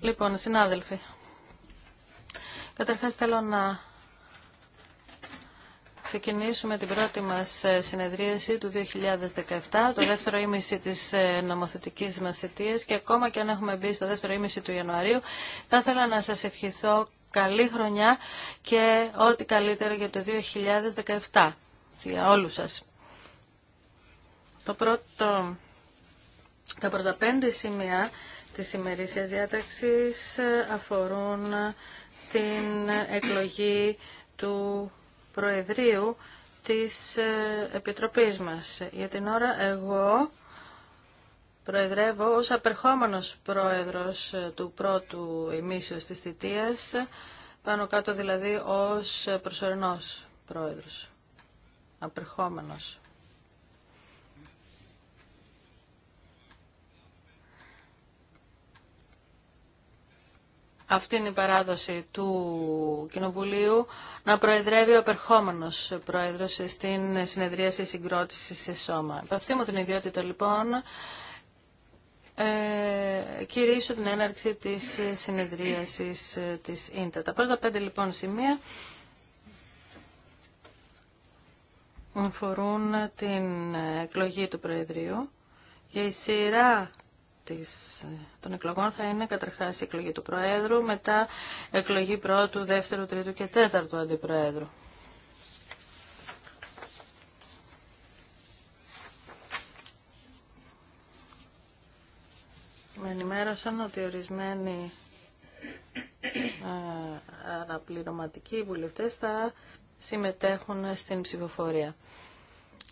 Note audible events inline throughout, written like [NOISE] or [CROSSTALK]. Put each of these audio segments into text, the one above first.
Λοιπόν, συνάδελφοι, καταρχάς θέλω να ξεκινήσουμε την πρώτη μας ε, συνεδρίαση του 2017, το δεύτερο ήμιση της ε, νομοθετικής μας θητείας και ακόμα και αν έχουμε μπει στο δεύτερο ήμιση του Ιανουαρίου, θα ήθελα να σας ευχηθώ καλή χρονιά και ό,τι καλύτερο για το 2017 για όλους σας. Το πρώτο, τα πρώτα πέντε σημεία της ημερήσιας διάταξης αφορούν την εκλογή του Προεδρίου της Επιτροπής μας. Για την ώρα εγώ Προεδρεύω ως απερχόμενος πρόεδρος ε, του πρώτου ημίσεως της θητείας, πάνω κάτω δηλαδή ως προσωρινός πρόεδρος, απερχόμενος. Αυτή είναι η παράδοση του Κοινοβουλίου να προεδρεύει ο απερχόμενος πρόεδρος στην συνεδρίαση συγκρότησης σε σώμα. Επ' αυτή μου την ιδιότητα λοιπόν ε, κηρύσω την έναρξη της ε, συνεδρίασης ε, της ίντα. Τα πρώτα πέντε λοιπόν σημεία αφορούν την εκλογή του Προεδρείου και η σειρά της, ε, των εκλογών θα είναι καταρχάς η εκλογή του Προέδρου, μετά εκλογή πρώτου, δεύτερου, τρίτου και τέταρτου αντιπροέδρου. Με ενημέρωσαν ότι ορισμένοι ε, αναπληρωματικοί βουλευτές θα συμμετέχουν στην ψηφοφορία.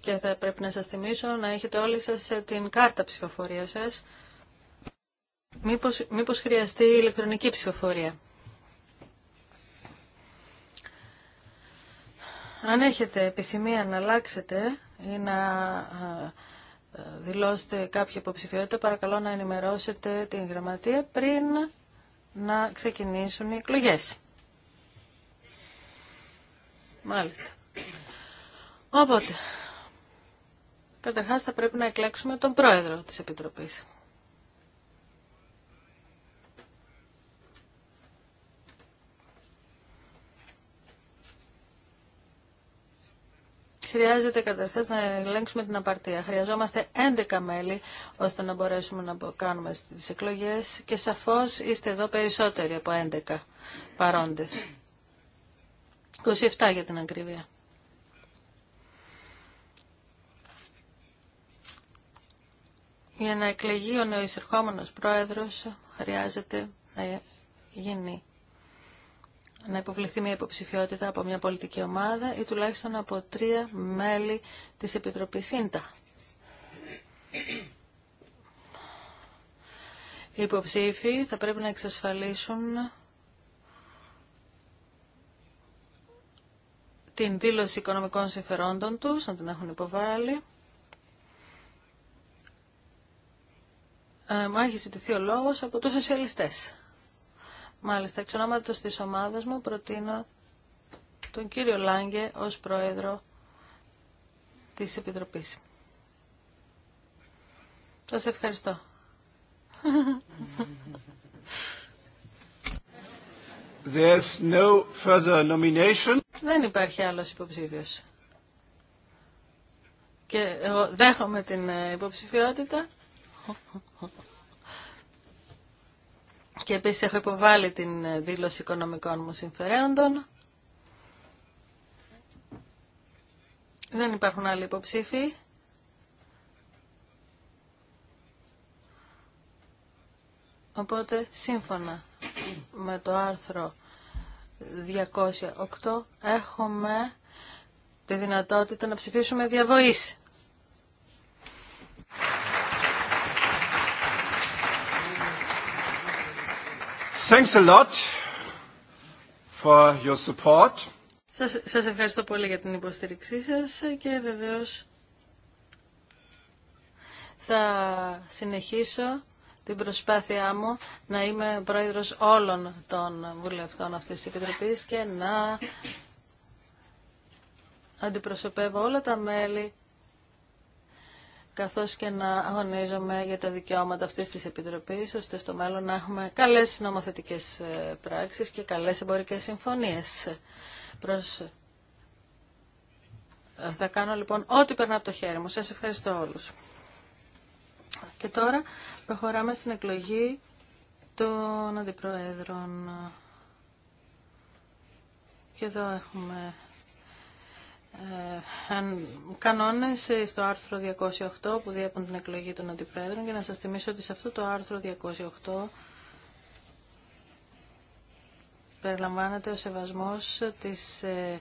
Και θα πρέπει να σας θυμίσω να έχετε όλοι σας ε, την κάρτα ψηφοφορία σας. Μήπως, μήπως χρειαστεί ηλεκτρονική ψηφοφορία. Αν έχετε επιθυμία να αλλάξετε ή να ε, Δηλώστε κάποια υποψηφιότητα, παρακαλώ να ενημερώσετε την γραμματεία πριν να ξεκινήσουν οι εκλογές. Μάλιστα. Οπότε, καταρχάς θα πρέπει να εκλέξουμε τον πρόεδρο της Επιτροπής. Χρειάζεται καταρχά να ελέγξουμε την απαρτία. Χρειαζόμαστε 11 μέλη ώστε να μπορέσουμε να κάνουμε τις εκλογέ. και σαφώς είστε εδώ περισσότεροι από 11 παρόντες. 27 για την ακρίβεια. Για να εκλεγεί ο εισερχόμενο πρόεδρος χρειάζεται να γίνει να υποβληθεί μια υποψηφιότητα από μια πολιτική ομάδα ή τουλάχιστον από τρία μέλη της Επιτροπής ΣΥΝΤΑ. Οι υποψήφοι θα πρέπει να εξασφαλίσουν την δήλωση οικονομικών συμφερόντων τους, να την έχουν υποβάλει. Ε, έχει ζητηθεί ο λόγος από τους σοσιαλιστές. Μάλιστα, εξ ονόματος της ομάδας μου προτείνω τον κύριο Λάγκε ως πρόεδρο της Επιτροπής. Σας ευχαριστώ. There's no further nomination. Δεν υπάρχει άλλος υποψήφιος. Και εγώ δέχομαι την ε, υποψηφιότητα και επίσης έχω υποβάλει την δήλωση οικονομικών μου συμφερέοντων. Δεν υπάρχουν άλλοι υποψήφοι. Οπότε, σύμφωνα με το άρθρο 208, έχουμε τη δυνατότητα να ψηφίσουμε διαβοής. Thanks a lot for your support. Σας, σας ευχαριστώ πολύ για την υποστήριξή σας και βεβαίως θα συνεχίσω την προσπάθειά μου να είμαι πρόεδρος όλων των βουλευτών αυτής της Επιτροπής και να αντιπροσωπεύω όλα τα μέλη καθώς και να αγωνίζομαι για τα δικαιώματα αυτής της Επιτροπής, ώστε στο μέλλον να έχουμε καλές νομοθετικές ε, πράξεις και καλές εμπορικές συμφωνίες. Προς... Ε, θα κάνω λοιπόν ό,τι περνά από το χέρι μου. Σας ευχαριστώ όλους. Και τώρα προχωράμε στην εκλογή των αντιπροέδρων. Και εδώ έχουμε ε, κανόνες ε, στο άρθρο 208 που διέπουν την εκλογή των αντιπρόεδρων και να σα θυμίσω ότι σε αυτό το άρθρο 208 περιλαμβάνεται ο σεβασμός της ε,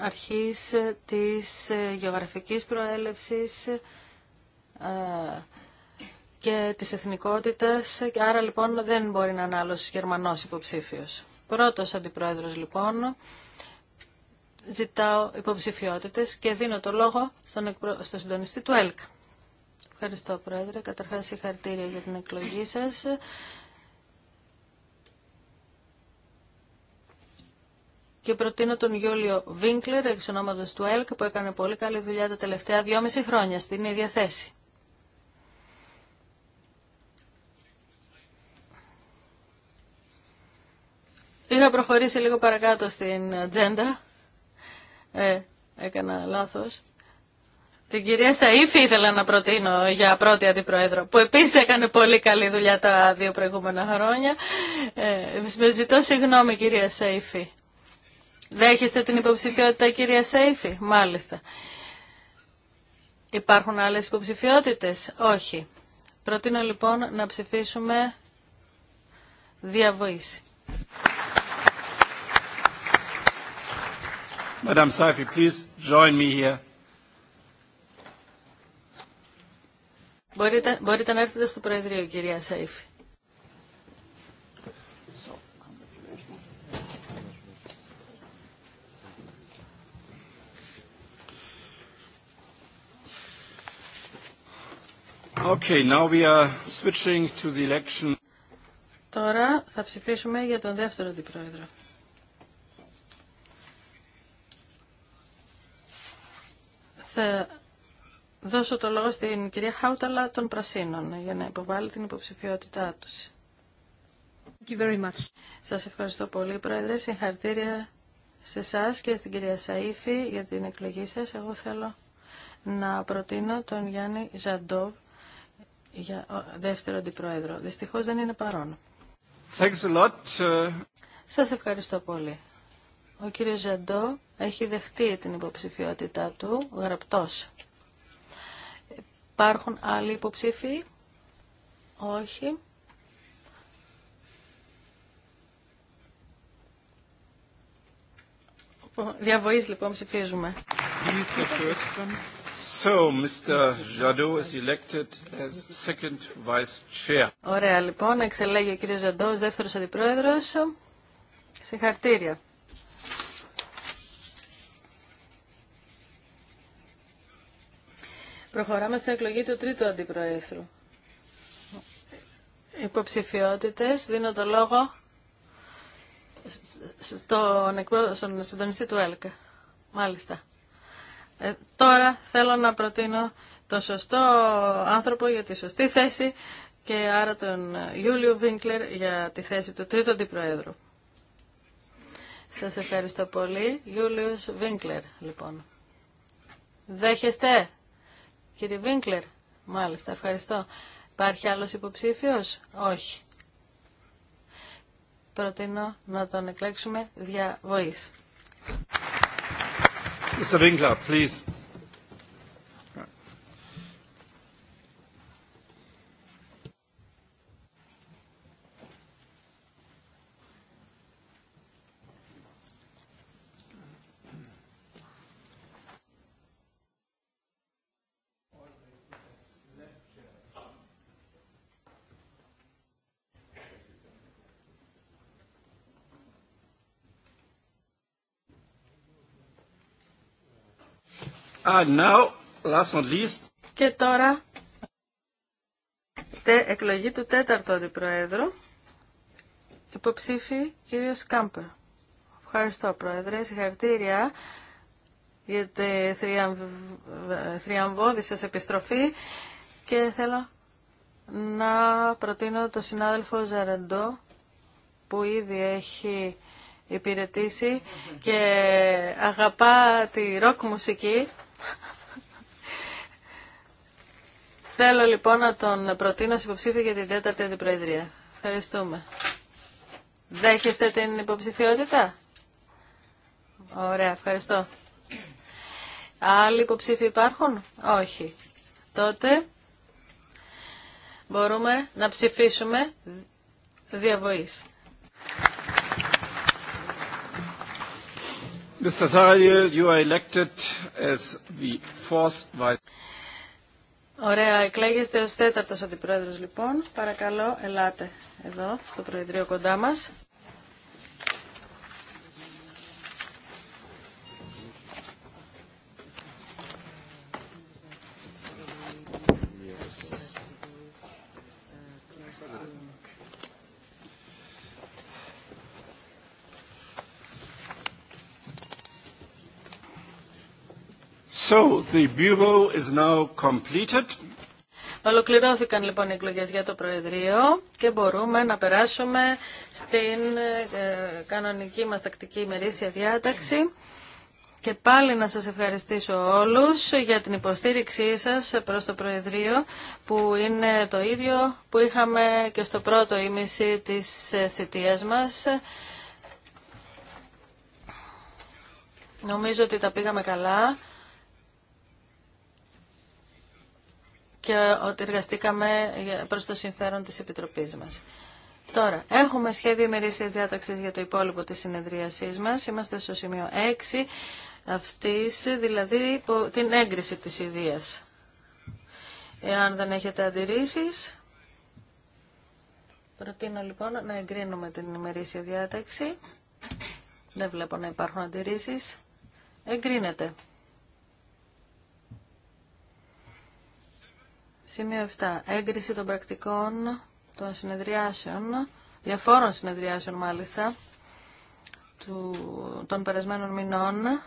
αρχής της γεωγραφικής προέλευσης και της εθνικότητας, άρα λοιπόν δεν μπορεί να είναι άλλος Γερμανός υποψήφιος. Πρώτος αντιπρόεδρος λοιπόν ζητάω υποψηφιότητες και δίνω το λόγο στον, στον συντονιστή του ΕΛΚ. Ευχαριστώ, Πρόεδρε. Καταρχάς, συγχαρητήρια για την εκλογή σας. και προτείνω τον Γιώργο Βίνκλερ, εξ του ΕΛΚ, που έκανε πολύ καλή δουλειά τα τελευταία δυόμιση χρόνια στην ίδια θέση. Είχα προχωρήσει λίγο παρακάτω στην ατζέντα. Ε, έκανα λάθος. Την κυρία Σαΐφη ήθελα να προτείνω για πρώτη αντιπροέδρο, που επίσης έκανε πολύ καλή δουλειά τα δύο προηγούμενα χρόνια. Ε, ζητώ συγγνώμη κυρία Σαΐφη. Δέχεστε την υποψηφιότητα κυρία Σαΐφη, μάλιστα. Υπάρχουν άλλες υποψηφιότητες, όχι. Προτείνω λοιπόν να ψηφίσουμε διαβοήση. Madam Saifi, please join me here. Μπορείτε, μπορείτε να έρθετε στο Προεδρείο, κυρία Σαΐφη. Okay, now we are switching to the election. Τώρα θα ψηφίσουμε για τον δεύτερο αντιπρόεδρο. Θα δώσω το λόγο στην κυρία Χάουταλα των Πρασίνων για να υποβάλει την υποψηφιότητά τους. Thank you very much. Σας ευχαριστώ πολύ, Πρόεδρε. Συγχαρητήρια σε εσά και στην κυρία Σαΐφη για την εκλογή σας. Εγώ θέλω να προτείνω τον Γιάννη Ζαντόβ για δεύτερο αντιπρόεδρο. Δυστυχώς δεν είναι παρόν. Thanks uh, Σας ευχαριστώ πολύ. Ο κύριος Ζαντό έχει δεχτεί την υποψηφιότητά του γραπτός. Υπάρχουν άλλοι υποψήφοι? Όχι. Διαβοής λοιπόν ψηφίζουμε. Ωραία λοιπόν, εξελέγει ο κύριος Ζαντό δεύτερος αντιπρόεδρος. Συγχαρτήρια. Προχωράμε στην εκλογή του τρίτου αντιπροέθρου. υποψηφιότητε, δίνω το λόγο στον, στον συντονιστή του ΕΛΚΑ. Μάλιστα. Ε, τώρα θέλω να προτείνω τον σωστό άνθρωπο για τη σωστή θέση και άρα τον Ιούλιο Βίνκλερ για τη θέση του τρίτου αντιπροέδρου. Σας ευχαριστώ πολύ. Ιούλιος Βίνκλερ, λοιπόν. Δέχεστε Κύριε Βίνκλερ, μάλιστα, ευχαριστώ. Υπάρχει άλλος υποψήφιος? Όχι. Προτείνω να τον εκλέξουμε δια Mr. Winkler, please. Ah, και τώρα, τε, εκλογή του τέταρτου αντιπροέδρου, υποψήφι κύριος Κάμπερ. Ευχαριστώ πρόεδρε, συγχαρητήρια για τη θριαμβ... θριαμβώδη σας επιστροφή και θέλω να προτείνω το συνάδελφο Ζαρεντό που ήδη έχει υπηρετήσει και αγαπά τη ροκ μουσική Θέλω λοιπόν να τον προτείνω ως υποψήφιο για την τέταρτη αντιπροεδρία. Ευχαριστούμε. Δέχεστε την υποψηφιότητα. Ωραία, ευχαριστώ. Άλλοι υποψήφοι υπάρχουν. Όχι. Τότε μπορούμε να ψηφίσουμε διαβοής. Ωραία, εκλέγεστε ως τέταρτος αντιπρόεδρος λοιπόν. Παρακαλώ, ελάτε εδώ στο Προεδρείο κοντά μας. So, the Ολοκληρώθηκαν λοιπόν οι εκλογές για το Προεδρείο και μπορούμε να περάσουμε στην ε, κανονική μας τακτική ημερήσια διάταξη. Και πάλι να σας ευχαριστήσω όλους για την υποστήριξή σας προς το Προεδρείο που είναι το ίδιο που είχαμε και στο πρώτο ήμιση της ε, θητείας μας. Νομίζω ότι τα πήγαμε καλά. και ότι εργαστήκαμε προς το συμφέρον της Επιτροπής μας. Τώρα, έχουμε σχέδιο ημερήσια διάταξη για το υπόλοιπο τη συνεδρίασής μας. Είμαστε στο σημείο 6 αυτής, δηλαδή την έγκριση της ιδείας. Εάν δεν έχετε αντιρρήσεις, προτείνω λοιπόν να εγκρίνουμε την ημερήσια διάταξη. Δεν βλέπω να υπάρχουν αντιρρήσεις. Εγκρίνεται. Σημείο 7. Έγκριση των πρακτικών των συνεδριάσεων, διαφόρων συνεδριάσεων μάλιστα, του, των περασμένων μηνών.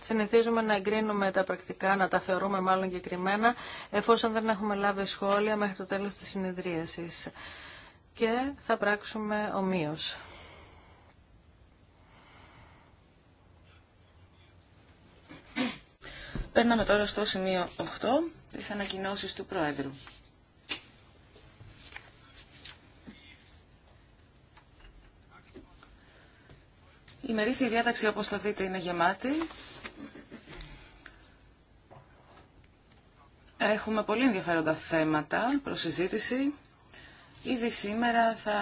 Συνηθίζουμε να εγκρίνουμε τα πρακτικά, να τα θεωρούμε μάλλον εγκεκριμένα, εφόσον δεν έχουμε λάβει σχόλια μέχρι το τέλος της συνεδρίασης. Και θα πράξουμε ομοίως. Παίρναμε τώρα στο σημείο 8, τις ανακοινώσεις του Πρόεδρου. Η μερίστη διάταξη, όπως θα δείτε, είναι γεμάτη. Έχουμε πολύ ενδιαφέροντα θέματα προς συζήτηση. Ήδη σήμερα θα,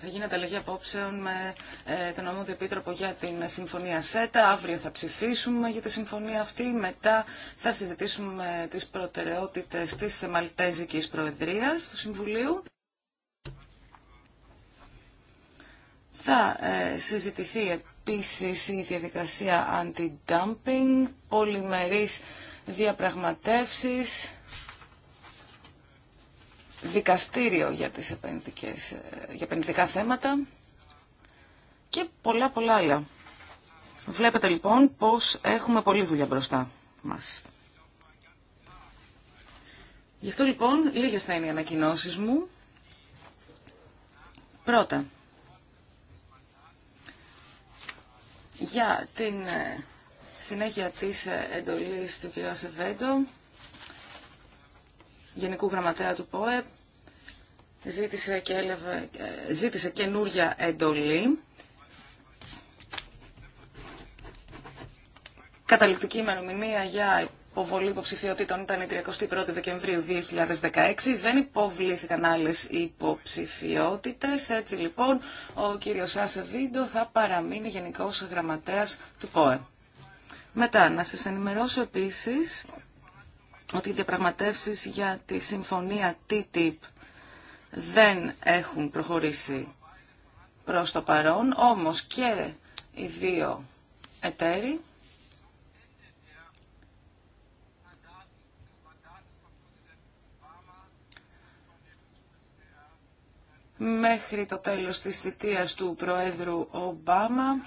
θα γίνει ανταλλαγή απόψεων με ε, τον Ομόδιο Επίτροπο για την Συμφωνία ΣΕΤΑ. Αύριο θα ψηφίσουμε για τη συμφωνία αυτή. Μετά θα συζητήσουμε τις προτεραιότητες της Μαλτέζικης Προεδρίας του Συμβουλίου. Θα ε, συζητηθεί επίσης η διαδικασια αντι anti-dumping, πολυμερείς διαπραγματεύσεις δικαστήριο για, τις επενδυτικές, ε, για επενδυτικά θέματα και πολλά πολλά άλλα. Βλέπετε λοιπόν πως έχουμε πολλή δουλειά μπροστά μας. Γι' αυτό λοιπόν λίγες θα είναι οι ανακοινώσει μου. Πρώτα, για την ε, συνέχεια της ε, εντολής του κ. Σεβέντο, Γενικού Γραμματέα του ΠΟΕΠ, ζήτησε, και ε, ζήτησε εντολή. Καταληκτική ημερομηνία για υποβολή υποψηφιότητων ήταν η 31η Δεκεμβρίου 2016. Δεν υποβλήθηκαν άλλε υποψηφιότητε. Έτσι λοιπόν, ο κύριος Άσε θα παραμείνει Γενικό Γραμματέα του ΠΟΕ. Μετά, να σα ενημερώσω επίση ότι οι διαπραγματεύσει για τη συμφωνία TTIP δεν έχουν προχωρήσει προς το παρόν, όμως και οι δύο εταίροι μέχρι το τέλος της θητείας του Προέδρου Ομπάμα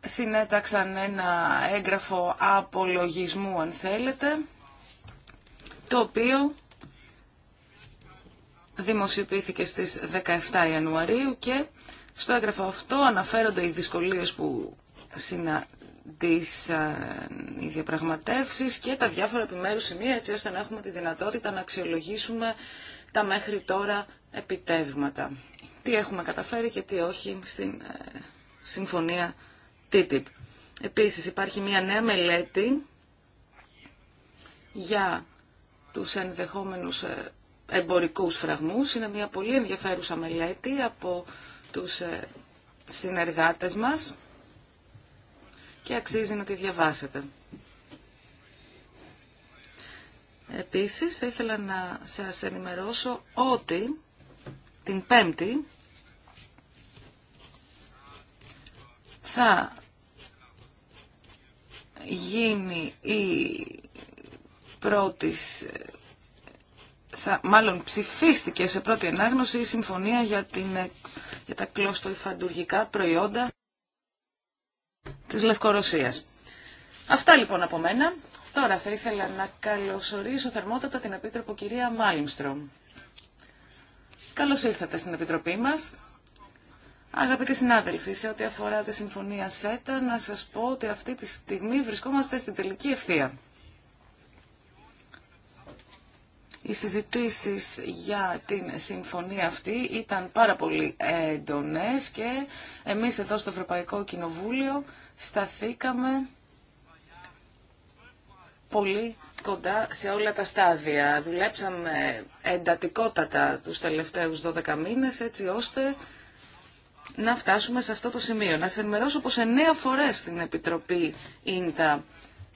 συνέταξαν ένα έγγραφο απολογισμού αν θέλετε το οποίο δημοσιοποιήθηκε στις 17 Ιανουαρίου και στο έγγραφο αυτό αναφέρονται οι δυσκολίες που συναντήσαν οι διαπραγματεύσεις και τα διάφορα επιμέρους σημεία έτσι ώστε να έχουμε τη δυνατότητα να αξιολογήσουμε τα μέχρι τώρα επιτεύγματα. Τι έχουμε καταφέρει και τι όχι στην ε, συμφωνία TTIP. Επίσης υπάρχει μια νέα μελέτη για τους ενδεχόμενους ε, εμπορικούς φραγμούς. Είναι μια πολύ ενδιαφέρουσα μελέτη από τους ε, συνεργάτες μας και αξίζει να τη διαβάσετε. Επίσης, θα ήθελα να σας ενημερώσω ότι την Πέμπτη θα γίνει η πρώτης θα, μάλλον ψηφίστηκε σε πρώτη ανάγνωση η συμφωνία για, την, ε, για τα κλωστοϊφαντουργικά προϊόντα της Λευκορωσίας. Αυτά λοιπόν από μένα. Τώρα θα ήθελα να καλωσορίσω θερμότατα την Επίτροπο κυρία Μάλιμστρομ. Καλώς ήρθατε στην Επιτροπή μας. Αγαπητοί συνάδελφοι, σε ό,τι αφορά τη Συμφωνία ΣΕΤΑ, να σας πω ότι αυτή τη στιγμή βρισκόμαστε στην τελική ευθεία. Οι συζητήσεις για την συμφωνία αυτή ήταν πάρα πολύ έντονες και εμείς εδώ στο Ευρωπαϊκό Κοινοβούλιο σταθήκαμε πολύ κοντά σε όλα τα στάδια. Δουλέψαμε εντατικότατα τους τελευταίους 12 μήνες έτσι ώστε να φτάσουμε σε αυτό το σημείο. Να σας ενημερώσω πως εννέα φορές στην Επιτροπή Ίντα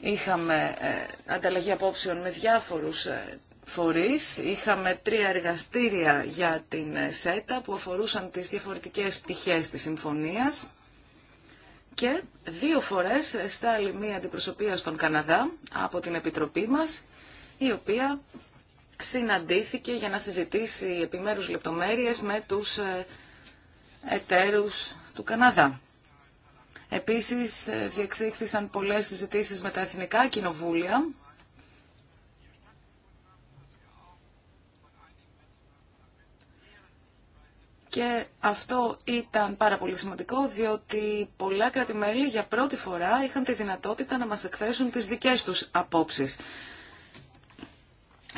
είχαμε ε, ανταλλαγή απόψεων με διάφορους ε, φορείς. Είχαμε τρία εργαστήρια για την ΣΕΤΑ που αφορούσαν τις διαφορετικές πτυχές της συμφωνίας και δύο φορές άλλη μία αντιπροσωπεία στον Καναδά από την Επιτροπή μας, η οποία συναντήθηκε για να συζητήσει επιμέρους λεπτομέρειες με τους ε, εταίρους του Καναδά. Επίσης, ε, διεξήχθησαν πολλές συζητήσεις με τα εθνικά κοινοβούλια Και αυτό ήταν πάρα πολύ σημαντικό, διότι πολλά κράτη-μέλη για πρώτη φορά είχαν τη δυνατότητα να μας εκθέσουν τις δικές τους απόψεις.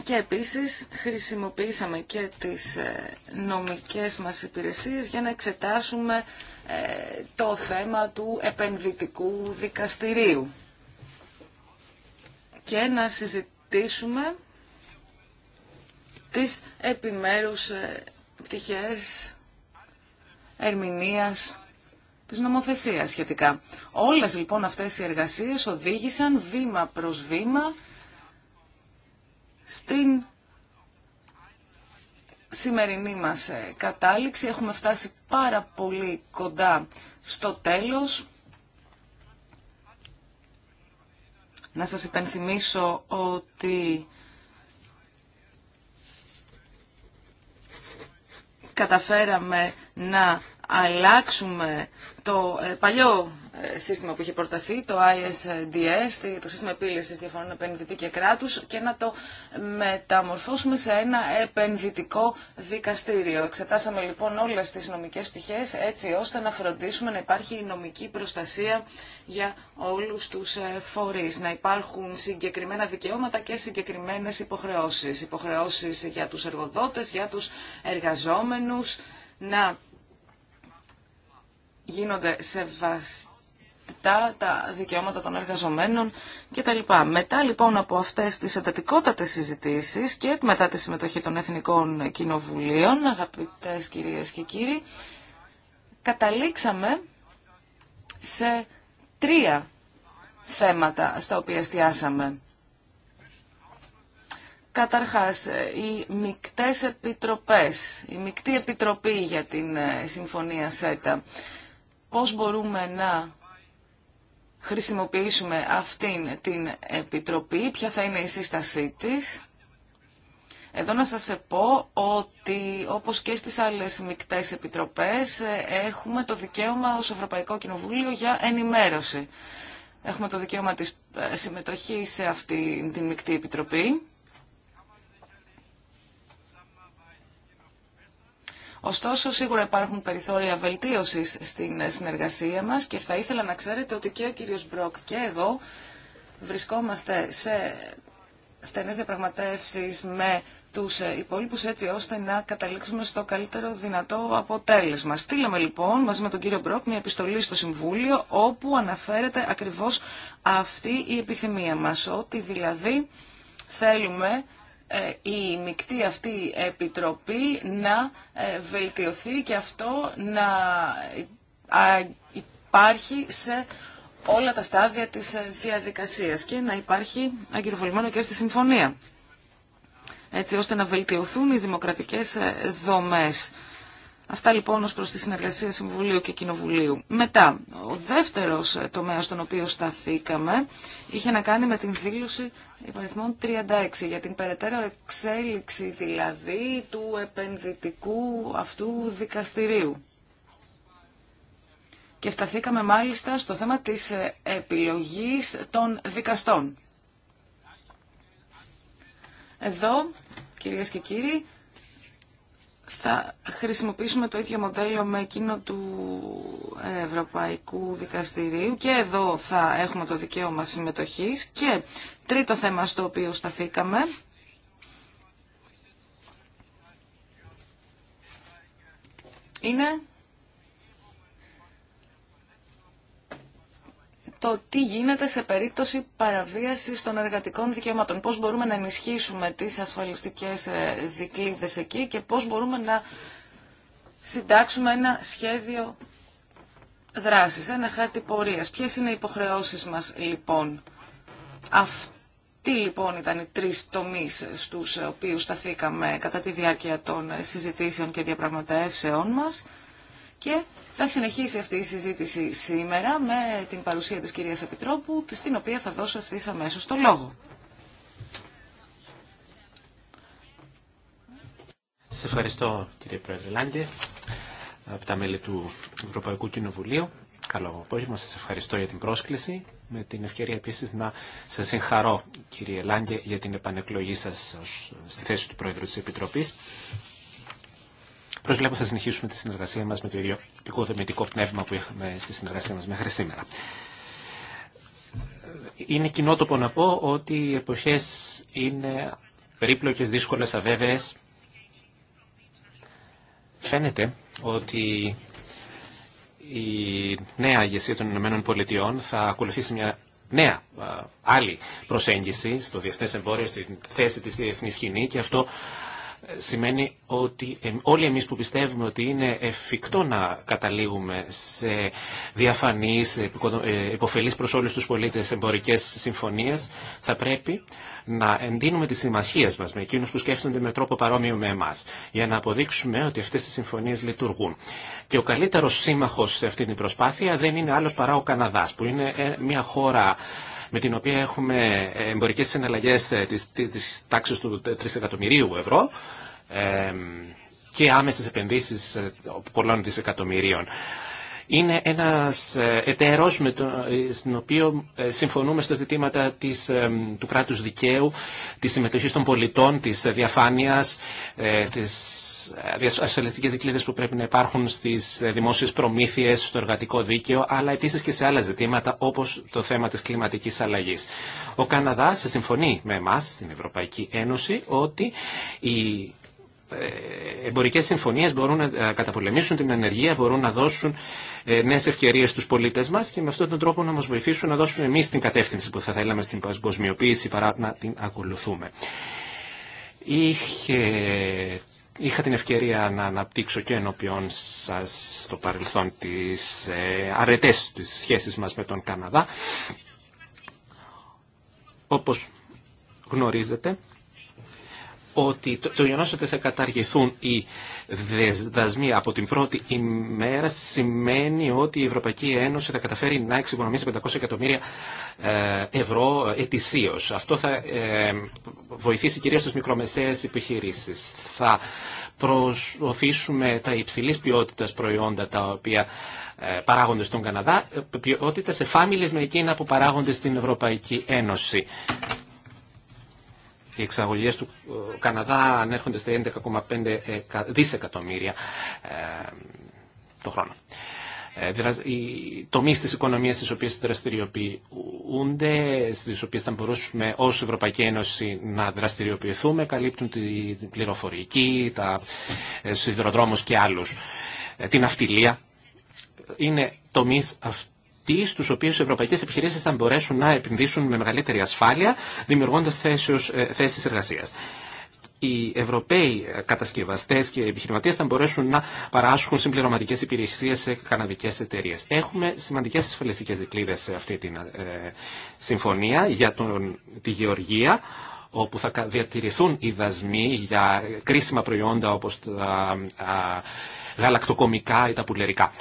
Και επίσης χρησιμοποίησαμε και τις ε, νομικές μας υπηρεσίες για να εξετάσουμε ε, το θέμα του επενδυτικού δικαστηρίου και να συζητήσουμε τις επιμέρους ε, πτυχές ερμηνείας της νομοθεσίας σχετικά. Όλες λοιπόν αυτές οι εργασίες οδήγησαν βήμα προς βήμα στην σημερινή μας ε, κατάληξη. Έχουμε φτάσει πάρα πολύ κοντά στο τέλος. Να σας υπενθυμίσω ότι καταφέραμε να αλλάξουμε το ε, παλιό σύστημα που είχε προταθεί, το ISDS, το σύστημα επίλυσης διαφορών επενδυτή και κράτους και να το μεταμορφώσουμε σε ένα επενδυτικό δικαστήριο. Εξετάσαμε λοιπόν όλες τις νομικές πτυχές έτσι ώστε να φροντίσουμε να υπάρχει νομική προστασία για όλους τους ε, φορείς, να υπάρχουν συγκεκριμένα δικαιώματα και συγκεκριμένες υποχρεώσεις. Υποχρεώσεις για τους εργοδότες, για τους εργαζόμενους, να γίνονται σεβαστοί τα δικαιώματα των εργαζομένων κτλ. Μετά λοιπόν από αυτές τις εντατικότατες συζητήσεις και μετά τη συμμετοχή των Εθνικών Κοινοβουλίων, αγαπητές κυρίες και κύριοι, καταλήξαμε σε τρία θέματα στα οποία εστιάσαμε. Καταρχάς, οι μικτές επιτροπές, η μικτή επιτροπή για την ε, Συμφωνία ΣΕΤΑ, πώς μπορούμε να χρησιμοποιήσουμε αυτήν την επιτροπή, ποια θα είναι η σύστασή της. Εδώ να σας πω ότι όπως και στις άλλες μικτές επιτροπές έχουμε το δικαίωμα ως Ευρωπαϊκό Κοινοβούλιο για ενημέρωση. Έχουμε το δικαίωμα της ε, συμμετοχής σε αυτή την μικτή επιτροπή. Ωστόσο, σίγουρα υπάρχουν περιθώρια βελτίωσης στην συνεργασία μας και θα ήθελα να ξέρετε ότι και ο κύριο Μπροκ και εγώ βρισκόμαστε σε στενές διαπραγματεύσεις με τους υπόλοιπους έτσι ώστε να καταλήξουμε στο καλύτερο δυνατό αποτέλεσμα. Στείλαμε λοιπόν μαζί με τον κύριο Μπρόκ μια επιστολή στο Συμβούλιο όπου αναφέρεται ακριβώς αυτή η επιθυμία μας, ότι δηλαδή θέλουμε ε, η μεικτή αυτή επιτροπή να ε, βελτιωθεί και αυτό να ε, υπάρχει σε όλα τα στάδια της διαδικασίας και να υπάρχει αγκυροβολημένο και στη συμφωνία έτσι ώστε να βελτιωθούν οι δημοκρατικές δομές Αυτά λοιπόν ως προς τη συνεργασία Συμβουλίου και Κοινοβουλίου. Μετά, ο δεύτερος τομέας στον οποίο σταθήκαμε είχε να κάνει με την δήλωση υπαριθμών 36 για την περαιτέρω εξέλιξη δηλαδή του επενδυτικού αυτού δικαστηρίου. Και σταθήκαμε μάλιστα στο θέμα της επιλογής των δικαστών. Εδώ, κυρίες και κύριοι, θα χρησιμοποιήσουμε το ίδιο μοντέλο με εκείνο του ε, Ευρωπαϊκού Δικαστηρίου και εδώ θα έχουμε το δικαίωμα συμμετοχής και τρίτο θέμα στο οποίο σταθήκαμε είναι το τι γίνεται σε περίπτωση παραβίασης των εργατικών δικαιωμάτων. Πώς μπορούμε να ενισχύσουμε τις ασφαλιστικές ε, δικλείδες εκεί και πώς μπορούμε να συντάξουμε ένα σχέδιο δράσης, ένα χάρτη πορείας. Ποιες είναι οι υποχρεώσεις μας λοιπόν. Αυτοί λοιπόν ήταν οι τρεις τομείς στους οποίους σταθήκαμε κατά τη διάρκεια των ε, συζητήσεων και διαπραγματεύσεών μας και θα συνεχίσει αυτή η συζήτηση σήμερα με την παρουσία της κυρίας Επιτρόπου, στην οποία θα δώσω ευθύ αμέσω το λόγο. Σε ευχαριστώ κύριε Πρόεδρε Λάγκε, από τα μέλη του Ευρωπαϊκού Κοινοβουλίου. Καλό απόγευμα, σας ευχαριστώ για την πρόσκληση. Με την ευκαιρία επίσης να σας συγχαρώ κύριε Λάγκε για την επανεκλογή σας ως, στη θέση του Πρόεδρου της Επιτροπής. Προσβλέπω θα συνεχίσουμε τη συνεργασία μας με το ίδιο επικοδομητικό πνεύμα που είχαμε στη συνεργασία μας μέχρι σήμερα. Είναι κοινότοπο να πω ότι οι εποχές είναι περίπλοκες, δύσκολες, αβέβαιες. Φαίνεται ότι η νέα ηγεσία των Ηνωμένων Πολιτειών θα ακολουθήσει μια νέα άλλη προσέγγιση στο διεθνές εμπόριο, στη θέση της διεθνής σκηνή και αυτό σημαίνει ότι όλοι εμείς που πιστεύουμε ότι είναι εφικτό να καταλήγουμε σε διαφανείς, ε, ε, υποφελείς προς όλους τους πολίτες εμπορικές συμφωνίες, θα πρέπει να εντείνουμε τις συμμαχίες μας με εκείνους που σκέφτονται με τρόπο παρόμοιο με εμάς, για να αποδείξουμε ότι αυτές οι συμφωνίες λειτουργούν. Και ο καλύτερος σύμμαχος σε αυτή την προσπάθεια δεν είναι άλλος παρά ο Καναδάς, που είναι ε, μια χώρα με την οποία έχουμε εμπορικές συναλλαγές της, της τάξης του 3 εκατομμυρίου ευρώ και άμεσες επενδύσεις ε, πολλών δισεκατομμυρίων. Είναι ένας ε, εταιρός με τον ε, οποίο συμφωνούμε στα ζητήματα της, του κράτους δικαίου, της συμμετοχής των πολιτών, της διαφάνειας, της ασφαλιστικέ δικλείδε που πρέπει να υπάρχουν στι δημόσιε προμήθειε, στο εργατικό δίκαιο, αλλά επίση και σε άλλα ζητήματα όπω το θέμα τη κλιματική αλλαγή. Ο Καναδά συμφωνεί με εμά, στην Ευρωπαϊκή Ένωση, ότι η ε, εμπορικές συμφωνίες μπορούν να ε, καταπολεμήσουν την ενεργεία, μπορούν να δώσουν ε, νέες ευκαιρίες στους πολίτες μας και με αυτόν τον τρόπο να μας βοηθήσουν να δώσουν εμείς την κατεύθυνση που θα θέλαμε στην παγκοσμιοποίηση παρά να την ακολουθούμε. Είχε Είχα την ευκαιρία να αναπτύξω και ενώπιον σας στο παρελθόν τις αρετές της σχέσης μας με τον Καναδά. Όπως γνωρίζετε, ότι το, το γεγονό ότι θα καταργηθούν οι δασμοί από την πρώτη ημέρα σημαίνει ότι η Ευρωπαϊκή Ένωση θα καταφέρει να εξοικονομήσει 500 εκατομμύρια ε, ευρώ ετησίω. Αυτό θα ε, βοηθήσει κυρίω τι μικρομεσαίε επιχειρήσει. Θα προωθήσουμε τα υψηλής ποιότητας προϊόντα τα οποία ε, παράγονται στον Καναδά, ποιότητα σε φάμιλες με εκείνα που παράγονται στην Ευρωπαϊκή Ένωση. Οι εξαγωγές του ε, Καναδά ανέρχονται στα 11,5 δισεκατομμύρια ε, το χρόνο. Ε, οι τομείς της οικονομίας στις οποίες δραστηριοποιούνται, στις οποίες θα μπορούσαμε ως Ευρωπαϊκή Ένωση να δραστηριοποιηθούμε, καλύπτουν την πληροφορική, τα σιδηροδρόμους και άλλους, την αυτιλία. Είναι τομείς αυτού στου οποίου οι ευρωπαϊκές επιχειρήσει θα μπορέσουν να επενδύσουν με μεγαλύτερη ασφάλεια, δημιουργώντα θέσει εργασία. εργασίας. Οι Ευρωπαίοι κατασκευαστέ και επιχειρηματίε θα μπορέσουν να παράσχουν συμπληρωματικέ υπηρεσίε σε καναδικέ εταιρείε. Έχουμε σημαντικέ ασφαλιστικέ δικλείδε σε αυτή τη ε, συμφωνία για τον, τη γεωργία όπου θα διατηρηθούν οι δασμοί για κρίσιμα προϊόντα όπως τα γαλακτοκομικά ή τα πουλερικά.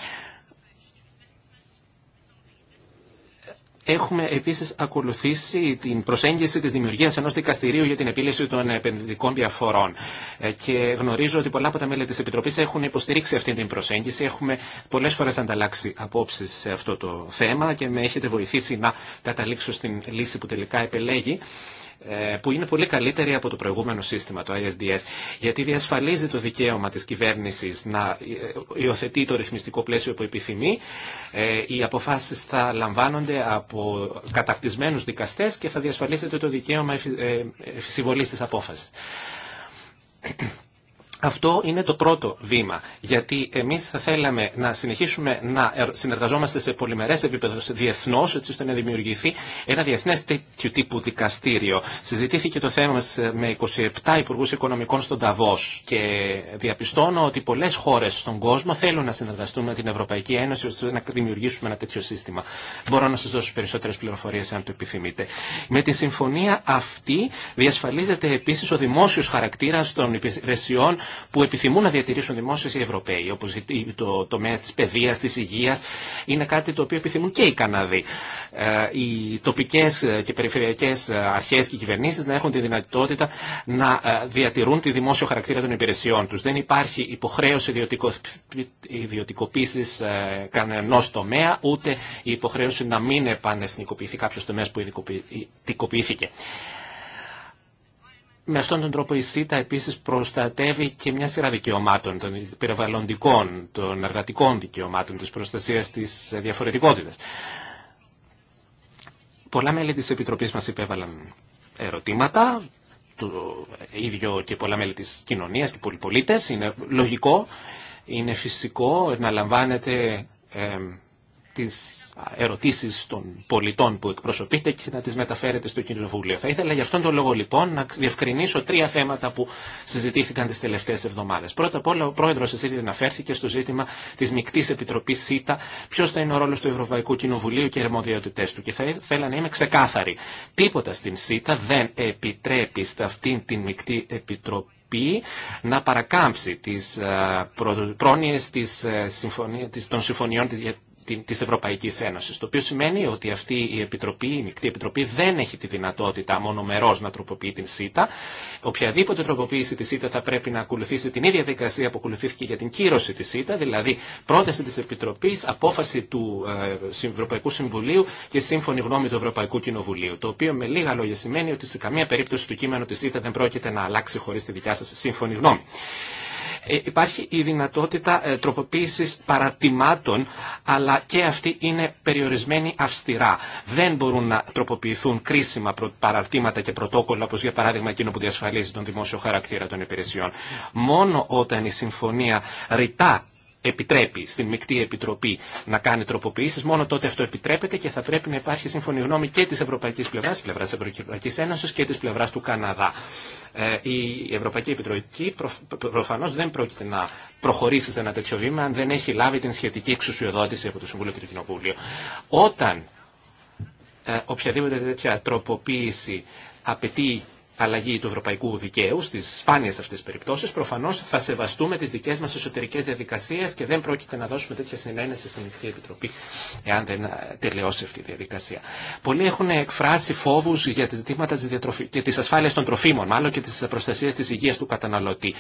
Έχουμε επίση ακολουθήσει την προσέγγιση τη δημιουργία ενό δικαστηρίου για την επίλυση των επενδυτικών διαφορών. Ε, και γνωρίζω ότι πολλά από τα μέλη τη Επιτροπή έχουν υποστηρίξει αυτή την προσέγγιση. Έχουμε πολλέ φορέ ανταλλάξει απόψει σε αυτό το θέμα και με έχετε βοηθήσει να καταλήξω στην λύση που τελικά επελέγει. Ε, που είναι πολύ καλύτερη από το προηγούμενο σύστημα, το ISDS, γιατί διασφαλίζει το δικαίωμα της κυβέρνησης να ε, υιοθετεί το ρυθμιστικό πλαίσιο που επιθυμεί. Ε, οι αποφάσεις θα λαμβάνονται από κατακτισμένους δικαστές και θα διασφαλίζεται το δικαίωμα εφησυβολής της απόφασης. Αυτό είναι το πρώτο βήμα, γιατί εμείς θα θέλαμε να συνεχίσουμε να συνεργαζόμαστε σε πολυμερές επίπεδο διεθνώς, έτσι ώστε να δημιουργηθεί ένα διεθνές τέτοιου τύπου δικαστήριο. Συζητήθηκε το θέμα μας με 27 υπουργού οικονομικών στον Ταβός και διαπιστώνω ότι πολλές χώρες στον κόσμο θέλουν να συνεργαστούν με την Ευρωπαϊκή Ένωση ώστε να δημιουργήσουμε ένα τέτοιο σύστημα. Μπορώ να σας δώσω περισσότερες πληροφορίες αν το επιθυμείτε. Με τη συμφωνία αυτή διασφαλίζεται επίσης ο δημόσιος χαρακτήρας των υπηρεσιών που επιθυμούν να διατηρήσουν δημόσιες οι Ευρωπαίοι, όπω το τομέα τη παιδεία, τη υγείας, είναι κάτι το οποίο επιθυμούν και οι Καναδοί. Ε, οι τοπικές ε, και περιφερειακές ε, αρχές και κυβερνήσεις να έχουν τη δυνατότητα να διατηρούν τη δημόσιο χαρακτήρα των υπηρεσιών τους. Δεν υπάρχει υποχρέωση ιδιωτικοποίηση κανένα τομέα, ούτε η υποχρέωση να μην επανεθνικοποιηθεί κάποιο τομέα που ειδικοποιήθηκε. Με αυτόν τον τρόπο η ΣΥΤΑ επίσης προστατεύει και μια σειρά δικαιωμάτων, των περιβαλλοντικών, των εργατικών δικαιωμάτων, της προστασίας της διαφορετικότητας. Πολλά μέλη της Επιτροπής μας υπέβαλαν ερωτήματα, το ίδιο και πολλά μέλη της κοινωνίας και πολυπολίτες. Είναι λογικό, είναι φυσικό να λαμβάνετε τις ερωτήσεις των πολιτών που εκπροσωπείτε και να τις μεταφέρετε στο Κοινοβούλιο. Θα ήθελα γι' αυτόν τον λόγο λοιπόν να διευκρινίσω τρία θέματα που συζητήθηκαν τις τελευταίες εβδομάδες. Πρώτα απ' όλα ο Πρόεδρος ήδη αναφέρθηκε στο ζήτημα της μεικτής Επιτροπής ΣΥΤΑ, ποιο θα είναι ο ρόλος του Ευρωπαϊκού Κοινοβουλίου και οι αρμοδιότητές του. Και θα ήθελα να είμαι ξεκάθαρη. Τίποτα στην ΣΥΤΑ δεν επιτρέπει σε αυτήν την Μικτή Επιτροπή να παρακάμψει τις ε, πρόνοιες ε, της των συμφωνιών της Ευρωπαϊκής Ένωσης. Το οποίο σημαίνει ότι αυτή η Επιτροπή, η Μικτή Επιτροπή δεν έχει τη δυνατότητα μόνο μερό να τροποποιεί την ΣΥΤΑ. Οποιαδήποτε τροποποίηση της ΣΥΤΑ θα πρέπει να ακολουθήσει την ίδια δικασία που ακολουθήθηκε για την κύρωση της ΣΥΤΑ, δηλαδή πρόταση της Επιτροπής, απόφαση του ε, Ευρωπαϊκού Συμβουλίου και σύμφωνη γνώμη του Ευρωπαϊκού Κοινοβουλίου. Το οποίο με λίγα λόγια σημαίνει ότι σε καμία περίπτωση το κείμενο της ΣΥΤΑ δεν πρόκειται να αλλάξει χωρίς τη δικιά σύμφωνη γνώμη. Ε, υπάρχει η δυνατότητα ε, τροποποίησης παρατημάτων, αλλά και αυτή είναι περιορισμένη αυστηρά. Δεν μπορούν να τροποποιηθούν κρίσιμα παραρτήματα και πρωτόκολλα, όπως για παράδειγμα εκείνο που διασφαλίζει τον δημόσιο χαρακτήρα των υπηρεσιών. Μόνο όταν η συμφωνία ρητά επιτρέπει στην Μικτή Επιτροπή να κάνει τροποποιήσεις, μόνο τότε αυτό επιτρέπεται και θα πρέπει να υπάρχει σύμφωνη γνώμη και της Ευρωπαϊκής Πλευράς, της της Ευρωπαϊκής Ένωσης και της πλευράς του Καναδά. Ε, η Ευρωπαϊκή Επιτροπή προφανώ δεν πρόκειται να προχωρήσει σε ένα τέτοιο βήμα αν δεν έχει λάβει την σχετική εξουσιοδότηση από το Συμβούλιο και το Κοινοβούλιο. Όταν ε, οποιαδήποτε τέτοια τροποποίηση απαιτεί αλλαγή του ευρωπαϊκού δικαίου στι σπάνιες αυτέ περιπτώσει, περιπτώσεις, προφανώς θα σεβαστούμε τι δικέ μα εσωτερικέ διαδικασίε και δεν πρόκειται να δώσουμε τέτοια συνένεση στην Ιχτή Επιτροπή, εάν δεν τελειώσει αυτή η διαδικασία. Πολλοί έχουν εκφράσει φόβου για τις ζητήματα της, διατροφη... των τροφίμων, μάλλον και τη προστασία τη υγεία του καταναλωτή.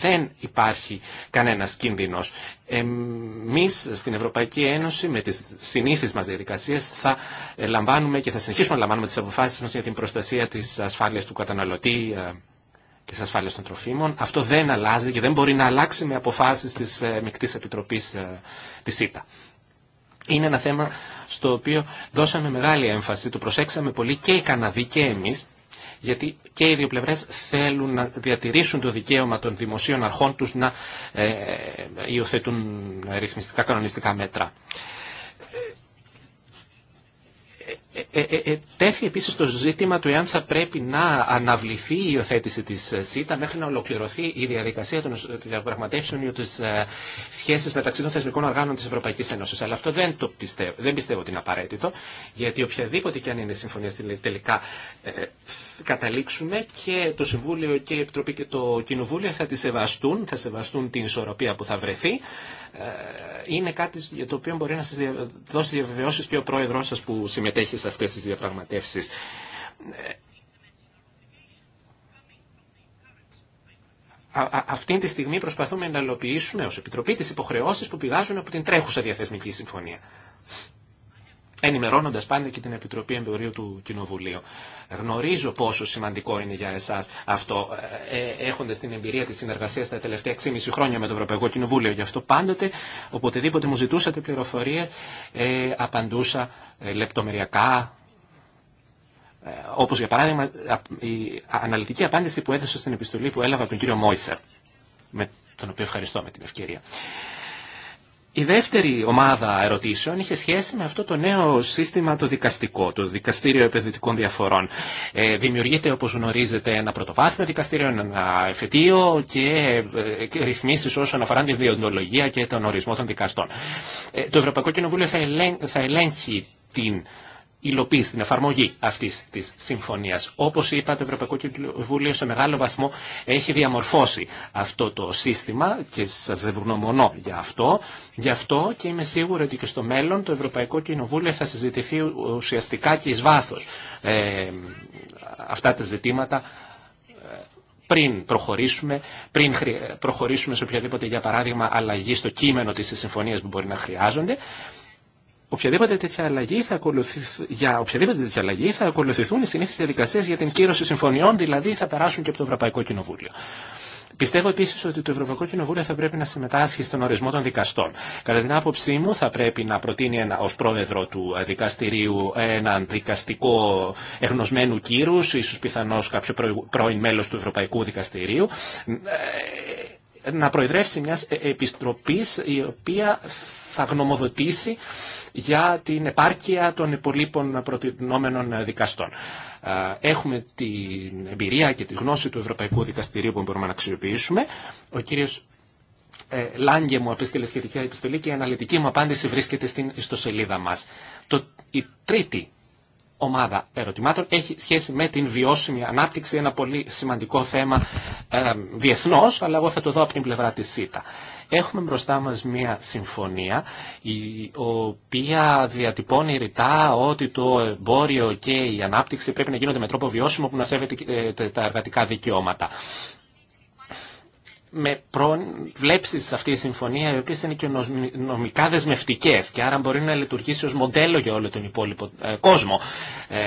Δεν υπάρχει κανένα κίνδυνο. Εμεί, στην Ευρωπαϊκή Ένωση με τι συνήθει μα διαδικασίε, θα λαμβάνουμε και θα συνεχίσουμε να λαμβάνουμε τι αποφάσει μα για την προστασία τη ασφάλεια του καταναλωτή ε, της ασφάλειας των τροφίμων. Αυτό δεν αλλάζει και δεν μπορεί να αλλάξει με αποφάσεις της ε, Μεκτής Επιτροπής ε, της ΣΥΤΑ. Είναι ένα θέμα στο οποίο δώσαμε μεγάλη έμφαση, το προσέξαμε πολύ και οι Καναδοί και εμείς, γιατί και οι δύο πλευρές θέλουν να διατηρήσουν το δικαίωμα των δημοσίων αρχών τους να υιοθετούν ρυθμιστικά κανονιστικά μέτρα. Ε, ε, ε, τέθει επίση το ζήτημα του εάν θα πρέπει να αναβληθεί η υιοθέτηση τη ΣΥΤΑ μέχρι να ολοκληρωθεί η διαδικασία των διαπραγματεύσεων για τις σχέσεις μεταξύ των θεσμικών οργάνων τη Ευρωπαϊκή Ένωση. Αλλά αυτό δεν, το πιστεύω, δεν πιστεύω ότι είναι απαραίτητο, γιατί οποιαδήποτε και αν είναι συμφωνία τελικά καταλήξουμε και το Συμβούλιο και η Επιτροπή και το Κοινοβούλιο θα τη σεβαστούν, θα σεβαστούν την ισορροπία που θα βρεθεί. Είναι κάτι για το οποίο μπορεί να σα δώσει διαβεβαιώσει και ο πρόεδρο σα που συμμετέχει όλες αυτές τις διαπραγματεύσεις. Ε, αυτή τη στιγμή προσπαθούμε να υλοποιήσουμε ως Επιτροπή τις υποχρεώσεις που πηγάζουν από την τρέχουσα διαθεσμική συμφωνία ενημερώνοντα πάντα και την Επιτροπή Εμπορίου του Κοινοβουλίου. Γνωρίζω πόσο σημαντικό είναι για εσά αυτό, ε, ε έχοντα την εμπειρία τη συνεργασία τα τελευταία 6,5 χρόνια με το Ευρωπαϊκό Κοινοβούλιο. Γι' αυτό πάντοτε, οποτεδήποτε μου ζητούσατε πληροφορίε, ε, απαντούσα ε, λεπτομεριακά. Όπως, Όπω για παράδειγμα η αναλυτική απάντηση που έδωσα στην επιστολή που έλαβα τον κύριο Μόισερ, με τον οποίο ευχαριστώ με την ευκαιρία. Η δεύτερη ομάδα ερωτήσεων είχε σχέση με αυτό το νέο σύστημα το δικαστικό, το Δικαστήριο Επενδυτικών Διαφορών. Ε, δημιουργείται, όπως γνωρίζετε, ένα πρωτοβάθμιο δικαστήριο, ένα εφετείο και ε, ρυθμίσεις όσον αφορά τη διοντολογία και τον ορισμό των δικαστών. Ε, το Ευρωπαϊκό Κοινοβούλιο θα, ελέγχει την υλοποίηση, την εφαρμογή αυτή τη συμφωνία. Όπω είπα, το Ευρωπαϊκό Κοινοβούλιο σε μεγάλο βαθμό έχει διαμορφώσει αυτό το σύστημα και σα ευγνωμονώ για αυτό. Γι' αυτό και είμαι σίγουρο ότι και στο μέλλον το Ευρωπαϊκό Κοινοβούλιο θα συζητηθεί ουσιαστικά και ει βάθο ε, αυτά τα ζητήματα ε, πριν προχωρήσουμε, πριν προχωρήσουμε σε οποιαδήποτε, για παράδειγμα, αλλαγή στο κείμενο της συμφωνίας που μπορεί να χρειάζονται Οποιαδήποτε τέτοια αλλαγή θα για οποιαδήποτε τέτοια αλλαγή θα ακολουθηθούν οι συνήθειε διαδικασίε για την κύρωση συμφωνιών, δηλαδή θα περάσουν και από το Ευρωπαϊκό Κοινοβούλιο. Πιστεύω επίση ότι το Ευρωπαϊκό Κοινοβούλιο θα πρέπει να συμμετάσχει στον ορισμό των δικαστών. Κατά την άποψή μου, θα πρέπει να προτείνει ω πρόεδρο του δικαστηρίου έναν δικαστικό εγνωσμένου κύρου, ίσω πιθανώ κάποιο πρώην μέλο του Ευρωπαϊκού Δικαστηρίου, ε, να προεδρεύσει μια ε, επιστροπή η οποία θα γνωμοδοτήσει για την επάρκεια των υπολείπων προτινόμενων δικαστών. Ε, έχουμε την εμπειρία και τη γνώση του Ευρωπαϊκού Δικαστηρίου που μπορούμε να αξιοποιήσουμε. Ο κύριος ε, Λάγκε μου απέστειλε σχετική επιστολή και η αναλυτική μου απάντηση βρίσκεται στην ιστοσελίδα μας. Το, η τρίτη ομάδα ερωτημάτων έχει σχέση με την βιώσιμη ανάπτυξη, ένα πολύ σημαντικό θέμα ε, διεθνώς, αλλά εγώ θα το δω από την πλευρά της ΣΥΤΑ. Έχουμε μπροστά μας μια συμφωνία η οποία διατυπώνει ρητά ότι το εμπόριο και η ανάπτυξη πρέπει να γίνονται με τρόπο βιώσιμο που να σέβεται ε, τα εργατικά δικαιώματα με προβλέψει σε αυτή η συμφωνία, οι οποίε είναι και νομικά δεσμευτικέ και άρα μπορεί να λειτουργήσει ω μοντέλο για όλο τον υπόλοιπο ε, κόσμο. Ε,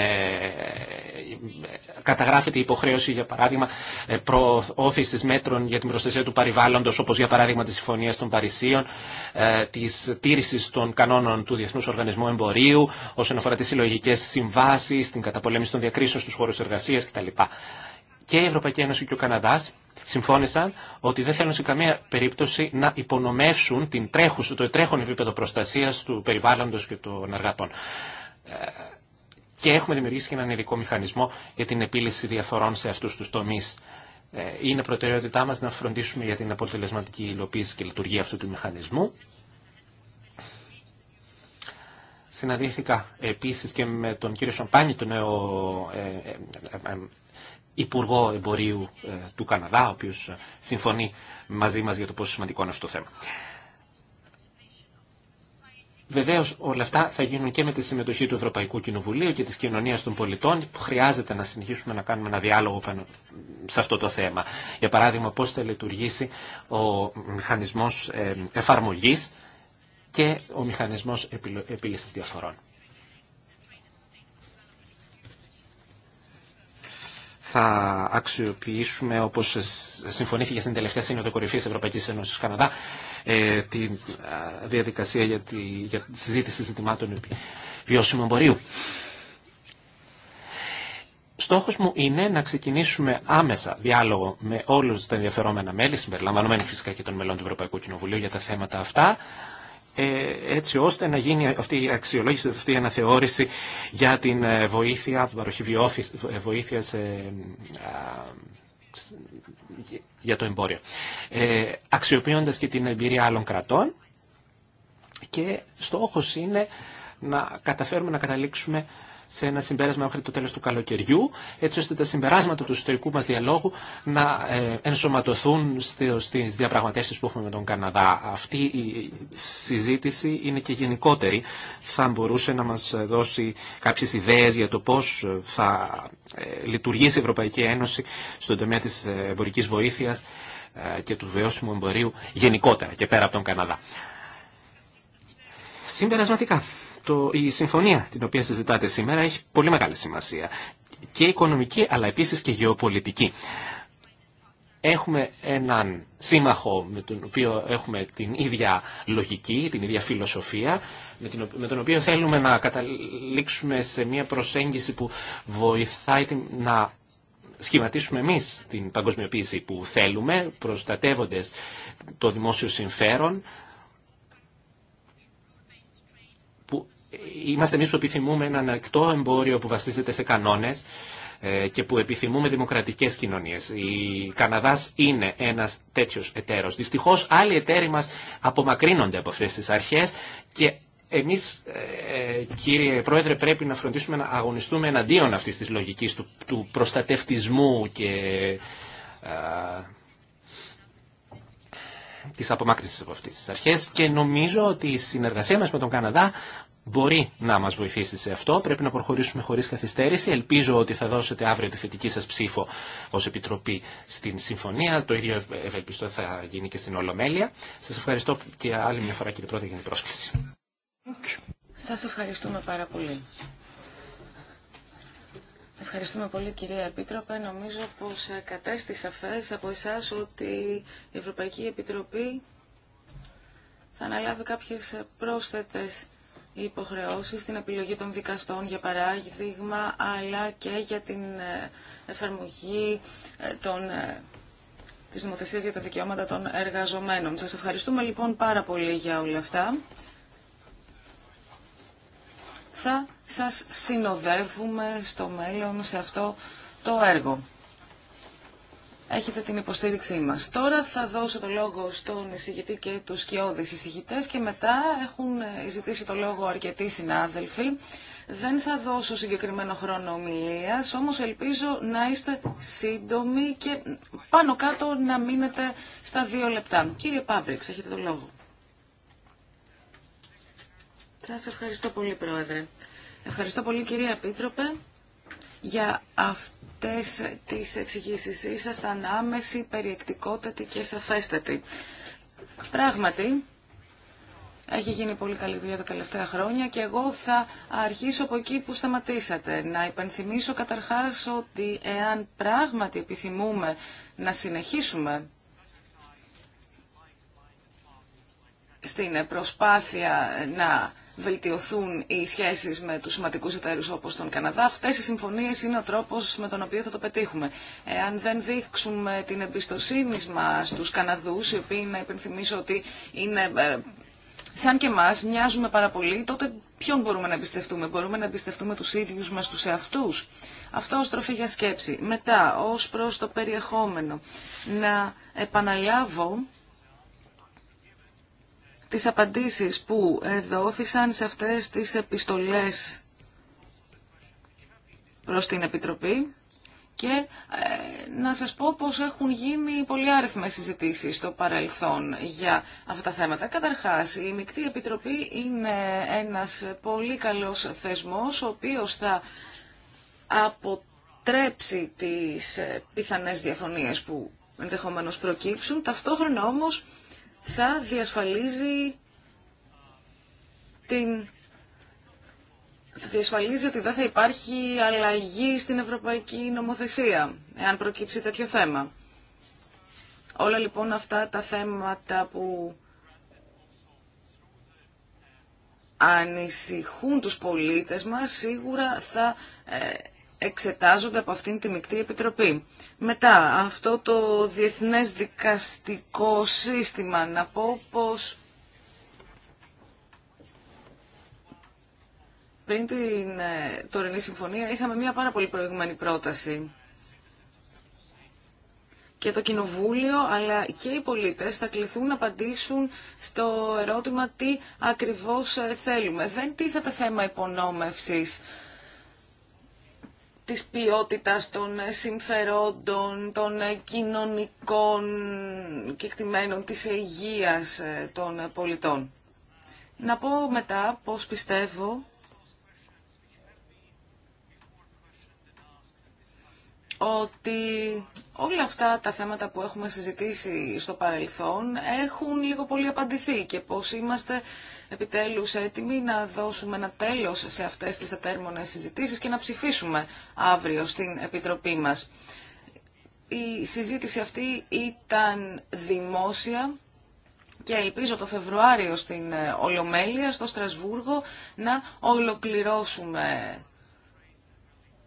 καταγράφεται η υποχρέωση, για παράδειγμα, ε, προώθησης μέτρων για την προστασία του περιβάλλοντο, όπως για παράδειγμα τη Συμφωνία των Παρισίων, ε, της τήρησης των κανόνων του Διεθνούς Οργανισμού Εμπορίου, όσον αφορά τι συλλογικέ συμβάσει, την καταπολέμηση των διακρίσεων στους χώρου εργασία κτλ. Και η Ευρωπαϊκή Ένωση και ο Καναδά συμφώνησαν ότι δεν θέλουν σε καμία περίπτωση να υπονομεύσουν την τρέχουσα, το τρέχον επίπεδο προστασία του περιβάλλοντο και των εργατών. Ε, και έχουμε δημιουργήσει και έναν ειδικό μηχανισμό για την επίλυση διαφορών σε αυτούς τους τομείς. Ε, είναι προτεραιότητά μας να φροντίσουμε για την αποτελεσματική υλοποίηση και λειτουργία αυτού του μηχανισμού. Συναντήθηκα επίσης και με τον κύριο Σομπάνη, τον νέο ε, ε, Υπουργό Εμπορίου του Καναδά, ο οποίος συμφωνεί μαζί μα για το πόσο σημαντικό είναι αυτό το θέμα. Βεβαίω όλα αυτά θα γίνουν και με τη συμμετοχή του Ευρωπαϊκού Κοινοβουλίου και τη κοινωνία των πολιτών που χρειάζεται να συνεχίσουμε να κάνουμε ένα διάλογο σε αυτό το θέμα. Για παράδειγμα πώ θα λειτουργήσει ο μηχανισμό ε, εφαρμογή και ο μηχανισμό επίλυση διαφορών. Θα αξιοποιήσουμε, όπως συμφωνήθηκε στην τελευταία σύνοδο κορυφής Ευρωπαϊκή Ένωση Καναδά, ε, τη διαδικασία για τη, για τη συζήτηση ζητημάτων βιώσιμου εμπορίου. Στόχος μου είναι να ξεκινήσουμε άμεσα διάλογο με όλους τα ενδιαφερόμενα μέλη, συμπεριλαμβανομένου φυσικά και των μελών του Ευρωπαϊκού Κοινοβουλίου για τα θέματα αυτά, ε, έτσι ώστε να γίνει αυτή η αξιολόγηση, αυτή η αναθεώρηση για την ε, βοήθεια, την παροχή βοήθειας για το εμπόριο. Ε, αξιοποιώντας και την εμπειρία άλλων κρατών και στόχος είναι να καταφέρουμε να καταλήξουμε σε ένα συμπέρασμα μέχρι το τέλος του καλοκαιριού, έτσι ώστε τα συμπεράσματα του ιστορικού μας διαλόγου να ε, ενσωματωθούν στις διαπραγματεύσεις που έχουμε με τον Καναδά. Αυτή η συζήτηση είναι και γενικότερη. Θα μπορούσε να μας δώσει κάποιες ιδέες για το πώς θα ε, λειτουργήσει η Ευρωπαϊκή Ένωση στον τομέα της εμπορικής βοήθειας ε, και του βιώσιμου εμπορίου γενικότερα και πέρα από τον Καναδά. Συμπερασματικά, το, η συμφωνία την οποία συζητάτε σήμερα έχει πολύ μεγάλη σημασία. Και οικονομική αλλά επίσης και γεωπολιτική. Έχουμε έναν σύμμαχο με τον οποίο έχουμε την ίδια λογική, την ίδια φιλοσοφία, με τον οποίο θέλουμε να καταλήξουμε σε μια προσέγγιση που βοηθάει να σχηματίσουμε εμείς την παγκοσμιοποίηση που θέλουμε, προστατεύοντας το δημόσιο συμφέρον, είμαστε εμεί που επιθυμούμε ένα ανοιχτό εμπόριο που βασίζεται σε κανόνε ε, και που επιθυμούμε δημοκρατικές κοινωνίες. Η Καναδάς είναι ένας τέτοιος εταίρος. Δυστυχώς άλλοι εταίροι μας απομακρύνονται από αυτές τις αρχές και εμείς ε, ε, κύριε Πρόεδρε πρέπει να φροντίσουμε να αγωνιστούμε εναντίον αυτής της λογικής του, του προστατευτισμού και της απομάκρυνσης από αυτές τις αρχές. και νομίζω ότι η συνεργασία μας με τον Καναδά μπορεί να μας βοηθήσει σε αυτό. Πρέπει να προχωρήσουμε χωρίς καθυστέρηση. Ελπίζω ότι θα δώσετε αύριο τη θετική σας ψήφο ως Επιτροπή στην Συμφωνία. Το ίδιο ευελπιστώ θα γίνει και στην Ολομέλεια. Σας ευχαριστώ και άλλη μια φορά κύριε Πρόεδρε για την πρόσκληση. Σας ευχαριστούμε πάρα πολύ. Ευχαριστούμε πολύ κυρία Επίτροπε. Νομίζω πως ε, κατέστη σαφές από εσάς ότι η Ευρωπαϊκή Επιτροπή θα αναλάβει κάποιες πρόσθετες υποχρεώσεις στην επιλογή των δικαστών, για παράδειγμα, αλλά και για την ε, εφαρμογή ε, των, ε, της νομοθεσίας για τα δικαιώματα των εργαζομένων. Σας ευχαριστούμε λοιπόν πάρα πολύ για όλα αυτά. Θα σας συνοδεύουμε στο μέλλον σε αυτό το έργο. Έχετε την υποστήριξή μας. Τώρα θα δώσω το λόγο στον εισηγητή και τους σκιώδεις εισηγητές και μετά έχουν ε, ζητήσει το λόγο αρκετοί συνάδελφοι. Δεν θα δώσω συγκεκριμένο χρόνο ομιλίας, όμως ελπίζω να είστε σύντομοι και πάνω κάτω να μείνετε στα δύο λεπτά. Κύριε Παύριξ, έχετε το λόγο. Σας ευχαριστώ πολύ, Πρόεδρε. Ευχαριστώ πολύ, κυρία Επίτροπε, για αυτό αυτές τις εξηγήσεις. Ήσασταν άμεση, περιεκτικότατη και σαφέστατη. Πράγματι, έχει γίνει πολύ καλή δουλειά τα τελευταία χρόνια και εγώ θα αρχίσω από εκεί που σταματήσατε. Να υπενθυμίσω καταρχάς ότι εάν πράγματι επιθυμούμε να συνεχίσουμε στην προσπάθεια να βελτιωθούν οι σχέσει με του σημαντικού εταίρου όπω τον Καναδά. Αυτέ οι συμφωνίε είναι ο τρόπο με τον οποίο θα το πετύχουμε. Αν δεν δείξουμε την εμπιστοσύνη μα στου Καναδού, οι οποίοι να υπενθυμίσω ότι είναι ε, σαν και εμά, μοιάζουμε πάρα πολύ, τότε ποιον μπορούμε να εμπιστευτούμε. Μπορούμε να εμπιστευτούμε του ίδιου μα του εαυτού. Αυτό ω τροφή για σκέψη. Μετά, ω προ το περιεχόμενο, να επαναλάβω τις απαντήσεις που δόθησαν σε αυτές τις επιστολές προς την Επιτροπή και ε, να σας πω πως έχουν γίνει πολύ άριθμες συζητήσεις στο παρελθόν για αυτά τα θέματα. Καταρχάς, η Μικτή Επιτροπή είναι ένας πολύ καλός θεσμός, ο οποίος θα αποτρέψει τις ε, πιθανές διαφωνίες που ενδεχομένως προκύψουν. Ταυτόχρονα όμως θα διασφαλίζει την διασφαλίζει ότι δεν θα υπάρχει αλλαγή στην ευρωπαϊκή νομοθεσία, εάν προκύψει τέτοιο θέμα. Όλα λοιπόν αυτά τα θέματα που ανησυχούν τους πολίτες μας σίγουρα θα ε, εξετάζονται από αυτήν τη μεικτή επιτροπή. Μετά, αυτό το διεθνές δικαστικό σύστημα, να πω πως πριν την ε, τωρινή συμφωνία είχαμε μια πάρα πολύ προηγουμένη πρόταση. Και το Κοινοβούλιο αλλά και οι πολίτες θα κληθούν να απαντήσουν στο ερώτημα τι ακριβώς ε, θέλουμε. Δεν τίθεται θέμα υπονόμευσης της ποιότητας των συμφερόντων, των κοινωνικών κεκτημένων, της υγείας ε, των πολιτών. Να πω μετά πως πιστεύω ότι όλα αυτά τα θέματα που έχουμε συζητήσει στο παρελθόν έχουν λίγο πολύ απαντηθεί και πως είμαστε επιτέλους έτοιμοι να δώσουμε ένα τέλος σε αυτές τις ατέρμονες συζητήσεις και να ψηφίσουμε αύριο στην Επιτροπή μας. Η συζήτηση αυτή ήταν δημόσια και ελπίζω το Φεβρουάριο στην Ολομέλεια, στο Στρασβούργο, να ολοκληρώσουμε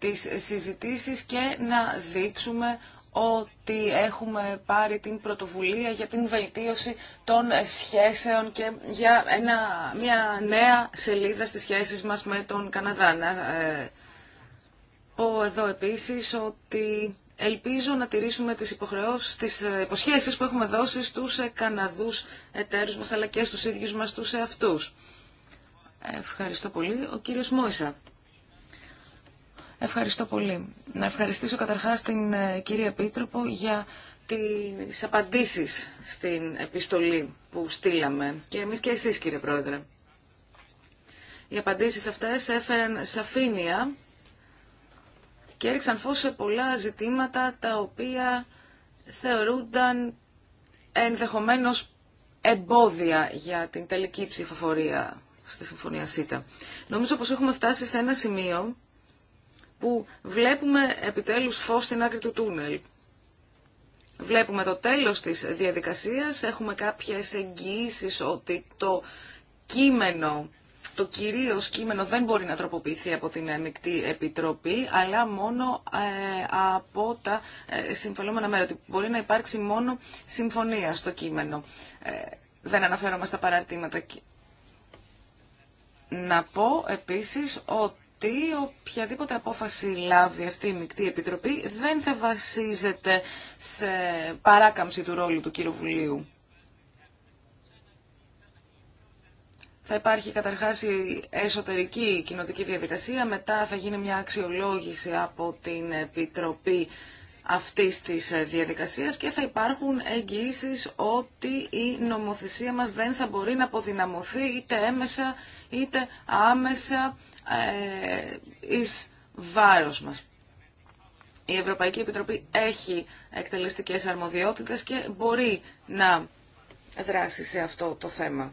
τις συζητήσεις και να δείξουμε ότι έχουμε πάρει την πρωτοβουλία για την βελτίωση των σχέσεων και για ένα, μια νέα σελίδα στις σχέσεις μας με τον Καναδά. Να ε, πω εδώ επίσης ότι ελπίζω να τηρήσουμε τις, υποχρεώσεις, τις ε, υποσχέσεις που έχουμε δώσει στους Καναδούς εταίρους μας αλλά και στους ίδιους μας τους εαυτούς. Ευχαριστώ πολύ. Ο κύριος Μόησα. Ευχαριστώ πολύ. Να ευχαριστήσω καταρχάς την ε, κυρία Επίτροπο για τις απαντήσεις στην επιστολή που στείλαμε και εμείς και εσείς κύριε Πρόεδρε. Οι απαντήσεις αυτές έφεραν σαφήνεια και έριξαν φως σε πολλά ζητήματα τα οποία θεωρούνταν ενδεχομένως εμπόδια για την τελική ψηφοφορία στη Συμφωνία ΣΥΤΑ. Νομίζω πως έχουμε φτάσει σε ένα σημείο που βλέπουμε επιτέλους φως στην άκρη του τούνελ. Βλέπουμε το τέλος της διαδικασίας, έχουμε κάποιες εγγυήσεις ότι το κείμενο, το κυρίως κείμενο δεν μπορεί να τροποποιηθεί από την Εμικτή Επιτροπή, αλλά μόνο ε, από τα ε, μέρη, ότι μπορεί να υπάρξει μόνο συμφωνία στο κείμενο. Ε, δεν αναφέρομαι στα παραρτήματα. Να πω επίσης ότι γιατί οποιαδήποτε απόφαση λάβει αυτή η μεικτή επιτροπή δεν θα βασίζεται σε παράκαμψη του ρόλου του Κυροβουλίου. Θα υπάρχει καταρχάς η εσωτερική κοινοτική διαδικασία, μετά θα γίνει μια αξιολόγηση από την Επιτροπή αυτής της διαδικασίας και θα υπάρχουν εγγυήσεις ότι η νομοθεσία μας δεν θα μπορεί να αποδυναμωθεί είτε έμεσα είτε άμεσα ε, εις βάρος μας. Η Ευρωπαϊκή Επιτροπή έχει εκτελεστικές αρμοδιότητες και μπορεί να δράσει σε αυτό το θέμα.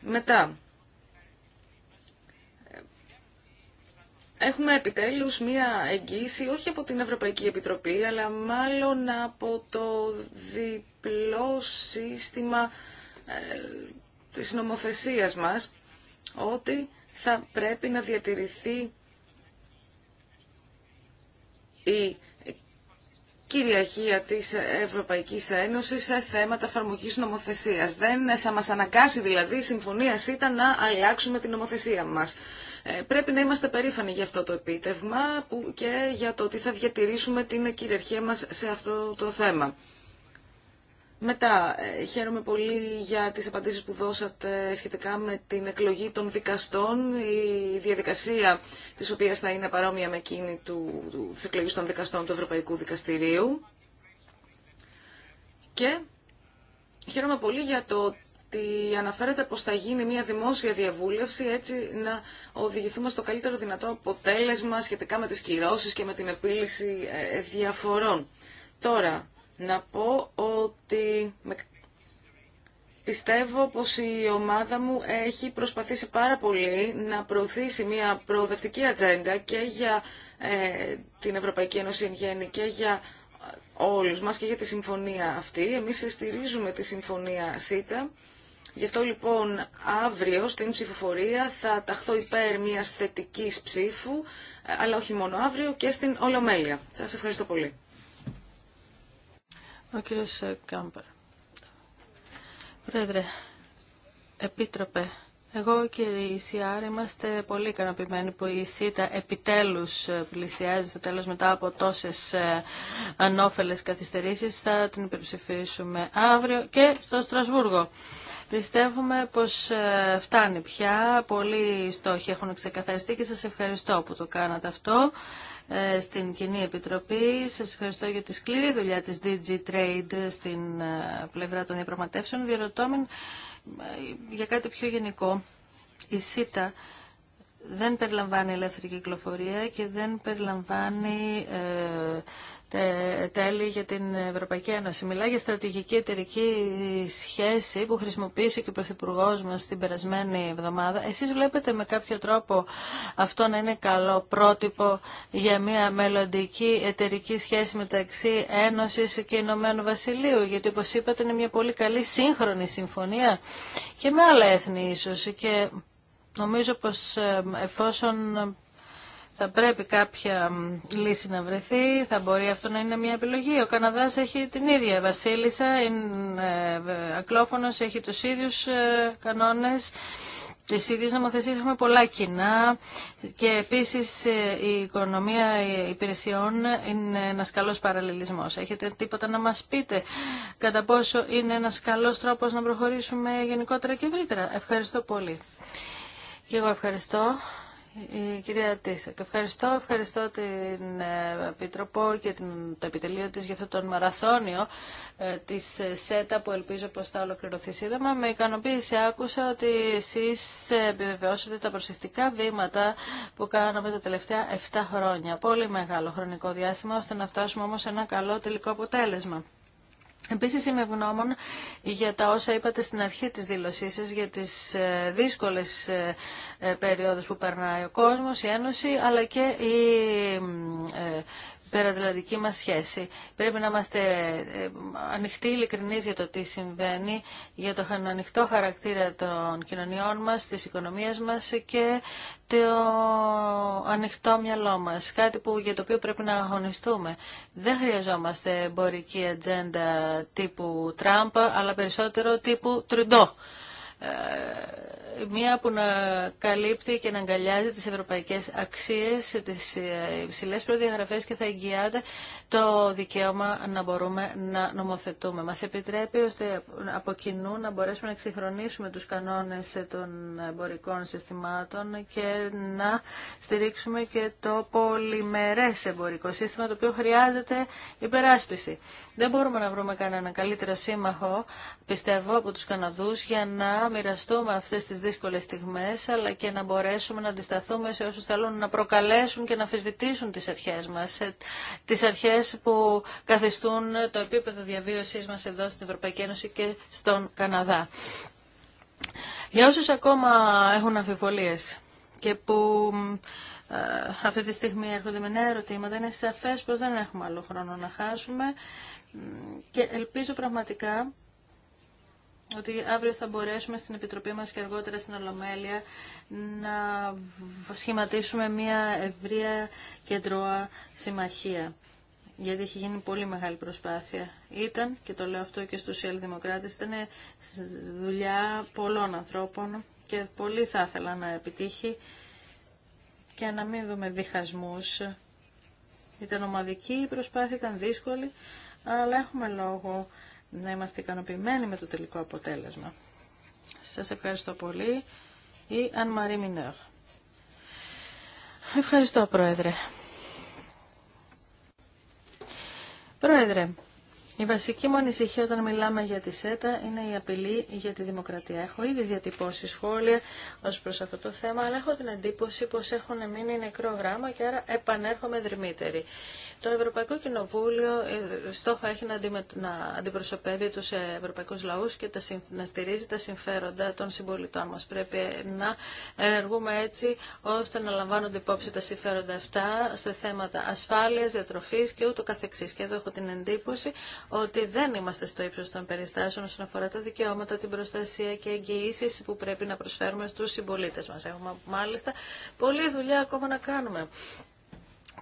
Μετά, έχουμε επιτέλους μία εγγύηση όχι από την Ευρωπαϊκή Επιτροπή, αλλά μάλλον από το διπλό σύστημα ε, της νομοθεσίας μας, ότι θα πρέπει να διατηρηθεί η κυριαρχία της Ευρωπαϊκής Ένωσης σε θέματα εφαρμογή νομοθεσίας. Δεν θα μας αναγκάσει δηλαδή η συμφωνία ΣΥΤΑ να αλλάξουμε την νομοθεσία μας. Ε, πρέπει να είμαστε περήφανοι για αυτό το επίτευγμα και για το ότι θα διατηρήσουμε την κυριαρχία μας σε αυτό το θέμα. Μετά, ε, χαίρομαι πολύ για τις απαντήσεις που δώσατε σχετικά με την εκλογή των δικαστών. Η διαδικασία της οποίας θα είναι παρόμοια με εκείνη του, της εκλογής των δικαστών του Ευρωπαϊκού Δικαστηρίου. Και χαίρομαι πολύ για το ότι αναφέρεται πως θα γίνει μια δημόσια διαβούλευση έτσι να οδηγηθούμε στο καλύτερο δυνατό αποτέλεσμα σχετικά με τις κυρώσει και με την επίλυση ε, διαφορών. Τώρα, να πω ότι πιστεύω πως η ομάδα μου έχει προσπαθήσει πάρα πολύ να προωθήσει μια προοδευτική ατζέντα και για ε, την Ευρωπαϊκή Ένωση εν γέννη και για όλους μας και για τη συμφωνία αυτή. Εμείς στηρίζουμε τη συμφωνία ΣΥΤΑ. Γι' αυτό λοιπόν αύριο στην ψηφοφορία θα ταχθώ υπέρ μια θετικής ψήφου, ε, αλλά όχι μόνο αύριο και στην Ολομέλεια. Σας ευχαριστώ πολύ. Ο κύριος ε, Κάμπερ. Πρόεδρε, Επίτροπε, εγώ και η ΣΥΑΡ είμαστε πολύ ικανοποιημένοι που η ΣΥΤΑ επιτέλους ε, πλησιάζει στο τέλος μετά από τόσες ε, ανώφελες καθυστερήσεις. Θα την υπερψηφίσουμε αύριο και στο Στρασβούργο. Πιστεύουμε πως φτάνει πια. Πολλοί στόχοι έχουν ξεκαθαριστεί και σας ευχαριστώ που το κάνατε αυτό. Ε, στην Κοινή Επιτροπή. Σας ευχαριστώ για τη σκληρή δουλειά της DG Trade στην ε, πλευρά των διαπραγματεύσεων. ε, για κάτι πιο γενικό. Η ΣΥΤΑ δεν περιλαμβάνει ελεύθερη κυκλοφορία και δεν περιλαμβάνει ε, τέλη για την Ευρωπαϊκή Ένωση. Μιλάει για στρατηγική εταιρική σχέση που χρησιμοποίησε και ο Πρωθυπουργό μα την περασμένη εβδομάδα. Εσεί βλέπετε με κάποιο τρόπο αυτό να είναι καλό πρότυπο για μια μελλοντική εταιρική σχέση μεταξύ Ένωση και Ηνωμένου Βασιλείου. Γιατί, όπω είπατε, είναι μια πολύ καλή σύγχρονη συμφωνία και με άλλα έθνη ίσω. Και Νομίζω πως ε, εφόσον θα πρέπει κάποια λύση να βρεθεί, θα μπορεί αυτό να είναι μια επιλογή. Ο Καναδάς έχει την ίδια βασίλισσα, είναι ε, ε, ακλόφωνος, έχει τους ίδιους κανόνες. Τι ίδιε νομοθεσίε έχουμε πολλά κοινά και επίση η οικονομία υπηρεσιών είναι ένα καλό παραλληλισμό. Έχετε τίποτα να μα πείτε κατά πόσο είναι ένα καλό τρόπο να προχωρήσουμε γενικότερα και ευρύτερα. Ευχαριστώ πολύ. Και εγώ ευχαριστώ. Η κυρία Και ευχαριστώ, ευχαριστώ την ε, Επίτροπο και την, το επιτελείο της για αυτό τον μαραθώνιο ε, της ε, ΣΕΤΑ που ελπίζω πως θα ολοκληρωθεί σύντομα. Με ικανοποίηση άκουσα ότι εσείς επιβεβαιώσατε τα προσεκτικά βήματα που κάναμε τα τελευταία 7 χρόνια. Πολύ μεγάλο χρονικό διάστημα ώστε να φτάσουμε όμως σε ένα καλό τελικό αποτέλεσμα. Επίσης είμαι ευγνώμων για τα όσα είπατε στην αρχή της δήλωσής σας για τις ε, δύσκολες ε, ε, περιόδους που περνάει ο κόσμος, η Ένωση αλλά και η Δηλαδή, δική μα σχέση. Πρέπει να είμαστε ε, ανοιχτοί, ειλικρινεί για το τι συμβαίνει, για το ανοιχτό χαρακτήρα των κοινωνιών μας, της οικονομίας μας και το ανοιχτό μυαλό μας. Κάτι που, για το οποίο πρέπει να αγωνιστούμε. Δεν χρειαζόμαστε εμπορική ατζέντα τύπου Τραμπ, αλλά περισσότερο τύπου Τριντό. Ε, μία που να καλύπτει και να αγκαλιάζει τις ευρωπαϊκές αξίες, τις ε, υψηλέ προδιαγραφές και θα εγγυάται το δικαίωμα να μπορούμε να νομοθετούμε. Μας επιτρέπει ώστε από κοινού να μπορέσουμε να εξυγχρονίσουμε τους κανόνες των εμπορικών συστημάτων και να στηρίξουμε και το πολυμερές εμπορικό σύστημα το οποίο χρειάζεται υπεράσπιση. Δεν μπορούμε να βρούμε κανένα καλύτερο σύμμαχο, πιστεύω, από τους Καναδούς για να μοιραστούμε αυτές τις δύσκολες στιγμές, αλλά και να μπορέσουμε να αντισταθούμε σε όσους θέλουν να προκαλέσουν και να αφισβητήσουν τις αρχές μας, τις αρχές που καθιστούν το επίπεδο διαβίωσής μας εδώ στην Ευρωπαϊκή Ένωση και στον Καναδά. Για όσους ακόμα έχουν αμφιβολίες και που ε, αυτή τη στιγμή έρχονται με νέα ερωτήματα, είναι σαφές πως δεν έχουμε άλλο χρόνο να χάσουμε και ελπίζω πραγματικά ότι αύριο θα μπορέσουμε στην Επιτροπή μας και αργότερα στην Ολομέλεια να σχηματίσουμε μια ευρεία κεντρώα συμμαχία. Γιατί έχει γίνει πολύ μεγάλη προσπάθεια. Ήταν, και το λέω αυτό και στους Ιαλδημοκράτες, ήταν δουλειά πολλών ανθρώπων και πολύ θα ήθελα να επιτύχει και να μην δούμε διχασμούς. Ήταν ομαδική η προσπάθεια, ήταν δύσκολη, αλλά έχουμε λόγο να είμαστε ικανοποιημένοι με το τελικό αποτέλεσμα. Σας ευχαριστώ πολύ. Η Αν Ευχαριστώ, Πρόεδρε. Πρόεδρε, η βασική μου ανησυχία όταν μιλάμε για τη ΣΕΤΑ είναι η απειλή για τη δημοκρατία. Έχω ήδη διατυπώσει σχόλια ω προ αυτό το θέμα, αλλά έχω την εντύπωση πω έχουν μείνει νεκρό γράμμα και άρα επανέρχομαι δρυμύτερη. Το Ευρωπαϊκό Κοινοβούλιο ε, στόχο έχει να, να αντιπροσωπεύει του ευρωπαϊκού λαού και τα να στηρίζει τα συμφέροντα των συμπολιτών μα. Πρέπει να ενεργούμε έτσι ώστε να λαμβάνονται υπόψη τα συμφέροντα αυτά σε θέματα ασφάλεια, διατροφή και ούτω καθεξή. Και εδώ έχω την εντύπωση ότι δεν είμαστε στο ύψος των περιστάσεων όσον αφορά τα δικαιώματα, την προστασία και εγγυήσει που πρέπει να προσφέρουμε στους συμπολίτε μας. Έχουμε μάλιστα πολλή δουλειά ακόμα να κάνουμε.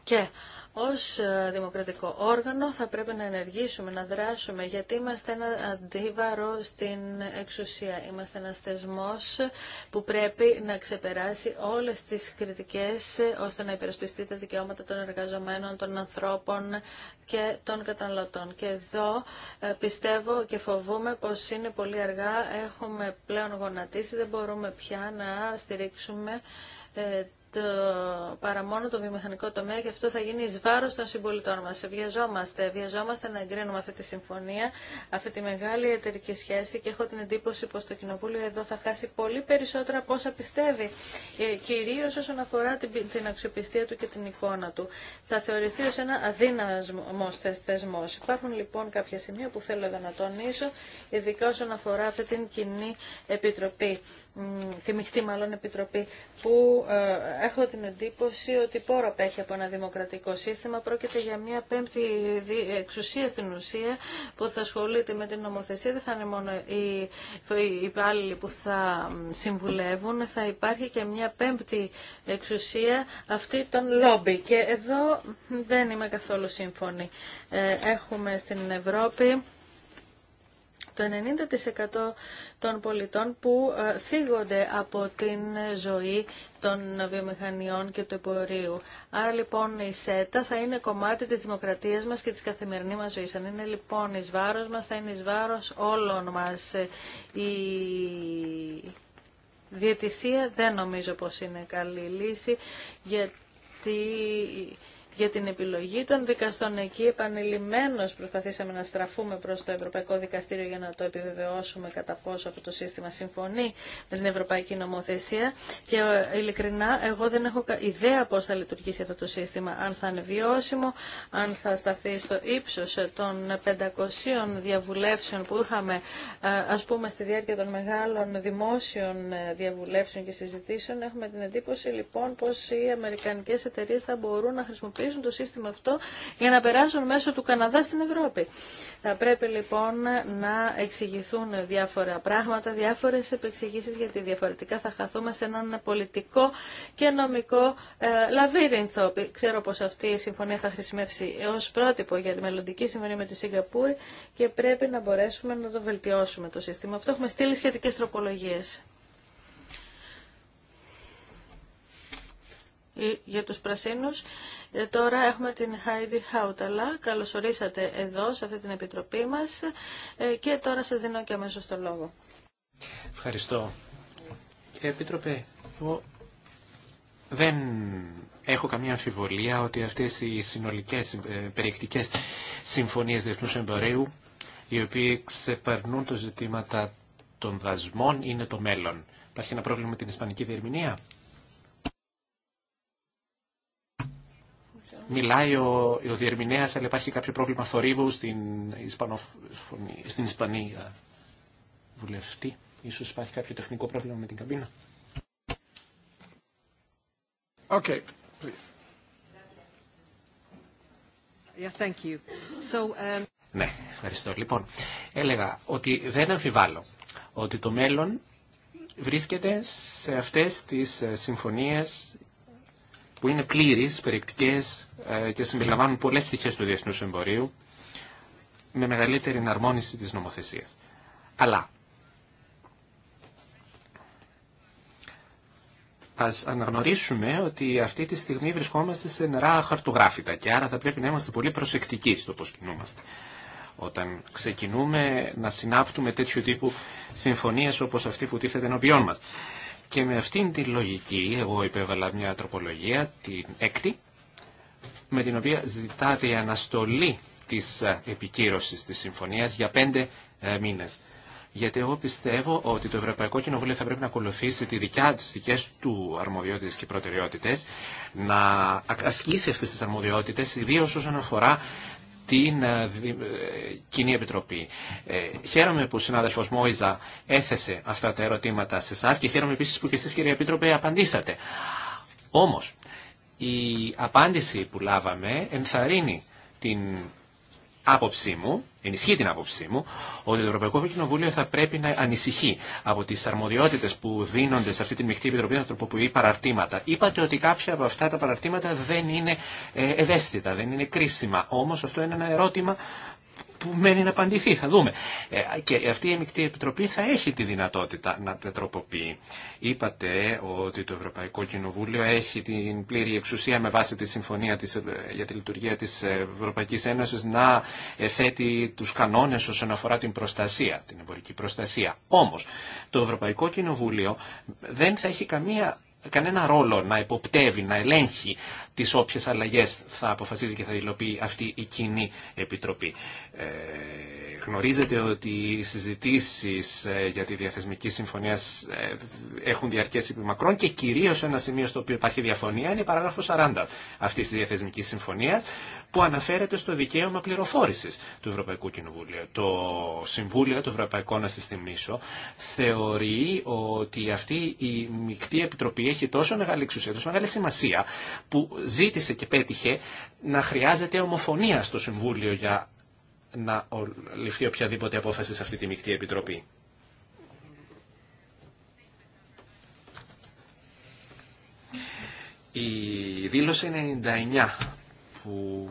Και ως ε, δημοκρατικό όργανο θα πρέπει να ενεργήσουμε, να δράσουμε, γιατί είμαστε ένα αντίβαρο στην εξουσία. Είμαστε ένας θεσμός που πρέπει να ξεπεράσει όλες τις κριτικές ώστε να υπερασπιστεί τα δικαιώματα των εργαζομένων, των ανθρώπων και των καταναλωτών. Και εδώ ε, πιστεύω και φοβούμε πως είναι πολύ αργά, έχουμε πλέον γονατίσει, δεν μπορούμε πια να στηρίξουμε ε, το, παρά μόνο το βιομηχανικό τομέα και αυτό θα γίνει εις βάρος των συμπολιτών μας. Βιαζόμαστε, βιαζόμαστε να εγκρίνουμε αυτή τη συμφωνία, αυτή τη μεγάλη εταιρική σχέση και έχω την εντύπωση πως το Κοινοβούλιο εδώ θα χάσει πολύ περισσότερα από όσα πιστεύει, ε, κυρίως όσον αφορά την, την αξιοπιστία του και την εικόνα του. Θα θεωρηθεί ως ένα αδύναμος θεσμός. Υπάρχουν λοιπόν κάποια σημεία που θέλω εδώ να τονίσω, ειδικά όσον αφορά αυτή την κοινή επιτροπή τη μειχτή μάλλον επιτροπή που ε, έχω την εντύπωση ότι πόρο απέχει από ένα δημοκρατικό σύστημα πρόκειται για μια πέμπτη εξουσία στην ουσία που θα ασχολείται με την νομοθεσία δεν θα είναι μόνο οι, οι υπάλληλοι που θα συμβουλεύουν θα υπάρχει και μια πέμπτη εξουσία αυτή των λόμπι και εδώ δεν είμαι καθόλου σύμφωνη ε, έχουμε στην Ευρώπη το 90% των πολιτών που ε, θίγονται από την ζωή των βιομηχανιών και του εμπορίου. Άρα λοιπόν η ΣΕΤΑ θα είναι κομμάτι της δημοκρατίας μας και της καθημερινής μας ζωής. Αν είναι λοιπόν εις βάρος μας, θα είναι εις βάρος όλων μας. Η διαιτησία δεν νομίζω πως είναι καλή λύση, γιατί για την επιλογή των δικαστών εκεί. Επανειλημμένως προσπαθήσαμε να στραφούμε προς το Ευρωπαϊκό Δικαστήριο για να το επιβεβαιώσουμε κατά πόσο αυτό το σύστημα συμφωνεί με την Ευρωπαϊκή Νομοθεσία και ε, ειλικρινά εγώ δεν έχω ιδέα πώς θα λειτουργήσει αυτό το σύστημα, αν θα είναι βιώσιμο, αν θα σταθεί στο ύψος των 500 διαβουλεύσεων που είχαμε ε, ας πούμε στη διάρκεια των μεγάλων δημόσιων ε, διαβουλεύσεων και συζητήσεων. Έχουμε την εντύπωση λοιπόν πως οι αμερικανικές εταιρείες θα μπορούν να χρησιμοποιήσουν χρησιμοποιήσουν το σύστημα αυτό για να περάσουν μέσω του Καναδά στην Ευρώπη. Θα πρέπει λοιπόν να εξηγηθούν διάφορα πράγματα, διάφορες επεξηγήσεις γιατί διαφορετικά θα χαθούμε σε έναν πολιτικό και νομικό ε, λαβύρινθο. Ξέρω πως αυτή η συμφωνία θα χρησιμεύσει ως πρότυπο για τη μελλοντική συμφωνία με τη Σιγκαπούρη και πρέπει να μπορέσουμε να το βελτιώσουμε το σύστημα. Αυτό έχουμε στείλει σχετικές τροπολογίες. Ε, για τους πρασίνους. Ε, τώρα έχουμε την Χάιδη Χάουταλα. Καλώς ορίσατε εδώ, σε αυτή την επιτροπή μας. Ε, και τώρα σας δίνω και αμέσως το λόγο. Ευχαριστώ. Επίτροπε, εγώ δεν έχω καμία αμφιβολία ότι αυτές οι συνολικές περιεκτικές συμφωνίες διεθνούς εμπορίου, οι οποίοι ξεπερνούν τα ζητήματα των δασμών, είναι το μέλλον. Υπάρχει ένα πρόβλημα με την ισπανική διερμηνία. μιλάει ο, ο αλλά υπάρχει κάποιο πρόβλημα θορύβου στην, στην Ισπανία ε, βουλευτή. Ίσως υπάρχει κάποιο τεχνικό πρόβλημα με την καμπίνα. Okay, um, Ναι, ευχαριστώ. Λοιπόν, έλεγα ότι δεν αμφιβάλλω ότι το μέλλον βρίσκεται σε αυτές τις ε, συμφωνίες που είναι πλήρεις, περιεκτικές ε, και συμπεριλαμβάνουν πολλέ πτυχέ του διεθνούς εμπορίου με μεγαλύτερη εναρμόνιση της νομοθεσίας. Αλλά Α αναγνωρίσουμε ότι αυτή τη στιγμή βρισκόμαστε σε νερά χαρτογράφητα και άρα θα πρέπει να είμαστε πολύ προσεκτικοί στο πώς κινούμαστε. Όταν ξεκινούμε να συνάπτουμε τέτοιου τύπου συμφωνίες όπως αυτή που τίθεται ενώπιόν μας. Και με αυτήν τη λογική εγώ υπέβαλα μια τροπολογία, την έκτη, με την οποία ζητάτε η αναστολή της ε, επικύρωσης της συμφωνίας για πέντε ε, μήνες. Γιατί εγώ πιστεύω ότι το Ευρωπαϊκό Κοινοβούλιο θα πρέπει να ακολουθήσει τη δικιά τις δικές του αρμοδιότητε και προτεραιότητες, να ασκήσει αυτές τις αρμοδιότητες, ιδίω όσον αφορά την ε, ε, Κοινή Επιτροπή. Ε, χαίρομαι που ο συνάδελφος Μόιζα έθεσε αυτά τα ερωτήματα σε εσά και χαίρομαι επίσης που και εσείς κύριε Επίτροπε απαντήσατε. Όμως, η απάντηση που λάβαμε ενθαρρύνει την άποψή μου, ενισχύει την άποψή μου, ότι το Ευρωπαϊκό Κοινοβούλιο θα πρέπει να ανησυχεί από τι αρμοδιότητε που δίνονται σε αυτή τη μεικτή επιτροπή να τροποποιεί παραρτήματα. Είπατε ότι κάποια από αυτά τα παραρτήματα δεν είναι ε, ευαίσθητα, δεν είναι κρίσιμα. Όμω αυτό είναι ένα ερώτημα που μένει να απαντηθεί, θα δούμε. Ε, και αυτή η Εμικτή Επιτροπή θα έχει τη δυνατότητα να τροποποιεί. Είπατε ότι το Ευρωπαϊκό Κοινοβούλιο έχει την πλήρη εξουσία με βάση τη Συμφωνία της, ε, για τη Λειτουργία της Ευρωπαϊκής Ένωσης να θέτει τους κανόνες όσον αφορά την προστασία, την εμπορική προστασία. Όμως, το Ευρωπαϊκό Κοινοβούλιο δεν θα έχει καμία κανένα ρόλο να υποπτεύει, να ελέγχει τι όποιε αλλαγέ θα αποφασίζει και θα υλοποιεί αυτή η κοινή επιτροπή. Ε, γνωρίζετε ότι οι συζητήσει ε, για τη διαθεσμική συμφωνία ε, έχουν διαρκέσει επί μακρόν και κυρίω ένα σημείο στο οποίο υπάρχει διαφωνία είναι η παράγραφο 40 αυτή τη διαθεσμική συμφωνία, που αναφέρεται στο δικαίωμα πληροφόρηση του Ευρωπαϊκού Κοινοβουλίου. Το Συμβούλιο, του Ευρωπαϊκού, να συστημίσω, θεωρεί ότι αυτή η μεικτή επιτροπή έχει τόσο μεγάλη εξουσία, τόσο μεγάλη σημασία, που ζήτησε και πέτυχε να χρειάζεται ομοφωνία στο Συμβούλιο για να ληφθεί οποιαδήποτε απόφαση σε αυτή τη μεικτή επιτροπή. Η δήλωση 99 που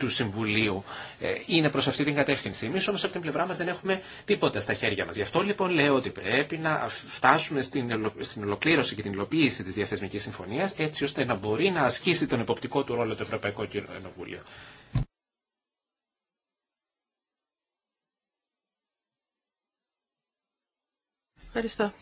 του Συμβουλίου ε, είναι προς αυτή την κατεύθυνση. Εμείς όμως από την πλευρά μας δεν έχουμε τίποτα στα χέρια μας. Γι' αυτό λοιπόν λέω ότι πρέπει να φτάσουμε στην ολοκλήρωση και την υλοποίηση τη διαθεσμική συμφωνία, έτσι ώστε να μπορεί να ασκήσει τον εποπτικό του ρόλο το Ευρωπαϊκό Κοινοβούλιο. Ευχαριστώ.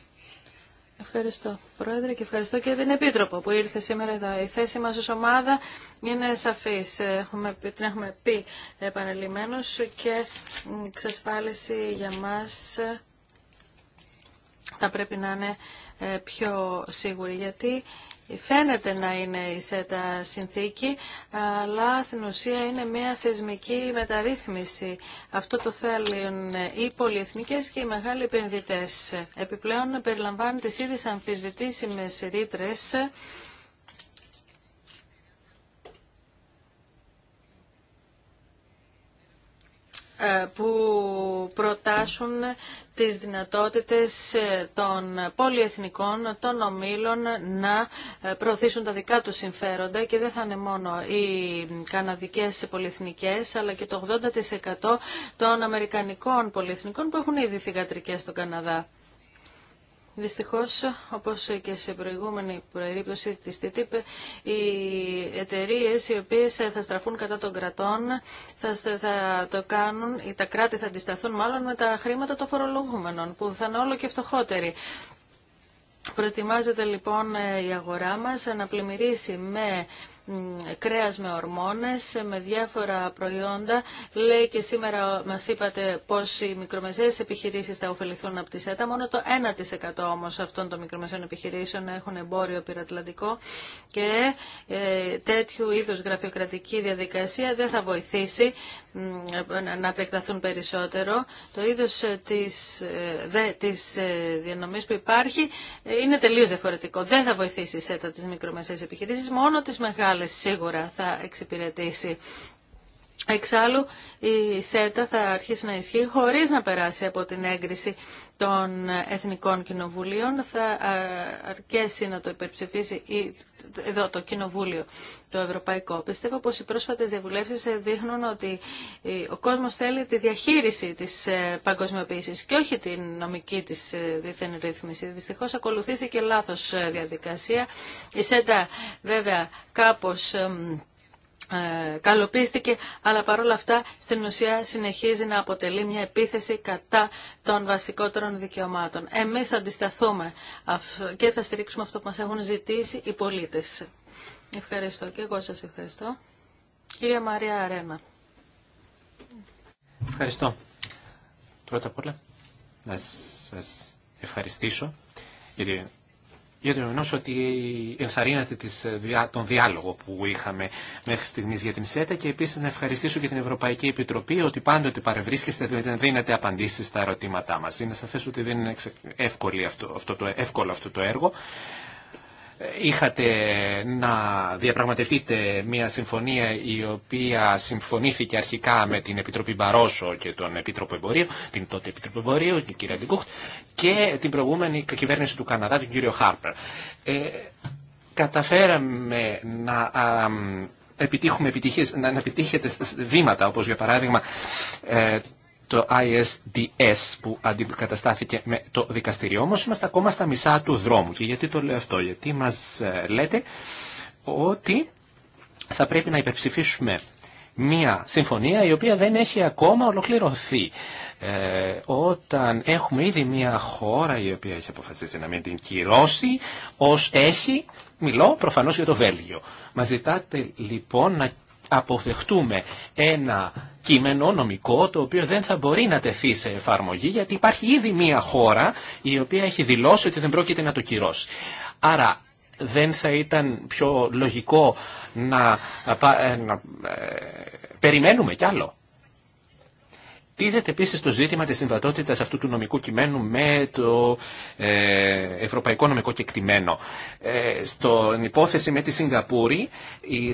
Ευχαριστώ, Πρόεδρε, και ευχαριστώ και την Επίτροπο που ήρθε σήμερα εδώ. Η θέση μας ως ομάδα είναι σαφής. Έχουμε, την έχουμε πει επαναλημμένως και εξασφάλιση για μας θα πρέπει να είναι ε, πιο σίγουρη, γιατί Φαίνεται να είναι η ΣΕΤΑ συνθήκη, αλλά στην ουσία είναι μια θεσμική μεταρρύθμιση. Αυτό το θέλουν οι πολυεθνικές και οι μεγάλοι επενδυτές. Επιπλέον περιλαμβάνει τις ίδιες αμφισβητήσιμες ρήτρες Ε, που προτάσουν τις δυνατότητες ε, των πολυεθνικών, των ομίλων να ε, προωθήσουν τα δικά τους συμφέροντα και δεν θα είναι μόνο οι καναδικές πολυεθνικές αλλά και το 80% των αμερικανικών πολυεθνικών που έχουν ήδη θυγατρικές στον Καναδά. Δυστυχώ, όπως και σε προηγούμενη περίπτωση της TTIP, οι εταιρείε οι οποίες θα στραφούν κατά των κρατών θα, θα το κάνουν, ή τα κράτη θα αντισταθούν μάλλον με τα χρήματα των φορολογούμενων, που θα είναι όλο και φτωχότεροι. Προετοιμάζεται λοιπόν ε, η αγορά μας να πλημμυρίσει με κρέας με ορμόνες, με διάφορα προϊόντα. Λέει και σήμερα μας είπατε πως οι μικρομεσαίες επιχειρήσεις θα ωφεληθούν από τη ΣΕΤΑ. Μόνο το 1% όμως αυτών των μικρομεσαίων επιχειρήσεων έχουν εμπόριο πυρατλαντικό και ε, τέτοιου είδους γραφειοκρατική διαδικασία δεν θα βοηθήσει να επεκταθούν περισσότερο. Το είδος ε, της, ε, δε, της διανομής που υπάρχει είναι τελείως διαφορετικό. Δεν θα βοηθήσει η ΣΕΤΑ τις μικρομεσαίες επιχειρήσεις, μόνο τις μεγάλες άλλες σίγουρα θα εξυπηρετήσει. Εξάλλου η ΣΕΤΑ θα αρχίσει να ισχύει χωρίς να περάσει από την έγκριση των Εθνικών Κοινοβουλίων θα ε, αρκέσει να το υπερψηφίσει εδώ το Κοινοβούλιο το Ευρωπαϊκό. Πιστεύω πως οι πρόσφατες διαβουλεύσεις ε, δείχνουν ότι ε, ο κόσμος θέλει τη διαχείριση της παγκοσμιοποίησης και όχι την νομική της δίθεν ρύθμιση. Δυστυχώς ακολουθήθηκε λάθος διαδικασία. Η ΣΕΤΑ βέβαια κάπως ε, καλοπίστηκε, αλλά παρόλα αυτά στην ουσία συνεχίζει να αποτελεί μια επίθεση κατά των βασικότερων δικαιωμάτων. Εμείς θα αντισταθούμε και θα στηρίξουμε αυτό που μας έχουν ζητήσει οι πολίτες. Ευχαριστώ και εγώ σας ευχαριστώ. Κυρία Μαρία Αρένα. Ευχαριστώ. Πρώτα απ' όλα να σας ευχαριστήσω για το γεγονό ότι ενθαρρύνατε ε, τον διάλογο που είχαμε μέχρι στιγμή για την ΣΕΤΑ και επίση να ευχαριστήσω και την Ευρωπαϊκή Επιτροπή ότι πάντοτε παρευρίσκεστε δεν δίνετε απαντήσει στα ερωτήματά μα. Είναι σαφέ ότι δεν είναι εύκολο αυτό το έργο είχατε να διαπραγματευτείτε μια συμφωνία η οποία συμφωνήθηκε αρχικά με την Επιτροπή Μπαρόσο και τον Επίτροπο Εμπορίου, την τότε Επίτροπο Εμπορίου, την κυρία Ντικούχτ, και την προηγούμενη κυβέρνηση του Καναδά, τον κύριο Χάρπερ. Ε, καταφέραμε να επιτύχουμε επιτυχίες, να επιτύχετε βήματα, όπως για παράδειγμα ε, το ISDS που αντικαταστάθηκε με το δικαστήριο. Όμως είμαστε ακόμα στα μισά του δρόμου. Και γιατί το λέω αυτό, γιατί μας ε, λέτε ότι θα πρέπει να υπερψηφίσουμε μία συμφωνία η οποία δεν έχει ακόμα ολοκληρωθεί. Ε, όταν έχουμε ήδη μία χώρα η οποία έχει αποφασίσει να μην την κυρώσει, ως έχει, μιλώ προφανώς για το Βέλγιο. Μας ζητάτε λοιπόν να αποδεχτούμε ένα κείμενο νομικό το οποίο δεν θα μπορεί να τεθεί σε εφαρμογή γιατί υπάρχει ήδη μία χώρα η οποία έχει δηλώσει ότι δεν πρόκειται να το κυρώσει. Άρα δεν θα ήταν πιο λογικό να, ε, ε, περιμένουμε κι άλλο. Τίθεται επίση το ζήτημα τη συμβατότητα αυτού του νομικού κειμένου με το ε, ευρωπαϊκό νομικό κεκτημένο. Ε, στον υπόθεση με τη Σιγκαπούρη,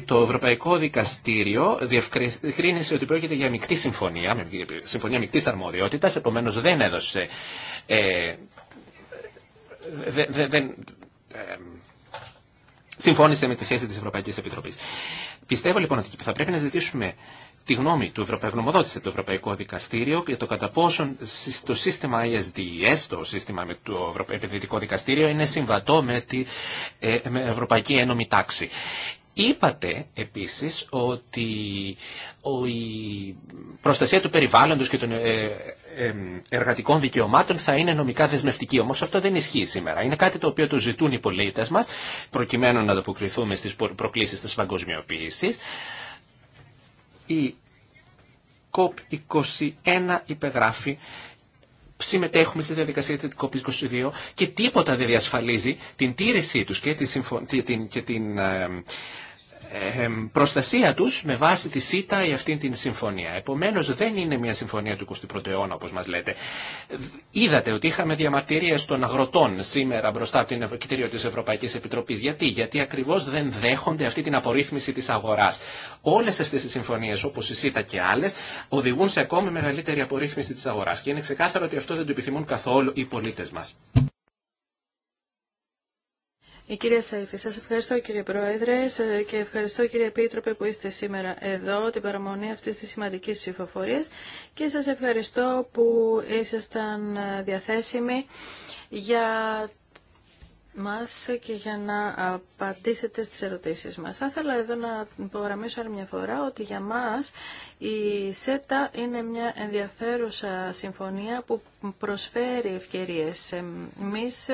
το Ευρωπαϊκό Δικαστήριο διευκρίνησε ότι πρόκειται για μεικτή συμφωνία, συμφωνία μεικτή αρμοδιότητα, επομένω δεν έδωσε. Ε, δεν, δε, συμφώνησε με τη θέση της Ευρωπαϊκής Επιτροπής. Πιστεύω λοιπόν ότι θα πρέπει να ζητήσουμε τη γνώμη του Ευρωπαϊκού Νομοδότησε το Ευρωπαϊκό Δικαστήριο για το κατά πόσον το σύστημα ISDS, το σύστημα με το Ευρωπαϊκό Δικαστήριο, είναι συμβατό με την ε, Ευρωπαϊκή Ένωμη Τάξη. Είπατε επίσης ότι η προστασία του περιβάλλοντος και των ε, ε, εργατικών δικαιωμάτων θα είναι νομικά δεσμευτική. Όμως αυτό δεν ισχύει σήμερα. Είναι κάτι το οποίο το ζητούν οι πολίτες μας προκειμένου να ανταποκριθούμε στις προκλήσεις της παγκοσμιοποίησης η COP21 υπεγράφει συμμετέχουμε στη διαδικασία της COP22 και τίποτα δεν διασφαλίζει την τήρησή τους και, τη και την, και την ε, προστασία τους με βάση τη ΣΥΤΑ ή αυτήν την συμφωνία. Επομένως δεν είναι μια συμφωνία του 21ου αιώνα όπως μας λέτε. Είδατε ότι είχαμε διαμαρτυρίες των αγροτών σήμερα μπροστά από την κτίριο της Ευρωπαϊκής Επιτροπής. Γιατί? Γιατί ακριβώς δεν δέχονται αυτή την απορρίθμιση της αγοράς. Όλες αυτές οι συμφωνίες όπως η ΣΥΤΑ και άλλες οδηγούν σε ακόμη μεγαλύτερη απορρίθμιση της αγοράς. Και είναι ξεκάθαρο ότι αυτό δεν το επιθυμούν καθόλου οι πολίτες μας. Η κυρία Σαϊφή, σας ευχαριστώ κύριε Πρόεδρε και ευχαριστώ κύριε Επίτροπε που είστε σήμερα εδώ, την παραμονή αυτής της σημαντικής ψηφοφορίας και σας ευχαριστώ που ήσασταν διαθέσιμοι για μας και για να απαντήσετε στις ερωτήσεις μας. Θα ήθελα εδώ να υπογραμμίσω άλλη μια φορά ότι για μας η ΣΕΤΑ είναι μια ενδιαφέρουσα συμφωνία που προσφέρει ευκαιρίες. Εμείς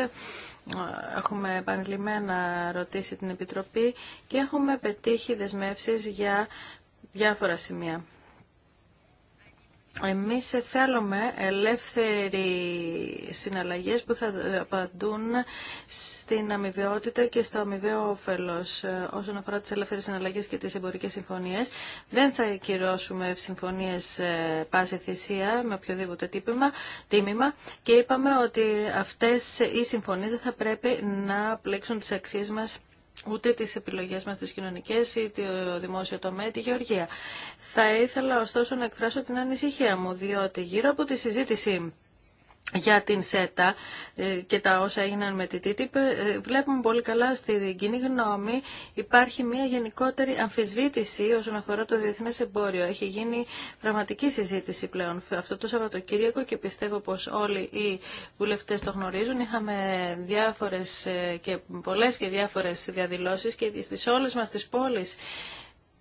έχουμε επανειλημμένα ρωτήσει την Επιτροπή και έχουμε πετύχει δεσμεύσεις για διάφορα σημεία. Εμείς θέλουμε ελεύθερη συναλλαγές που θα απαντούν στην αμοιβαιότητα και στο αμοιβαίο όφελος. Όσον αφορά τις ελεύθερες συναλλαγές και τις εμπορικές συμφωνίες, δεν θα κυρώσουμε συμφωνίες ε, πάση θυσία με οποιοδήποτε τύπημα, τίμημα και είπαμε ότι αυτές οι συμφωνίες δεν θα πρέπει να πλήξουν τις αξίες μας ούτε τις επιλογές μας τις κοινωνικές ή το δημόσιο τομέα, τη γεωργία. Θα ήθελα ωστόσο να εκφράσω την ανησυχία μου, διότι γύρω από τη συζήτηση για την ΣΕΤΑ ε, και τα όσα έγιναν με τη TTIP, ε, βλέπουμε πολύ καλά στη κοινή γνώμη υπάρχει μια γενικότερη αμφισβήτηση όσον αφορά το διεθνές εμπόριο. Έχει γίνει πραγματική συζήτηση πλέον αυτό το Σαββατοκύριακο και πιστεύω πως όλοι οι βουλευτές το γνωρίζουν. Είχαμε διάφορες ε, και πολλές και διάφορες διαδηλώσεις και στις όλες μας τις πόλεις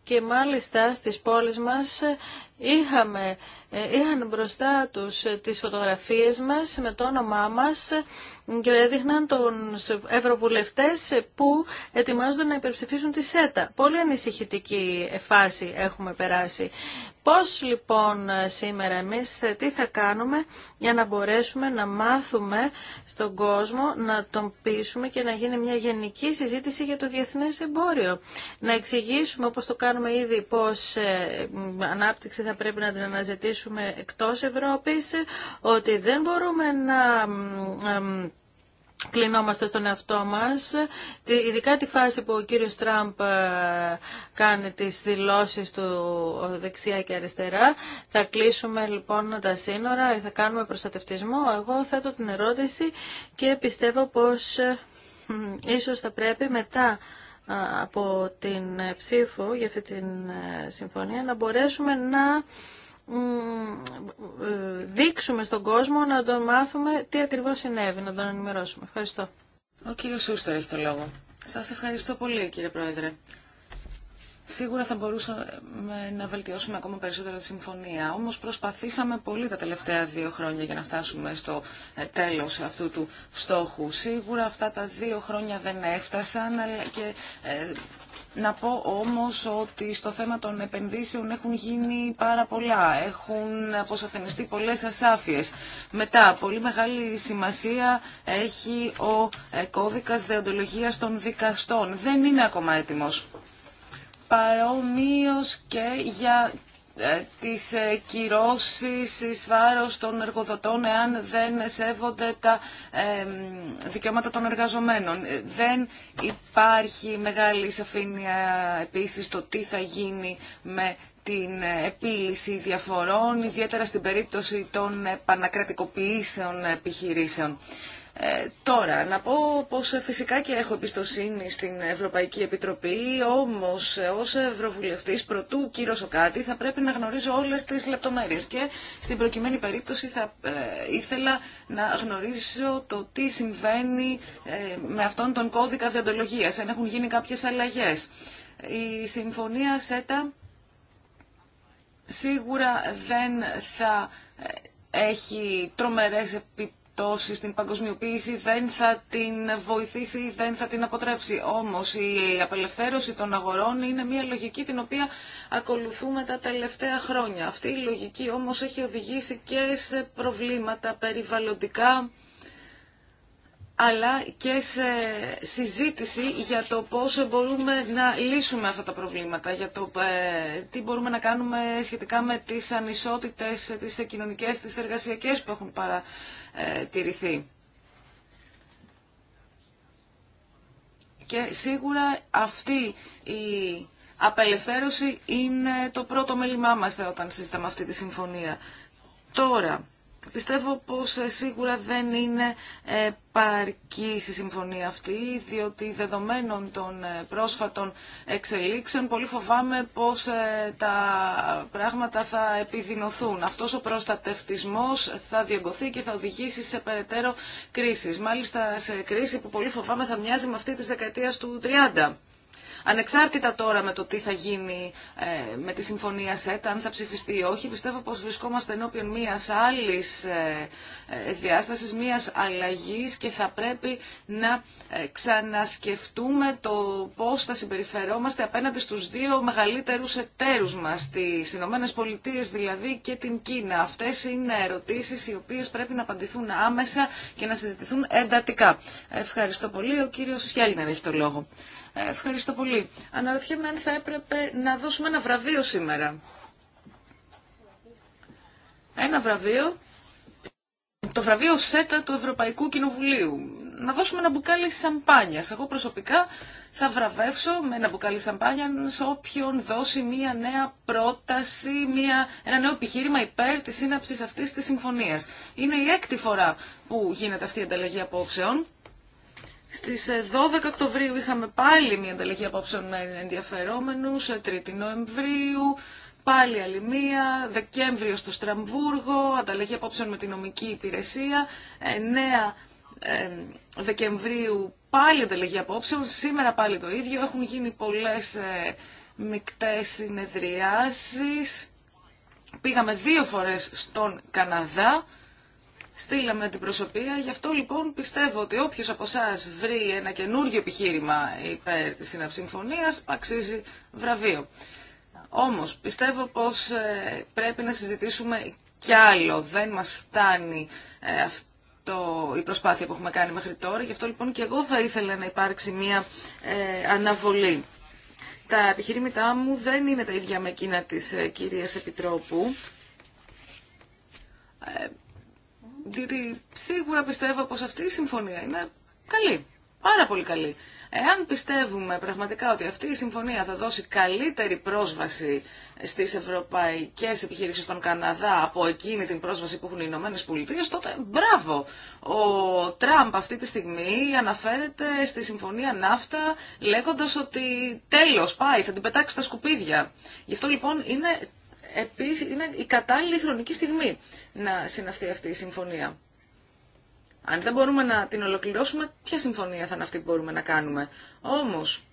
και μάλιστα στις πόλεις μας ε, είχαμε, ε, είχαν μπροστά τους ε, τις φωτογραφίες μας με το όνομά μας και έδειχναν τους ευρωβουλευτές που ετοιμάζονται να υπερψηφίσουν τη ΣΕΤΑ. Πολύ ανησυχητική φάση έχουμε περάσει. Πώς λοιπόν σήμερα εμείς ε, τι θα κάνουμε για να μπορέσουμε να μάθουμε στον κόσμο, να τον πείσουμε και να γίνει μια γενική συζήτηση για το διεθνές εμπόριο. Να εξηγήσουμε όπως το κάνουμε ήδη πώς ε, ανάπτυξη θα πρέπει να την αναζητήσουμε εκτός Ευρώπης, ε, ότι δεν μπορούμε να κλεινόμαστε στον εαυτό μας, ειδικά τη φάση που ο κύριος Τραμπ ε, κάνει τις δηλώσεις του δεξιά και αριστερά. Θα κλείσουμε λοιπόν τα σύνορα, θα κάνουμε προστατευτισμό. Εγώ θέτω την ερώτηση και πιστεύω πως ε, ίσως θα πρέπει μετά από την ψήφο για αυτή την ε, συμφωνία να μπορέσουμε να ε, δείξουμε στον κόσμο, να τον μάθουμε τι ακριβώς συνέβη, να τον ενημερώσουμε. Ευχαριστώ. Ο κύριος Σούστερ έχει το λόγο. Σας ευχαριστώ πολύ κύριε Πρόεδρε. Σίγουρα θα μπορούσαμε να βελτιώσουμε ακόμα περισσότερο τη συμφωνία, όμως προσπαθήσαμε πολύ τα τελευταία δύο χρόνια για να φτάσουμε στο ε, τέλος αυτού του στόχου. Σίγουρα αυτά τα δύο χρόνια δεν έφτασαν και ε, να πω όμως ότι στο θέμα των επενδύσεων έχουν γίνει πάρα πολλά, έχουν αποσαφενιστεί πολλές ασάφειες. Μετά, πολύ μεγάλη σημασία έχει ο ε, κώδικας δεοντολογίας των δικαστών. Δεν είναι ακόμα έτοιμος. Παρομοίως και για ε, τις ε, κυρώσεις εις βάρος των εργοδοτών εάν δεν σέβονται τα δικαιώματα των εργαζομένων. Ε, δεν υπάρχει μεγάλη σαφήνεια επίσης το τι θα γίνει με την επίλυση διαφορών, ιδιαίτερα στην περίπτωση των επανακρατικοποιήσεων επιχειρήσεων. Ε, τώρα, να πω πως ε, φυσικά και έχω εμπιστοσύνη στην Ευρωπαϊκή Επιτροπή, όμως ε, ως Ευρωβουλευτής πρωτού κύρωσω κάτι θα πρέπει να γνωρίζω όλες τις λεπτομέρειες και στην προκειμένη περίπτωση θα ήθελα να γνωρίζω το τι συμβαίνει με αυτόν τον κώδικα διοντολογίας, αν έχουν γίνει κάποιες αλλαγές. Η συμφωνία ΣΕΤΑ σίγουρα δεν θα έχει τρομερές επιπτώσεις τόση στην παγκοσμιοποίηση δεν θα την βοηθήσει, δεν θα την αποτρέψει. Όμως η απελευθέρωση των αγορών είναι μια λογική την οποία ακολουθούμε τα τελευταία χρόνια. Αυτή η λογική όμως έχει οδηγήσει και σε προβλήματα περιβαλλοντικά αλλά και σε συζήτηση για το πώς μπορούμε να λύσουμε αυτά τα προβλήματα, για το ε, τι μπορούμε να κάνουμε σχετικά με τις ανισότητες, ε, τις κοινωνικές, τις εργασιακές που έχουν παρα, ε, τηρηθεί. Και σίγουρα αυτή η απελευθέρωση είναι το πρώτο μέλημά μας όταν συζητάμε αυτή τη συμφωνία. Τώρα, Πιστεύω πως ε, σίγουρα δεν είναι ε, παρκή η συμφωνία αυτή, διότι δεδομένων των ε, πρόσφατων εξελίξεων πολύ φοβάμαι πως τα πράγματα θα επιδεινωθούν. Αυτός ο προστατευτισμός θα διεγκωθεί και θα οδηγήσει σε περαιτέρω κρίσεις. Μάλιστα σε κρίση που πολύ φοβάμαι θα μοιάζει με αυτή της δεκαετίας του 30. Ανεξάρτητα τώρα με το τι θα γίνει ε, με τη συμφωνία ΣΕΤ, αν θα ψηφιστεί ή όχι, πιστεύω πως βρισκόμαστε ενώπιον μιας άλλης ε, ε, διάστασης, μιας αλλαγής και θα πρέπει να ξανασκεφτούμε το πώς θα συμπεριφερόμαστε απέναντι στους δύο μεγαλύτερους εταίρους μας, τις Ηνωμένε Πολιτείε δηλαδή και την Κίνα. Αυτές είναι ερωτήσεις οι οποίες πρέπει να απαντηθούν άμεσα και να συζητηθούν εντατικά. Ευχαριστώ πολύ. Ο κύριος Φιέλνερ έχει το λόγο. Ευχαριστώ πολύ. Αναρωτιέμαι αν θα έπρεπε να δώσουμε ένα βραβείο σήμερα. Ένα βραβείο, το βραβείο ΣΕΤΑ του Ευρωπαϊκού Κοινοβουλίου. Να δώσουμε ένα μπουκάλι σαμπάνια. Εγώ προσωπικά θα βραβεύσω με ένα μπουκάλι σαμπάνια σε όποιον δώσει μια νέα πρόταση, μια, ένα νέο επιχείρημα υπέρ τη σύναψη αυτή τη συμφωνία. Είναι η έκτη φορά που γίνεται αυτή η ανταλλαγή απόψεων. Στις 12 ε, Οκτωβρίου είχαμε πάλι μια ανταλλαγή απόψεων με ενδιαφερόμενους, ε, Νοεμβρίου, πάλι άλλη μία, Δεκέμβριο στο Στραμβούργο, ανταλλαγή απόψεων με την νομική υπηρεσία, 9 ε, Δεκεμβρίου πάλι ανταλλαγή απόψεων, σήμερα πάλι το ίδιο, έχουν γίνει πολλές ε, μεικτές συνεδριάσεις. Πήγαμε δύο φορές στον Καναδά Στείλαμε προσωπία. γι' αυτό λοιπόν πιστεύω ότι όποιο από εσά βρει ένα καινούργιο επιχείρημα υπέρ τη συναψυμφωνία αξίζει βραβείο. Όμω πιστεύω πω ε, πρέπει να συζητήσουμε κι άλλο. Δεν μα φτάνει ε, αυτό η προσπάθεια που έχουμε κάνει μέχρι τώρα, γι' αυτό λοιπόν και εγώ θα ήθελα να υπάρξει μια ε, αναβολή. Τα επιχειρήματά μου δεν είναι τα ίδια με εκείνα της ε, κυρίας Επιτρόπου διότι σίγουρα πιστεύω πως αυτή η συμφωνία είναι καλή, πάρα πολύ καλή. Εάν πιστεύουμε πραγματικά ότι αυτή η συμφωνία θα δώσει καλύτερη πρόσβαση στις ευρωπαϊκές επιχειρήσεις στον Καναδά από εκείνη την πρόσβαση που έχουν οι Ηνωμένες Πολιτείες, τότε μπράβο. Ο Τραμπ αυτή τη στιγμή αναφέρεται στη συμφωνία ναύτα λέγοντας ότι τέλος πάει, θα την πετάξει στα σκουπίδια. Γι' αυτό λοιπόν είναι επίσης είναι η κατάλληλη χρονική στιγμή να συναυτεί αυτή η συμφωνία. Αν δεν μπορούμε να την ολοκληρώσουμε, ποια συμφωνία θα είναι αυτή που μπορούμε να κάνουμε. Όμως,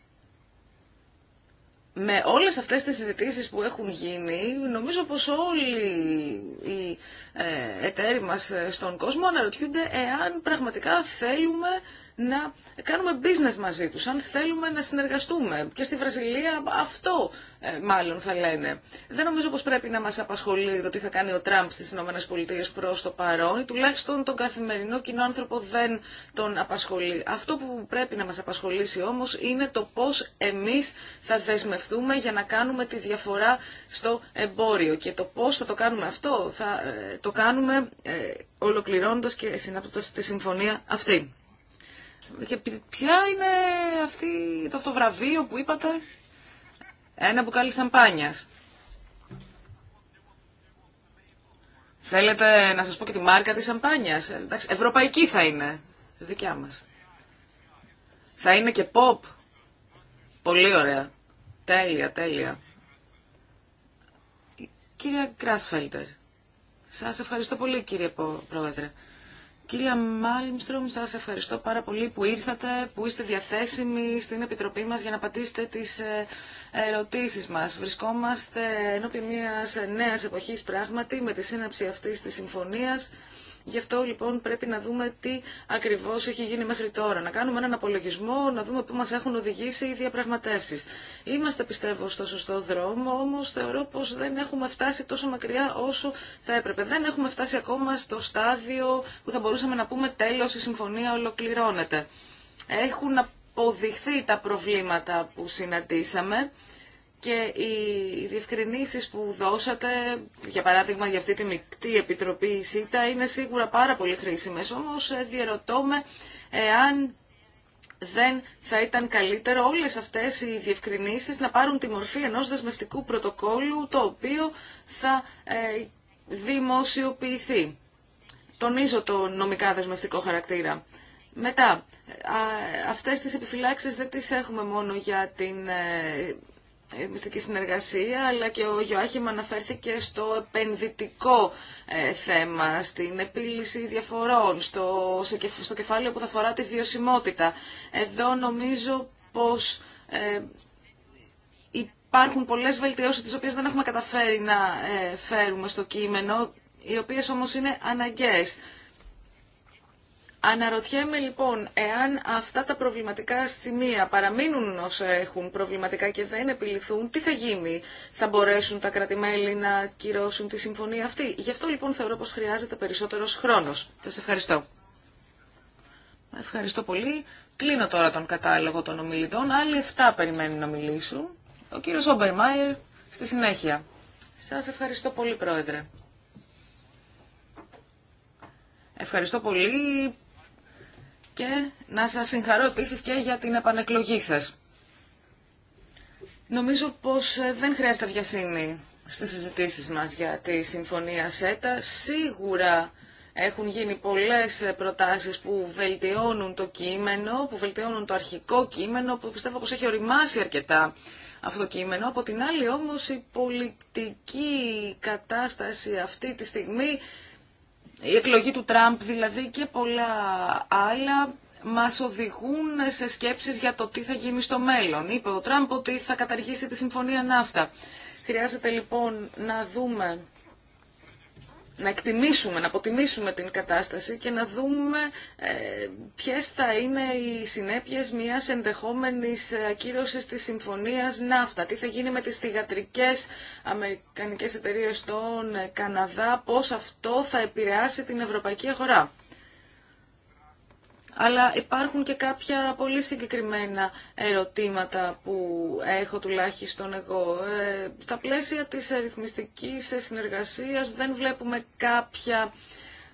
με όλες αυτές τις συζητήσεις που έχουν γίνει, νομίζω πως όλοι οι ε, εταίροι μας στον κόσμο αναρωτιούνται εάν πραγματικά θέλουμε να κάνουμε business μαζί τους, αν θέλουμε να συνεργαστούμε. Και στη Βραζιλία αυτό ε, μάλλον θα λένε. Δεν νομίζω πως πρέπει να μας απασχολεί το τι θα κάνει ο Τραμπ στις ΗΠΑ προς το παρόν, ή τουλάχιστον τον καθημερινό κοινό άνθρωπο δεν τον απασχολεί. Αυτό που πρέπει να μας απασχολήσει όμως είναι το πώς εμείς θα δεσμευτούμε για να κάνουμε τη διαφορά στο εμπόριο. Και το πώς θα το κάνουμε αυτό θα ε, το κάνουμε ε, ολοκληρώνοντας και συνάπτοντας τη συμφωνία αυτή. Και ποια είναι αυτή, το αυτοβραβείο που είπατε, ένα μπουκάλι σαμπάνιας. Θέλετε να σας πω και τη μάρκα της σαμπάνιας. Ε, εντάξει, ευρωπαϊκή θα είναι. Δικιά μας. Θα είναι και pop. Πολύ ωραία. Τέλεια, τέλεια. Κύριε Κράσφελτερ, σας ευχαριστώ πολύ κύριε Πρόεδρε. Κυρία Μάλιμστρομ, σας ευχαριστώ πάρα πολύ που ήρθατε, που είστε διαθέσιμοι στην Επιτροπή μας για να απαντήσετε τις ε, ερωτήσεις μας. Βρισκόμαστε ενώπιν μιας νέας εποχής πράγματι με τη σύναψη αυτής της συμφωνίας. Γι' αυτό λοιπόν πρέπει να δούμε τι ακριβώ έχει γίνει μέχρι τώρα. Να κάνουμε έναν απολογισμό, να δούμε πού μα έχουν οδηγήσει οι διαπραγματεύσει. Είμαστε πιστεύω στο σωστό δρόμο, όμω θεωρώ πω δεν έχουμε φτάσει τόσο μακριά όσο θα έπρεπε. Δεν έχουμε φτάσει ακόμα στο στάδιο που θα μπορούσαμε να πούμε τέλο η συμφωνία ολοκληρώνεται. Έχουν αποδειχθεί τα προβλήματα που συναντήσαμε και οι διευκρινήσει που δώσατε, για παράδειγμα για αυτή τη μεικτή επιτροπή ΣΥΤΑ, είναι σίγουρα πάρα πολύ χρήσιμες. Όμως ε, διαρωτώ με εάν δεν θα ήταν καλύτερο όλες αυτές οι διευκρινήσεις να πάρουν τη μορφή ενός δεσμευτικού πρωτοκόλλου το οποίο θα ε, δημοσιοποιηθεί. Τονίζω το νομικά δεσμευτικό χαρακτήρα. Μετά, ε, α, αυτές τις επιφυλάξεις δεν τις έχουμε μόνο για την ε, μυστική συνεργασία, αλλά και ο Ιωάχημ αναφέρθηκε στο επενδυτικό ε, θέμα, στην επίλυση διαφορών, στο, σε, στο κεφάλαιο που θα αφορά τη βιωσιμότητα. Εδώ νομίζω πως ε, υπάρχουν πολλές βελτιώσεις τις οποίες δεν έχουμε καταφέρει να φέρουμε στο κείμενο, οι οποίες όμως είναι αναγκαίες. Αναρωτιέμαι λοιπόν εάν αυτά τα προβληματικά σημεία παραμείνουν όσα έχουν προβληματικά και δεν επιληθούν, τι θα γίνει. Θα μπορέσουν τα κρατημέλη να κυρώσουν τη συμφωνία αυτή. Γι' αυτό λοιπόν θεωρώ πως χρειάζεται περισσότερος χρόνος. Σας ευχαριστώ. Ευχαριστώ πολύ. Κλείνω τώρα τον κατάλογο των ομιλητών. Άλλοι 7 περιμένουν να μιλήσουν. Ο κύριος Όμπερμαϊερ στη συνέχεια. Σας ευχαριστώ πολύ πρόεδρε. Ευχαριστώ πολύ και να σας συγχαρώ επίσης και για την επανεκλογή σας. Νομίζω πως ε, δεν χρειάζεται βιασύνη στις συζητήσεις μας για τη Συμφωνία ΣΕΤΑ. Σίγουρα έχουν γίνει πολλές ε, προτάσεις που βελτιώνουν το κείμενο, που βελτιώνουν το αρχικό κείμενο, που πιστεύω πως έχει οριμάσει αρκετά αυτό το κείμενο. Από την άλλη όμως η πολιτική κατάσταση αυτή τη στιγμή η εκλογή του Τραμπ δηλαδή και πολλά άλλα μας οδηγούν σε σκέψεις για το τι θα γίνει στο μέλλον. Είπε ο Τραμπ ότι θα καταργήσει τη Συμφωνία Ναύτα. Χρειάζεται λοιπόν να δούμε να εκτιμήσουμε, να αποτιμήσουμε την κατάσταση και να δούμε ε, ποιες θα είναι οι συνέπειες μιας ενδεχόμενης ακύρωσης της συμφωνίας ναύτα. Τι θα γίνει με τις θηγατρικές αμερικανικές εταιρείες στον Καναδά, πώς αυτό θα επηρεάσει την ευρωπαϊκή αγορά αλλά υπάρχουν και κάποια πολύ συγκεκριμένα ερωτήματα που έχω τουλάχιστον εγώ. Ε, στα πλαίσια της αριθμιστικής συνεργασίας δεν βλέπουμε κάποια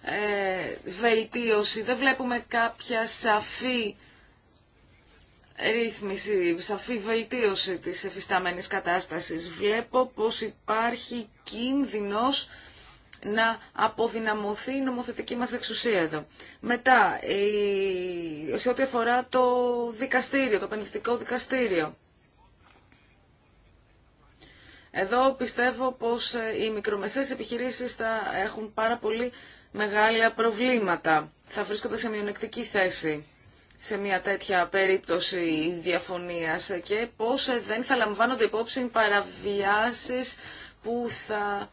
ε, βελτίωση, δεν βλέπουμε κάποια σαφή ρύθμιση, σαφή βελτίωση της εφισταμένης κατάστασης. Βλέπω πως υπάρχει κίνδυνος να αποδυναμωθεί η νομοθετική μας εξουσία εδώ. Μετά, σε ό,τι αφορά το δικαστήριο, το πενευτικό δικαστήριο. Εδώ πιστεύω πως ε, οι μικρομεσαίες επιχειρήσεις θα έχουν πάρα πολύ μεγάλα προβλήματα. Θα βρίσκονται σε μειονεκτική θέση σε μια τέτοια περίπτωση διαφωνίας και πως ε, δεν θα λαμβάνονται υπόψη παραβιάσεις που θα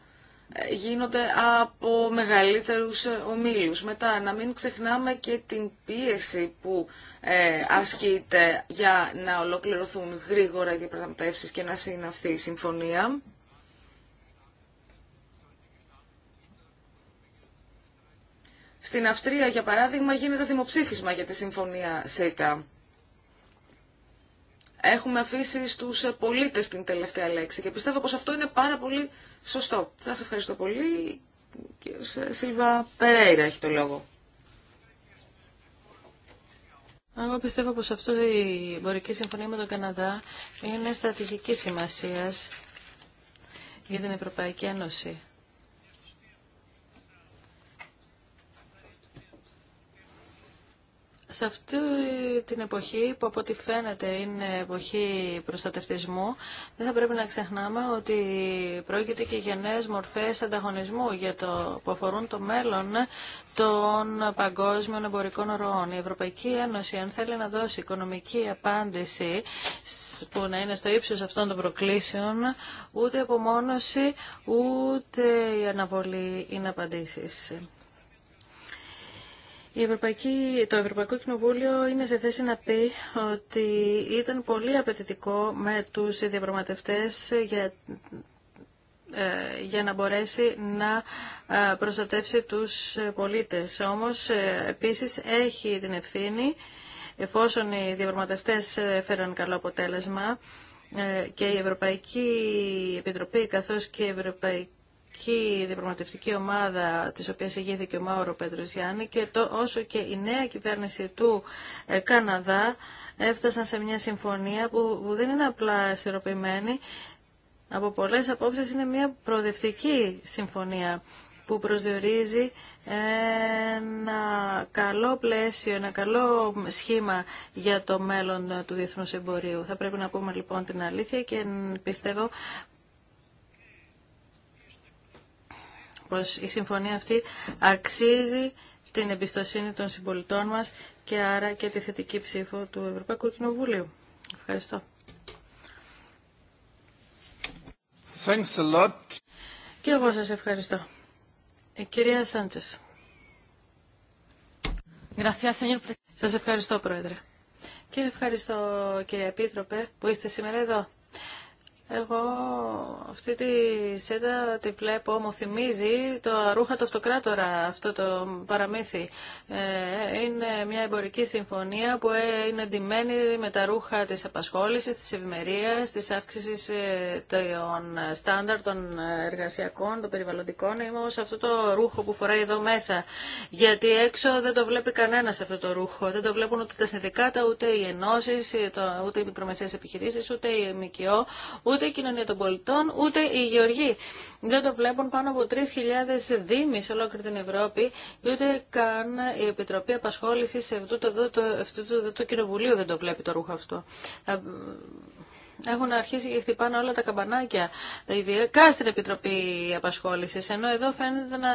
γίνονται από μεγαλύτερους ομίλους. Μετά, να μην ξεχνάμε και την πίεση που ε, ασκείται για να ολοκληρωθούν γρήγορα οι διαπραγματεύσεις και να συναυθεί η συμφωνία. Στην Αυστρία, για παράδειγμα, γίνεται δημοψήφισμα για τη συμφωνία ΣΕΚΑ έχουμε αφήσει στους πολίτες την τελευταία λέξη και πιστεύω πως αυτό είναι πάρα πολύ σωστό. Σας ευχαριστώ πολύ. Κύριε Σίλβα Περέιρα έχει το λόγο. Εγώ πιστεύω πως αυτό η εμπορική συμφωνία με τον Καναδά είναι στρατηγική σημασίας για την Ευρωπαϊκή Ένωση. Σε αυτή την εποχή που από ό,τι φαίνεται είναι εποχή προστατευτισμού, δεν θα πρέπει να ξεχνάμε ότι πρόκειται και για νέες μορφές ανταγωνισμού για το, που αφορούν το μέλλον των παγκόσμιων εμπορικών ροών. Η Ευρωπαϊκή Ένωση, αν θέλει να δώσει οικονομική απάντηση που να είναι στο ύψος αυτών των προκλήσεων, ούτε απομόνωση, ούτε η αναβολή είναι απαντήσεις. Η Ευρωπαϊκή, το Ευρωπαϊκό Κοινοβούλιο είναι σε θέση να πει ότι ήταν πολύ απαιτητικό με τους διαπραγματευτές για ε, για να μπορέσει να ε, προστατεύσει τους πολίτες. Όμως, ε, επίσης, έχει την ευθύνη, εφόσον οι διαπραγματευτές φέραν καλό αποτέλεσμα και η Ευρωπαϊκή Επιτροπή καθώς και η Ευρωπαϊκή η Διαπραγματευτική Ομάδα της οποίας ηγήθηκε ο Μάουρο Πέτρος και το, όσο και η νέα κυβέρνηση του ε, Καναδά έφτασαν σε μια συμφωνία που, δεν είναι απλά ισορροπημένη από πολλές απόψεις είναι μια προοδευτική συμφωνία που προσδιορίζει ένα καλό πλαίσιο, ένα καλό σχήμα για το μέλλον του διεθνούς εμπορίου. Θα πρέπει να πούμε λοιπόν την αλήθεια και πιστεύω πως η συμφωνία αυτή αξίζει την εμπιστοσύνη των συμπολιτών μας και άρα και τη θετική ψήφο του Ευρωπαϊκού Κοινοβουλίου. Ευχαριστώ. Thanks a lot. Και εγώ σας ευχαριστώ. Η κυρία Σάντζεσ. Σας ευχαριστώ, Πρόεδρε. Και ευχαριστώ, κύριε Επίτροπε, που είστε σήμερα εδώ. Εγώ αυτή τη σέτα τη βλέπω, μου θυμίζει το ρούχα του αυτοκράτορα, αυτό το παραμύθι. Ε, είναι μια εμπορική συμφωνία που είναι εντυμένη με τα ρούχα της απασχόλησης, της ευημερία, της αύξησης ε, των στάνταρ των εργασιακών, των περιβαλλοντικών. Είμαι όμως αυτό το ρούχο που φοράει εδώ μέσα, γιατί έξω δεν το βλέπει κανένας αυτό το ρούχο. Δεν το βλέπουν ούτε τα συνδικάτα, ούτε οι ενώσεις, ε, ούτε οι προμεσαίες επιχειρήσεις, ούτε η ΜΚΟ, ούτε η κοινωνία των πολιτών, ούτε οι γεωργοί. Δεν το βλέπουν πάνω από 3.000 δήμοι σε ολόκληρη την Ευρώπη, ούτε καν η Επιτροπή Απασχόλησης σε αυτό το, το, το, το κοινοβουλίο δεν το βλέπει το ρούχο αυτό έχουν αρχίσει και χτυπάνε όλα τα καμπανάκια, ειδικά στην Επιτροπή Απασχόλησης, ενώ εδώ φαίνεται να,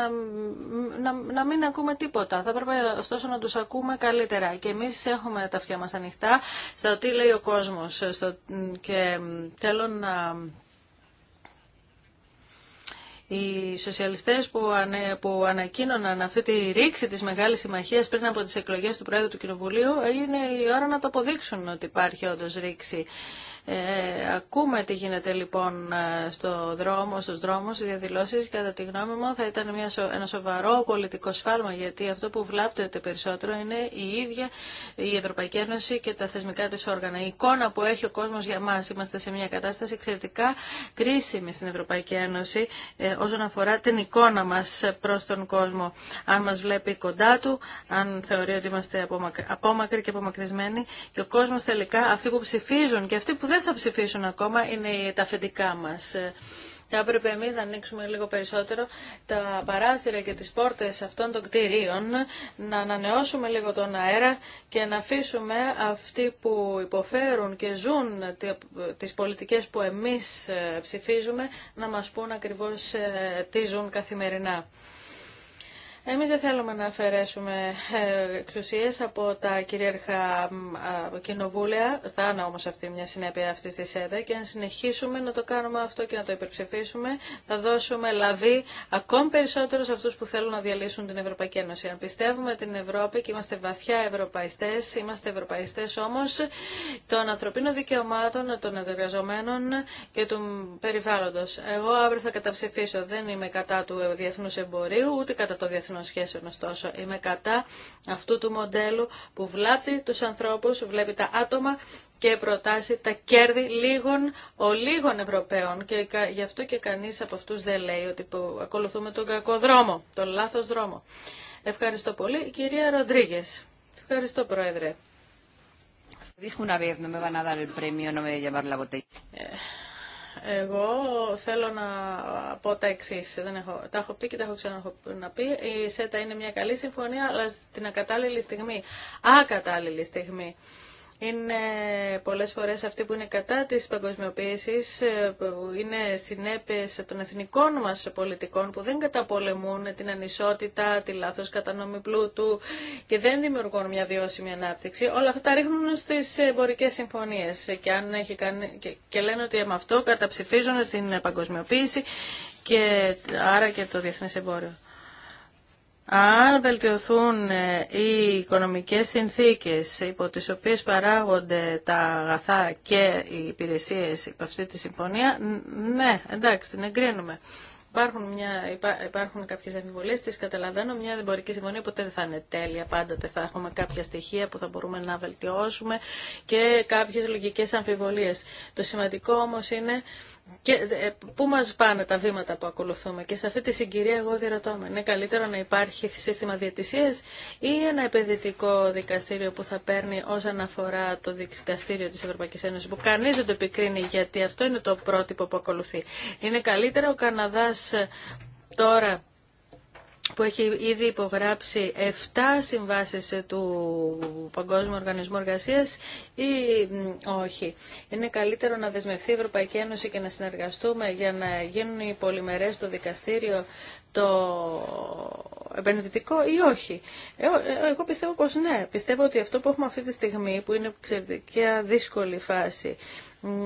να, μην ακούμε τίποτα. Θα πρέπει ωστόσο να τους ακούμε καλύτερα. Και εμείς έχουμε τα αυτιά μας ανοιχτά στο τι λέει ο κόσμος στο, και θέλω να οι σοσιαλιστές που, που ανακοίνωναν αυτή τη ρήξη της μεγάλης συμμαχία πριν από τις εκλογές του Πρόεδρου του Κοινοβουλίου είναι η ώρα να το αποδείξουν ότι υπάρχει όντω ρήξη. Ε, ακούμε τι γίνεται λοιπόν ε, στο δρόμο, στους δρόμους, οι διαδηλώσεις. Κατά τη γνώμη μου θα ήταν μια, ένα σοβαρό πολιτικό σφάλμα γιατί αυτό που βλάπτεται περισσότερο είναι η ίδια η Ευρωπαϊκή Ένωση και τα θεσμικά της όργανα. Η εικόνα που έχει ο κόσμος για μας. Είμαστε σε μια κατάσταση εξαιρετικά κρίσιμη στην Ευρωπαϊκή Ένωση ε, όσον αφορά την εικόνα μας προς τον κόσμο. Αν μας βλέπει κοντά του, αν θεωρεί ότι είμαστε απόμακροι και απομακρυσμένοι και ο κόσμος τελικά, αυτοί που ψηφίζουν και αυτοί που δεν θα ψηφίσουν ακόμα είναι τα αφεντικά μας. Θα έπρεπε εμεί να ανοίξουμε λίγο περισσότερο τα παράθυρα και τις πόρτες αυτών των κτηρίων, να ανανεώσουμε λίγο τον αέρα και να αφήσουμε αυτοί που υποφέρουν και ζουν τις πολιτικές που εμείς ε, ψηφίζουμε να μας πούν ακριβώς ε, τι ζουν καθημερινά. Εμείς δεν θέλουμε να αφαιρέσουμε ε, εξουσίες από τα κυρίαρχα κοινοβούλια. Θα είναι όμως αυτή μια συνέπεια αυτή τη ΣΕΔΑ και αν συνεχίσουμε να το κάνουμε αυτό και να το υπερψηφίσουμε θα δώσουμε λαβή ακόμη περισσότερο σε αυτούς που θέλουν να διαλύσουν την Ευρωπαϊκή Ένωση. Αν πιστεύουμε την Ευρώπη και είμαστε βαθιά ευρωπαϊστές, είμαστε ευρωπαϊστές όμως των ανθρωπίνων δικαιωμάτων, των εργαζομένων και του περιβάλλοντος. Εγώ αύριο θα καταψηφίσω. Δεν είμαι κατά του διεθνούς εμπορίου, ούτε κατά το διεθνούς σχέσεων ωστόσο. Είμαι κατά αυτού του μοντέλου που βλάπτει τους ανθρώπους, βλέπει τα άτομα και προτάσει τα κέρδη λίγων, ολίγων Ευρωπαίων και γι' αυτό και κανείς από αυτούς δεν λέει ότι ακολουθούμε τον κακό δρόμο, τον λάθος δρόμο. Ευχαριστώ πολύ. Η κυρία Ροντρίγκε. Ευχαριστώ, Πρόεδρε. una vez, no van a dar el εγώ θέλω να πω τα εξή. Τα έχω πει και τα έχω ξαναπεί. Η ΣΕΤΑ είναι μια καλή συμφωνία, αλλά στην ακατάλληλη στιγμή. Ακατάλληλη στιγμή είναι πολλές φορές αυτοί που είναι κατά της παγκοσμιοποίησης, ε, που είναι συνέπειες των εθνικών μας πολιτικών που δεν καταπολεμούν την ανισότητα, τη λάθος κατανομή πλούτου και δεν δημιουργούν μια βιώσιμη ανάπτυξη. Όλα αυτά τα ρίχνουν στις εμπορικές συμφωνίες και, αν έχει κάνει... και λένε ότι με αυτό καταψηφίζουν την παγκοσμιοποίηση και άρα και το διεθνές εμπόριο. Αν βελτιωθούν ε, οι οικονομικές συνθήκες υπό τις οποίες παράγονται τα αγαθά και οι υπηρεσίες υπό αυτή τη συμφωνία, ναι, εντάξει, την εγκρίνουμε. Υπάρχουν, μια, υπά, υπάρχουν κάποιες αμφιβολίες, τις καταλαβαίνω, μια εμπορική συμφωνία ποτέ δεν θα είναι τέλεια, πάντοτε θα έχουμε κάποια στοιχεία που θα μπορούμε να βελτιώσουμε και κάποιες λογικές αμφιβολίες. Το σημαντικό όμως είναι και πού μας πάνε τα βήματα που ακολουθούμε. Και σε αυτή τη συγκυρία εγώ διερωτώ. είναι καλύτερο να υπάρχει σύστημα διατησίας ή ένα επενδυτικό δικαστήριο που θα παίρνει όσον αφορά το δικαστήριο της Ευρωπαϊκής Ένωσης, που κανείς δεν το επικρίνει γιατί αυτό είναι το πρότυπο που ακολουθεί. Είναι καλύτερο ο Καναδάς τώρα που έχει ήδη υπογράψει 7 συμβάσεις του Παγκόσμιου Οργανισμού Εργασίας ή όχι. Είναι καλύτερο να δεσμευτεί η Ευρωπαϊκή Ένωση και να συνεργαστούμε για να γίνουν οι πολυμερές στο δικαστήριο το επενδυτικό ή όχι. Ε, ε, εγώ πιστεύω πως ναι. Πιστεύω ότι αυτό που έχουμε αυτή τη στιγμή, που είναι εξαιρετικά δύσκολη φάση,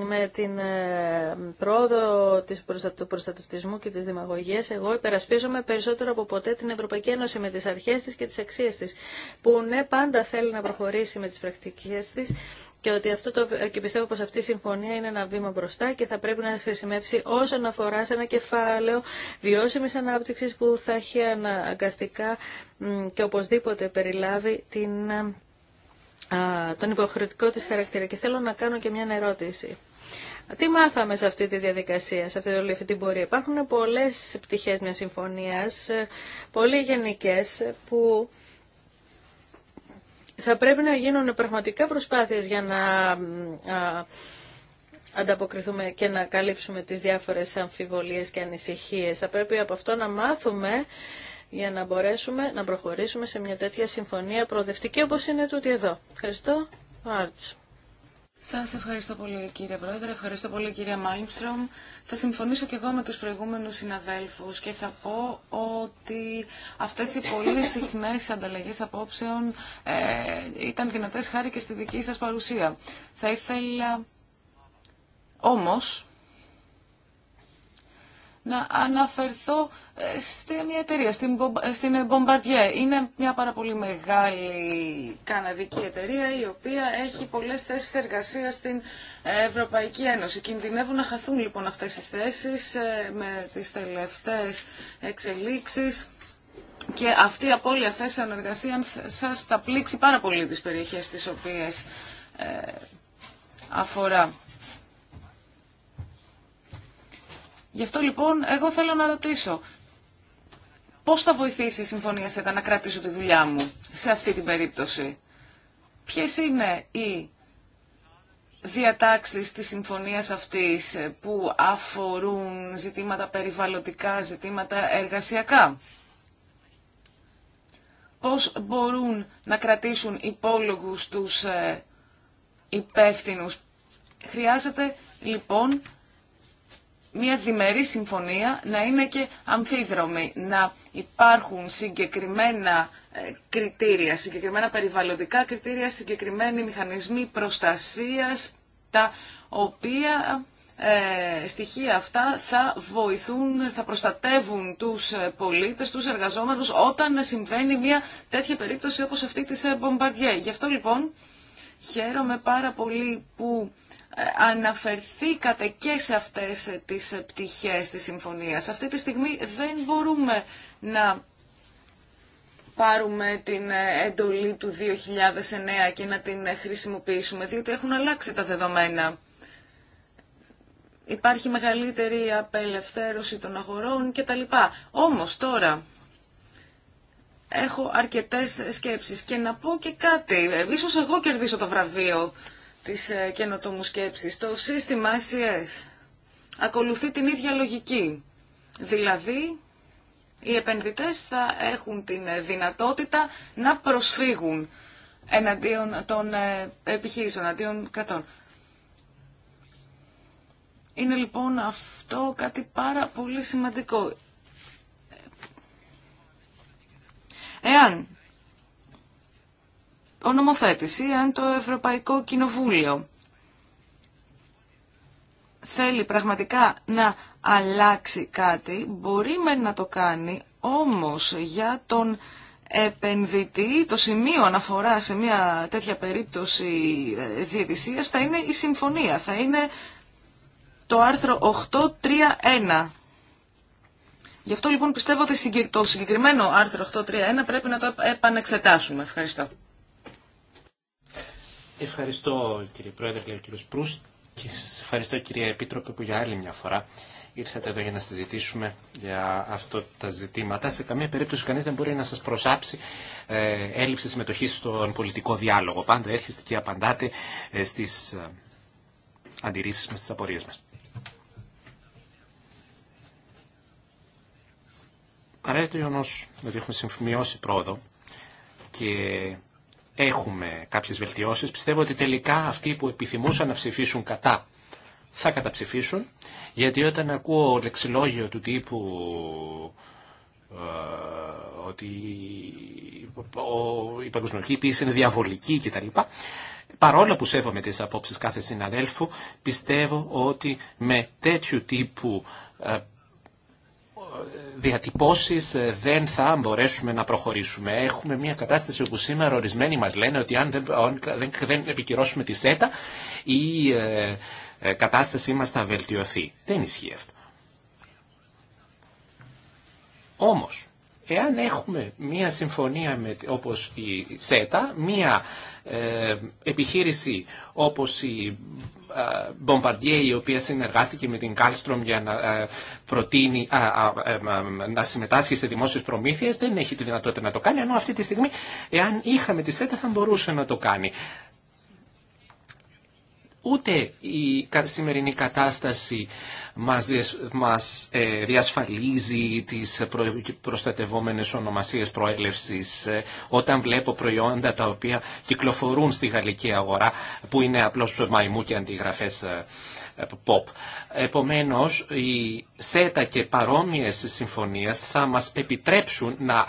με την ε, πρόοδο της του προστατευτισμού και της δημαγωγίας, εγώ υπερασπίζομαι περισσότερο από ποτέ την Ευρωπαϊκή Ένωση με τις αρχές της και τις αξίες της, που ναι πάντα θέλει να προχωρήσει με τις πρακτικές της και ότι αυτό το, και πιστεύω πως αυτή η συμφωνία είναι ένα βήμα μπροστά και θα πρέπει να χρησιμεύσει όσον αφορά σε ένα κεφάλαιο βιώσιμης ανάπτυξης που θα έχει αναγκαστικά και οπωσδήποτε περιλάβει την, τον υποχρεωτικό της χαρακτήρα. Και θέλω να κάνω και μια ερώτηση. Τι μάθαμε σε αυτή τη διαδικασία, σε αυτή, αυτή την πορεία. Υπάρχουν πολλές πτυχές μιας συμφωνίας, ε, πολύ γενικές, που θα πρέπει να γίνουν πραγματικά προσπάθειες για να ανταποκριθούμε και να καλύψουμε τις διάφορες αμφιβολίες και ανησυχίες. Θα πρέπει από αυτό να μάθουμε για να μπορέσουμε να προχωρήσουμε σε μια τέτοια συμφωνία προοδευτική όπως είναι τούτη εδώ. Ευχαριστώ. Άρτσο. Σας ευχαριστώ πολύ κύριε Πρόεδρε, ευχαριστώ πολύ κύρια Μάλμστρομ. Θα συμφωνήσω και εγώ με τους προηγούμενους συναδέλφους και θα πω ότι αυτές οι πολύ [LAUGHS] συχνές ανταλλαγές απόψεων ε, ήταν δυνατές χάρη και στη δική σας παρουσία. Θα ήθελα όμως να αναφερθώ σε μια εταιρεία, στην ε, ε, Bombardier. Είναι μια πάρα πολύ μεγάλη καναδική εταιρεία η οποία έχει πολλές θέσεις εργασίας στην Ευρωπαϊκή Ένωση. Κινδυνεύουν να χαθούν λοιπόν αυτές οι θέσεις ε, με τις τελευταίες εξελίξεις. Και αυτή η απώλεια θέσεων εργασία σας θα πλήξει πάρα πολύ τις περιοχές τις οποίες αφορά. Γι' αυτό λοιπόν εγώ θέλω να ρωτήσω, πώς θα βοηθήσει η συμφωνία ΣΕΤΑ να κρατήσω τη δουλειά μου σε αυτή την περίπτωση. Ποιε είναι οι διατάξεις της συμφωνίας αυτής που αφορούν ζητήματα περιβαλλοντικά, ζητήματα εργασιακά. Πώς μπορούν να κρατήσουν υπόλογους τους ε, υπεύθυνους. Χρειάζεται λοιπόν μια διμερή συμφωνία να είναι και αμφίδρομη, να υπάρχουν συγκεκριμένα ε, κριτήρια, συγκεκριμένα περιβαλλοντικά κριτήρια, συγκεκριμένοι μηχανισμοί προστασίας, τα οποία ε, στοιχεία αυτά θα βοηθούν, θα προστατεύουν τους ε, πολίτες, τους εργαζόμενους όταν συμβαίνει μια τέτοια περίπτωση όπως αυτή της Μπομπαρδιέ. Ε, Γι' αυτό λοιπόν χαίρομαι πάρα πολύ που αναφερθήκατε και σε αυτές τις πτυχές της συμφωνίας. Αυτή τη στιγμή δεν μπορούμε να πάρουμε την εντολή του 2009 και να την χρησιμοποιήσουμε, διότι έχουν αλλάξει τα δεδομένα. Υπάρχει μεγαλύτερη απελευθέρωση των αγορών κτλ. Όμως τώρα έχω αρκετές σκέψεις και να πω και κάτι. Ίσως εγώ κερδίσω το βραβείο της ε, καινοτόμου σκέψης. Το σύστημα SES e ακολουθεί την ίδια λογική. Δηλαδή, οι επενδυτές θα έχουν την ε, δυνατότητα να προσφύγουν εναντίον των ε, επιχειρήσεων, εναντίον κατών Είναι λοιπόν αυτό κάτι πάρα πολύ σημαντικό. Εάν ο νομοθέτης ή αν το Ευρωπαϊκό Κοινοβούλιο θέλει πραγματικά να αλλάξει κάτι, μπορεί με να το κάνει, όμως για τον επενδυτή το σημείο αναφορά σε μια τέτοια περίπτωση ε, διαιτησίας θα είναι η συμφωνία, θα είναι το άρθρο 831. Γι' αυτό λοιπόν πιστεύω ότι το συγκεκριμένο άρθρο 831 πρέπει να το επανεξετάσουμε. Ευχαριστώ. Ευχαριστώ κύριε Πρόεδρε, και ο κύριος Προύστ και σα ευχαριστώ κυρία Επίτροπε που για άλλη μια φορά ήρθατε εδώ για να συζητήσουμε για αυτά τα ζητήματα. Σε καμία περίπτωση κανείς δεν μπορεί να σας προσάψει ε, έλλειψη συμμετοχή στον πολιτικό διάλογο. Πάντα έρχεστε και απαντάτε ε, στις ε, αντιρρήσεις μας, στις απορίες μας. Παρά το γεγονό ότι έχουμε συμφημιώσει πρόοδο και έχουμε κάποιες βελτιώσεις. Πιστεύω ότι τελικά αυτοί που επιθυμούσαν να ψηφίσουν κατά θα καταψηφίσουν, γιατί όταν ακούω λεξιλόγιο του τύπου ε, ότι η παγκοσμιοχή είναι διαβολική κτλ. Παρόλο που σέβομαι τις απόψεις κάθε συναδέλφου, πιστεύω ότι με τέτοιου τύπου ε, διατυπώσεις ε, δεν θα μπορέσουμε να προχωρήσουμε. Έχουμε μια κατάσταση όπου σήμερα ορισμένοι μας λένε ότι αν δεν, δεν επικυρώσουμε τη ΣΕΤΑ η ε, ε, κατάστασή μας θα βελτιωθεί. Δεν ισχύει αυτό. Όμως, εάν έχουμε μία συμφωνία με, όπως η ΣΕΤΑ, μία ε, επιχείρηση όπως η ε, Bombardier η οποία συνεργάστηκε με την Κάλστρομ για να ε, προτείνει να συμμετάσχει σε δημόσιες προμήθειες δεν έχει τη δυνατότητα να το κάνει ενώ αυτή τη στιγμή εάν είχαμε τη ΣΕΤΑ θα μπορούσε να το κάνει. Ούτε η σημερινή κατάσταση μας ε, διασφαλίζει τις προστατευόμενες ονομασίες προέλευσης. Ε, όταν βλέπω προϊόντα τα οποία κυκλοφορούν στη γαλλική αγορά που είναι απλώς μαϊμού και αντιγραφές ε. POP. Επομένως, η ΣΕΤΑ και παρόμοιες συμφωνίες θα μας επιτρέψουν να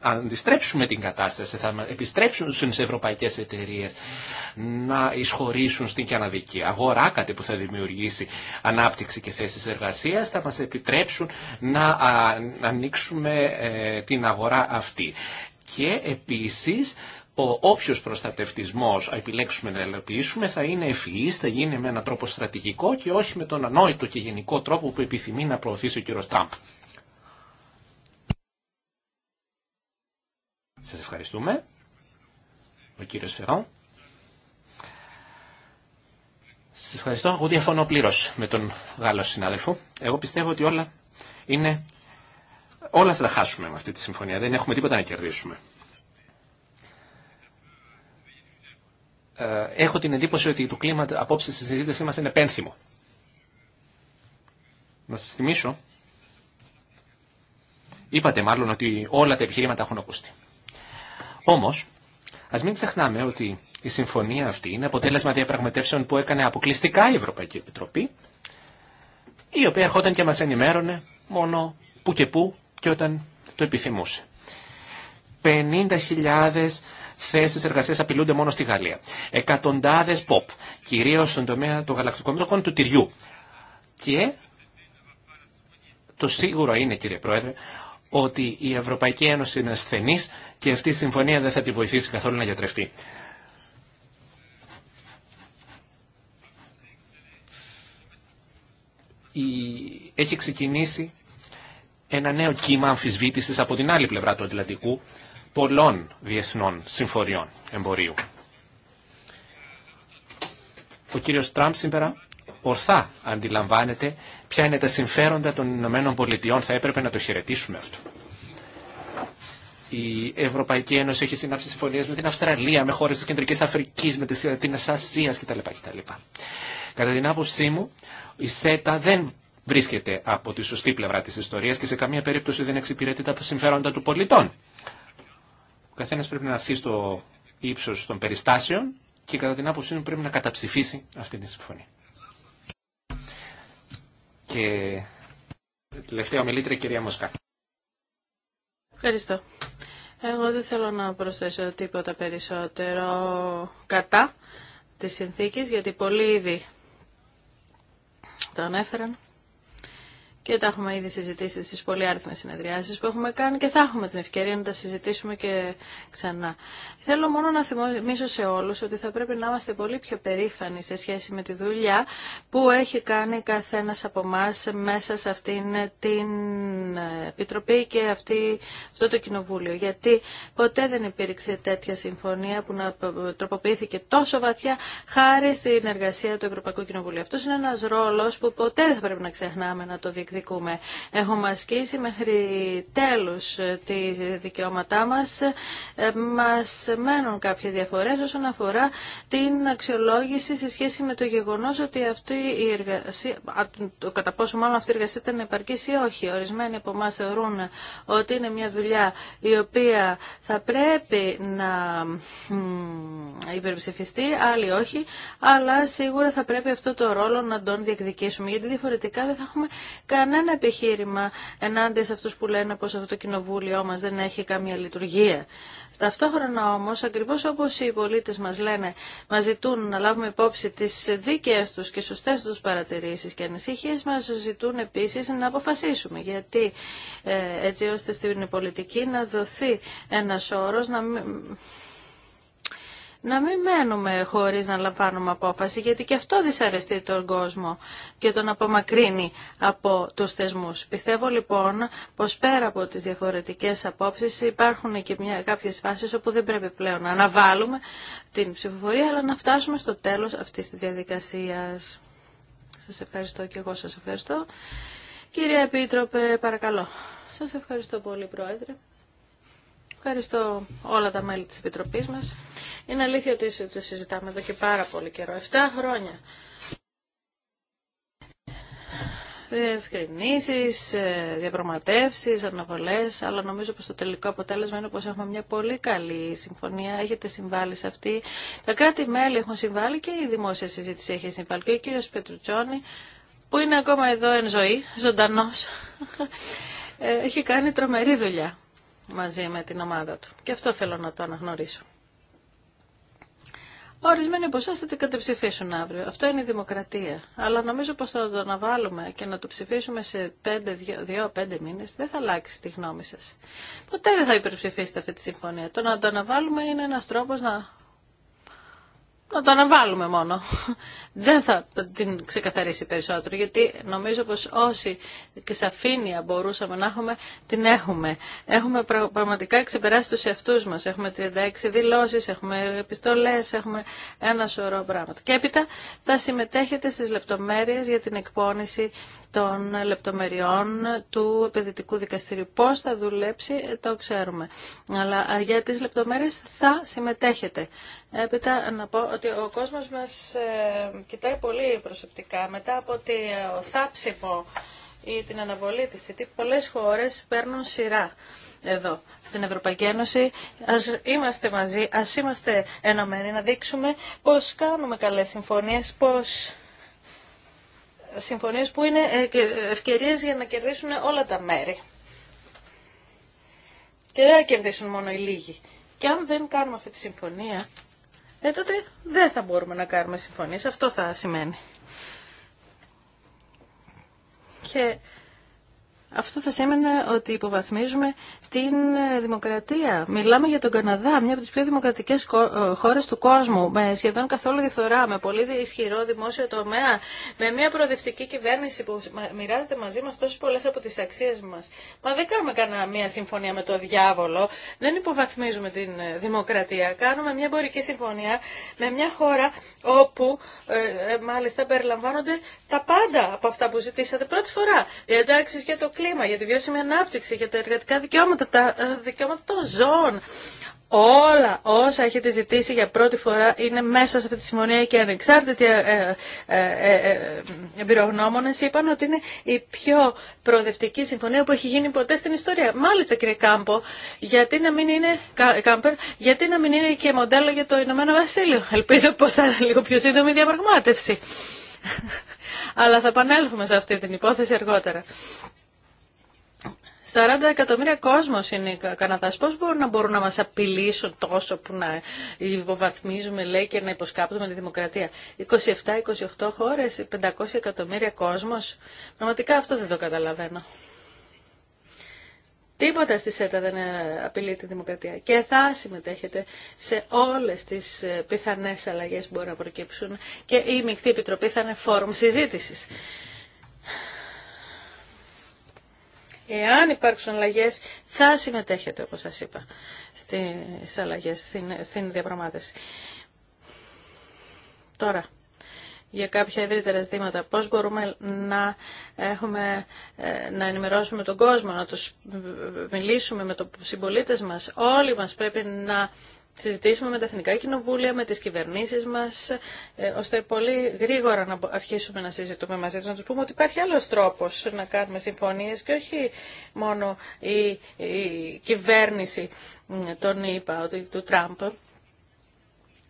αντιστρέψουμε την κατάσταση, θα μας επιστρέψουν στις ευρωπαϊκές εταιρείες να εισχωρήσουν στην καναδική αγορά, κάτι που θα δημιουργήσει ανάπτυξη και θέσεις εργασίας, θα μας επιτρέψουν να ανοίξουμε ε, την αγορά αυτή. Και επίσης ο όποιο προστατευτισμό επιλέξουμε να ελοποιήσουμε θα είναι ευφυή, θα γίνει με έναν τρόπο στρατηγικό και όχι με τον ανόητο και γενικό τρόπο που επιθυμεί να προωθήσει ο κύριο Τραμπ. Σα ευχαριστούμε. Ο κύριο Φερό. Σα ευχαριστώ. Εγώ διαφωνώ πλήρω με τον Γάλλο συνάδελφο. Εγώ πιστεύω ότι όλα είναι. Όλα θα τα χάσουμε με αυτή τη συμφωνία. Δεν έχουμε τίποτα να κερδίσουμε. Ε, έχω την εντύπωση ότι το κλίμα απόψε στη συζήτησή μας είναι πένθυμο. Να σας θυμίσω, είπατε μάλλον ότι όλα τα επιχειρήματα έχουν ακουστεί. Όμως, ας μην ξεχνάμε ότι η συμφωνία αυτή είναι αποτέλεσμα διαπραγματεύσεων που έκανε αποκλειστικά η Ευρωπαϊκή Επιτροπή, η οποία ερχόταν και μας ενημέρωνε μόνο που και που και όταν το επιθυμούσε. 50.000 θέσει εργασία απειλούνται μόνο στη Γαλλία. Εκατοντάδε pop, κυρίω στον τομέα των γαλακτοκομικών του τυριού. Και το σίγουρο είναι, κύριε Πρόεδρε, ότι η Ευρωπαϊκή Ένωση είναι ασθενή και αυτή η συμφωνία δεν θα τη βοηθήσει καθόλου να γιατρευτεί. Έχει ξεκινήσει ένα νέο κύμα αμφισβήτησης από την άλλη πλευρά του Ατλαντικού πολλών διεθνών συμφοριών εμπορίου. Ο κύριος Τραμπ σήμερα ορθά αντιλαμβάνεται ποια είναι τα συμφέροντα των Ηνωμένων Πολιτειών. Θα έπρεπε να το χαιρετήσουμε αυτό. Η Ευρωπαϊκή Ένωση έχει συνάψει συμφωνίε με την Αυστραλία, με χώρε τη Κεντρική Αφρική, με την Ασία κτλ. κτλ. Κατά την άποψή μου, η ΣΕΤΑ δεν βρίσκεται από τη σωστή πλευρά τη ιστορία και σε καμία περίπτωση δεν εξυπηρετεί τα συμφέροντα του πολιτών καθένα πρέπει να αρθεί στο ύψο των περιστάσεων και κατά την άποψή μου πρέπει να καταψηφίσει αυτή τη συμφωνία. Και τελευταία ομιλήτρια, κυρία Μοσκά. Ευχαριστώ. Εγώ δεν θέλω να προσθέσω τίποτα περισσότερο κατά τη συνθήκης, γιατί πολλοί ήδη τα ανέφεραν και τα έχουμε ήδη συζητήσει στις άριθμες συνεδριάσεις που έχουμε κάνει και θα έχουμε την ευκαιρία να τα συζητήσουμε και ξανά. Θέλω μόνο να θυμίσω σε όλους ότι θα πρέπει να είμαστε πολύ πιο περήφανοι σε σχέση με τη δουλειά που έχει κάνει καθένας από εμά μέσα σε αυτήν την Επιτροπή και αυτή, αυτό το Κοινοβούλιο. Γιατί ποτέ δεν υπήρξε τέτοια συμφωνία που να τροποποιήθηκε τόσο βαθιά χάρη στην εργασία του Ευρωπαϊκού Κοινοβουλίου. Αυτό είναι ένας ρόλος που ποτέ δεν πρέπει να ξεχνάμε να το διεκδικήσουμε διεκδικούμε. Έχουμε ασκήσει μέχρι τέλους τη δικαιώματά μας. Ε, μας μένουν κάποιες διαφορές όσον αφορά την αξιολόγηση σε σχέση με το γεγονός ότι αυτή η εργασία, το κατά πόσο μάλλον αυτή η εργασία ήταν επαρκής ή όχι. Ορισμένοι από εμά επαρκή η οχι ορισμενοι απο εμας θεωρουν οτι ειναι μια δουλεια η οποια θα πρέπει να υπερψηφιστεί, άλλοι όχι, αλλά σίγουρα θα πρέπει αυτό το ρόλο να τον διεκδικήσουμε, γιατί διαφορετικά δεν θα έχουμε κανένα επιχείρημα ενάντια σε αυτούς που λένε πως αυτό το κοινοβούλιο μας δεν έχει καμία λειτουργία. Ταυτόχρονα όμως, ακριβώς όπως οι πολίτες μας λένε, μας ζητούν να λάβουμε υπόψη τις δίκαιες τους και σωστές τους παρατηρήσεις και ανησυχίες, μας ζητούν επίσης να αποφασίσουμε. Γιατί ε, έτσι ώστε στην πολιτική να δοθεί ένας όρος να μην να μην μένουμε χωρίς να λαμβάνουμε απόφαση, γιατί και αυτό δυσαρεστεί τον κόσμο και τον απομακρύνει από τους θεσμούς. Πιστεύω λοιπόν πως πέρα από τις διαφορετικές απόψεις υπάρχουν και μια, κάποιες φάσεις όπου δεν πρέπει πλέον να αναβάλουμε την ψηφοφορία, αλλά να φτάσουμε στο τέλος αυτής της διαδικασίας. Σας ευχαριστώ και εγώ σας ευχαριστώ. Κύριε Επίτροπε, παρακαλώ. Σας ευχαριστώ πολύ, Πρόεδρε. Ευχαριστώ όλα τα μέλη της Επιτροπής μας. Είναι αλήθεια ότι το συζητάμε εδώ και πάρα πολύ καιρό, 7 χρόνια. Ευκρινήσεις, ε, διαπραγματεύσεις, αναβολές, αλλά νομίζω πως το τελικό αποτέλεσμα είναι πως έχουμε μια πολύ καλή συμφωνία. Έχετε συμβάλει σε αυτή. Τα κράτη-μέλη έχουν συμβάλει και η δημόσια συζήτηση έχει συμβάλει. Και ο κύριος Πετρουτσόνη, που είναι ακόμα εδώ εν ζωή, ζωντανός, [LAUGHS] ε, έχει κάνει τρομερή δουλειά μαζί με την ομάδα του. Και αυτό θέλω να το αναγνωρίσω. Ορισμένοι από εσά θα την κατεψηφίσουν αύριο. Αυτό είναι η δημοκρατία. Αλλά νομίζω πω θα το αναβάλουμε και να το ψηφίσουμε σε 2-5 μήνε δεν θα αλλάξει τη γνώμη σα. Ποτέ δεν θα υπερψηφίσετε αυτή τη συμφωνία. Το να το αναβάλουμε είναι ένα τρόπο να να το αναβάλουμε μόνο. Δεν θα την ξεκαθαρίσει περισσότερο, γιατί νομίζω πως όση και σαφήνεια μπορούσαμε να έχουμε, την έχουμε. Έχουμε πραγματικά ξεπεράσει τους εαυτούς μας. Έχουμε 36 δηλώσεις, έχουμε επιστολές, έχουμε ένα σωρό πράγματα. Και έπειτα θα συμμετέχετε στις λεπτομέρειες για την εκπόνηση των λεπτομεριών του επενδυτικού δικαστηρίου. Πώς θα δουλέψει, το ξέρουμε. Αλλά ε, για τις λεπτομέρειες θα συμμετέχετε. Έπειτα να πω ότι ο κόσμος μας ε, κοιτάει πολύ προσωπικά. Μετά από ότι ε, ο θάψιμο ή την αναβολή της θητή, πολλές χώρες παίρνουν σειρά εδώ στην Ευρωπαϊκή Ένωση. Ας είμαστε μαζί, ας είμαστε ενωμένοι να δείξουμε πώς κάνουμε καλές συμφωνίες, πώς ε, συμφωνίες που είναι ευκαιρίες για να κερδίσουν όλα τα μέρη. Και δεν θα κερδίσουν μόνο οι λίγοι. Και αν δεν κάνουμε αυτή τη συμφωνία, ε, τότε δεν θα μπορούμε να κάνουμε συμφωνίες. Αυτό θα σημαίνει. Και αυτό θα σημαίνει ότι υποβαθμίζουμε την ε, δημοκρατία. Μιλάμε για τον Καναδά, μια από τις πιο δημοκρατικές ε, χώρες του κόσμου, με σχεδόν καθόλου διαφορά, με πολύ ισχυρό δημόσιο τομέα, με μια προοδευτική κυβέρνηση που μοιράζεται μαζί μας τόσες πολλές από τις αξίες μας. Μα δεν κάνουμε κανένα μια συμφωνία με το διάβολο, δεν υποβαθμίζουμε την ε, δημοκρατία. Κάνουμε μια εμπορική συμφωνία με μια χώρα όπου μάλιστα περιλαμβάνονται τα πάντα από αυτά που ζητήσατε πρώτη φορά. Για εντάξει για το κλίμα, για τη βιώσιμη ανάπτυξη, για τα εργατικά δικαιώματα δικαιώματα, τα ε, δικαιώματα των ζώων. Όλα όσα έχετε ζητήσει για πρώτη φορά είναι μέσα σε αυτή τη συμφωνία και ανεξάρτητοι ε, ε, ε, εμπειρογνώμονες είπαν ότι είναι η πιο προοδευτική συμφωνία που έχει γίνει ποτέ στην ιστορία. Μάλιστα κύριε Κάμπο, γιατί να μην είναι, Κάμπερ, γιατί να μην είναι και μοντέλο για το Ηνωμένο Βασίλειο. Ελπίζω πω θα είναι λίγο πιο σύντομη διαπραγμάτευση. [LAUGHS] Αλλά θα επανέλθουμε σε αυτή την υπόθεση αργότερα. 40 εκατομμύρια κόσμος είναι ο Καναδάς. Πώ μπορούν να μπορούν να μας απειλήσουν τόσο που να υποβαθμίζουμε, λέει, και να υποσκάπτουμε τη δημοκρατία. 27-28 χώρε, 500 εκατομμύρια κόσμος. Πραγματικά αυτό δεν το καταλαβαίνω. Τίποτα στη ΣΕΤΑ δεν ε, απειλεί τη δημοκρατία. Και θα συμμετέχετε σε όλες τις ε, πιθανές αλλαγέ που μπορούν να προκύψουν και η Μικτή Επιτροπή θα είναι φόρουμ συζήτησης. Εάν υπάρξουν αλλαγέ, θα συμμετέχετε, όπως σας είπα, στις αλλαγέ στην, στην διαπραγμάτευση. Τώρα, για κάποια ευρύτερα ζητήματα. Πώς μπορούμε να, έχουμε, να ενημερώσουμε τον κόσμο, να τους μιλήσουμε με τους συμπολίτε μας. Όλοι μας πρέπει να συζητήσουμε με τα εθνικά κοινοβούλια, με τις κυβερνήσεις μας, ε, ώστε πολύ γρήγορα να αρχίσουμε να συζητούμε μαζί τους, να τους πούμε ότι υπάρχει άλλος τρόπος να κάνουμε συμφωνίες και όχι μόνο η, κυβέρνηση των ΗΠΑ, του Τραμπ.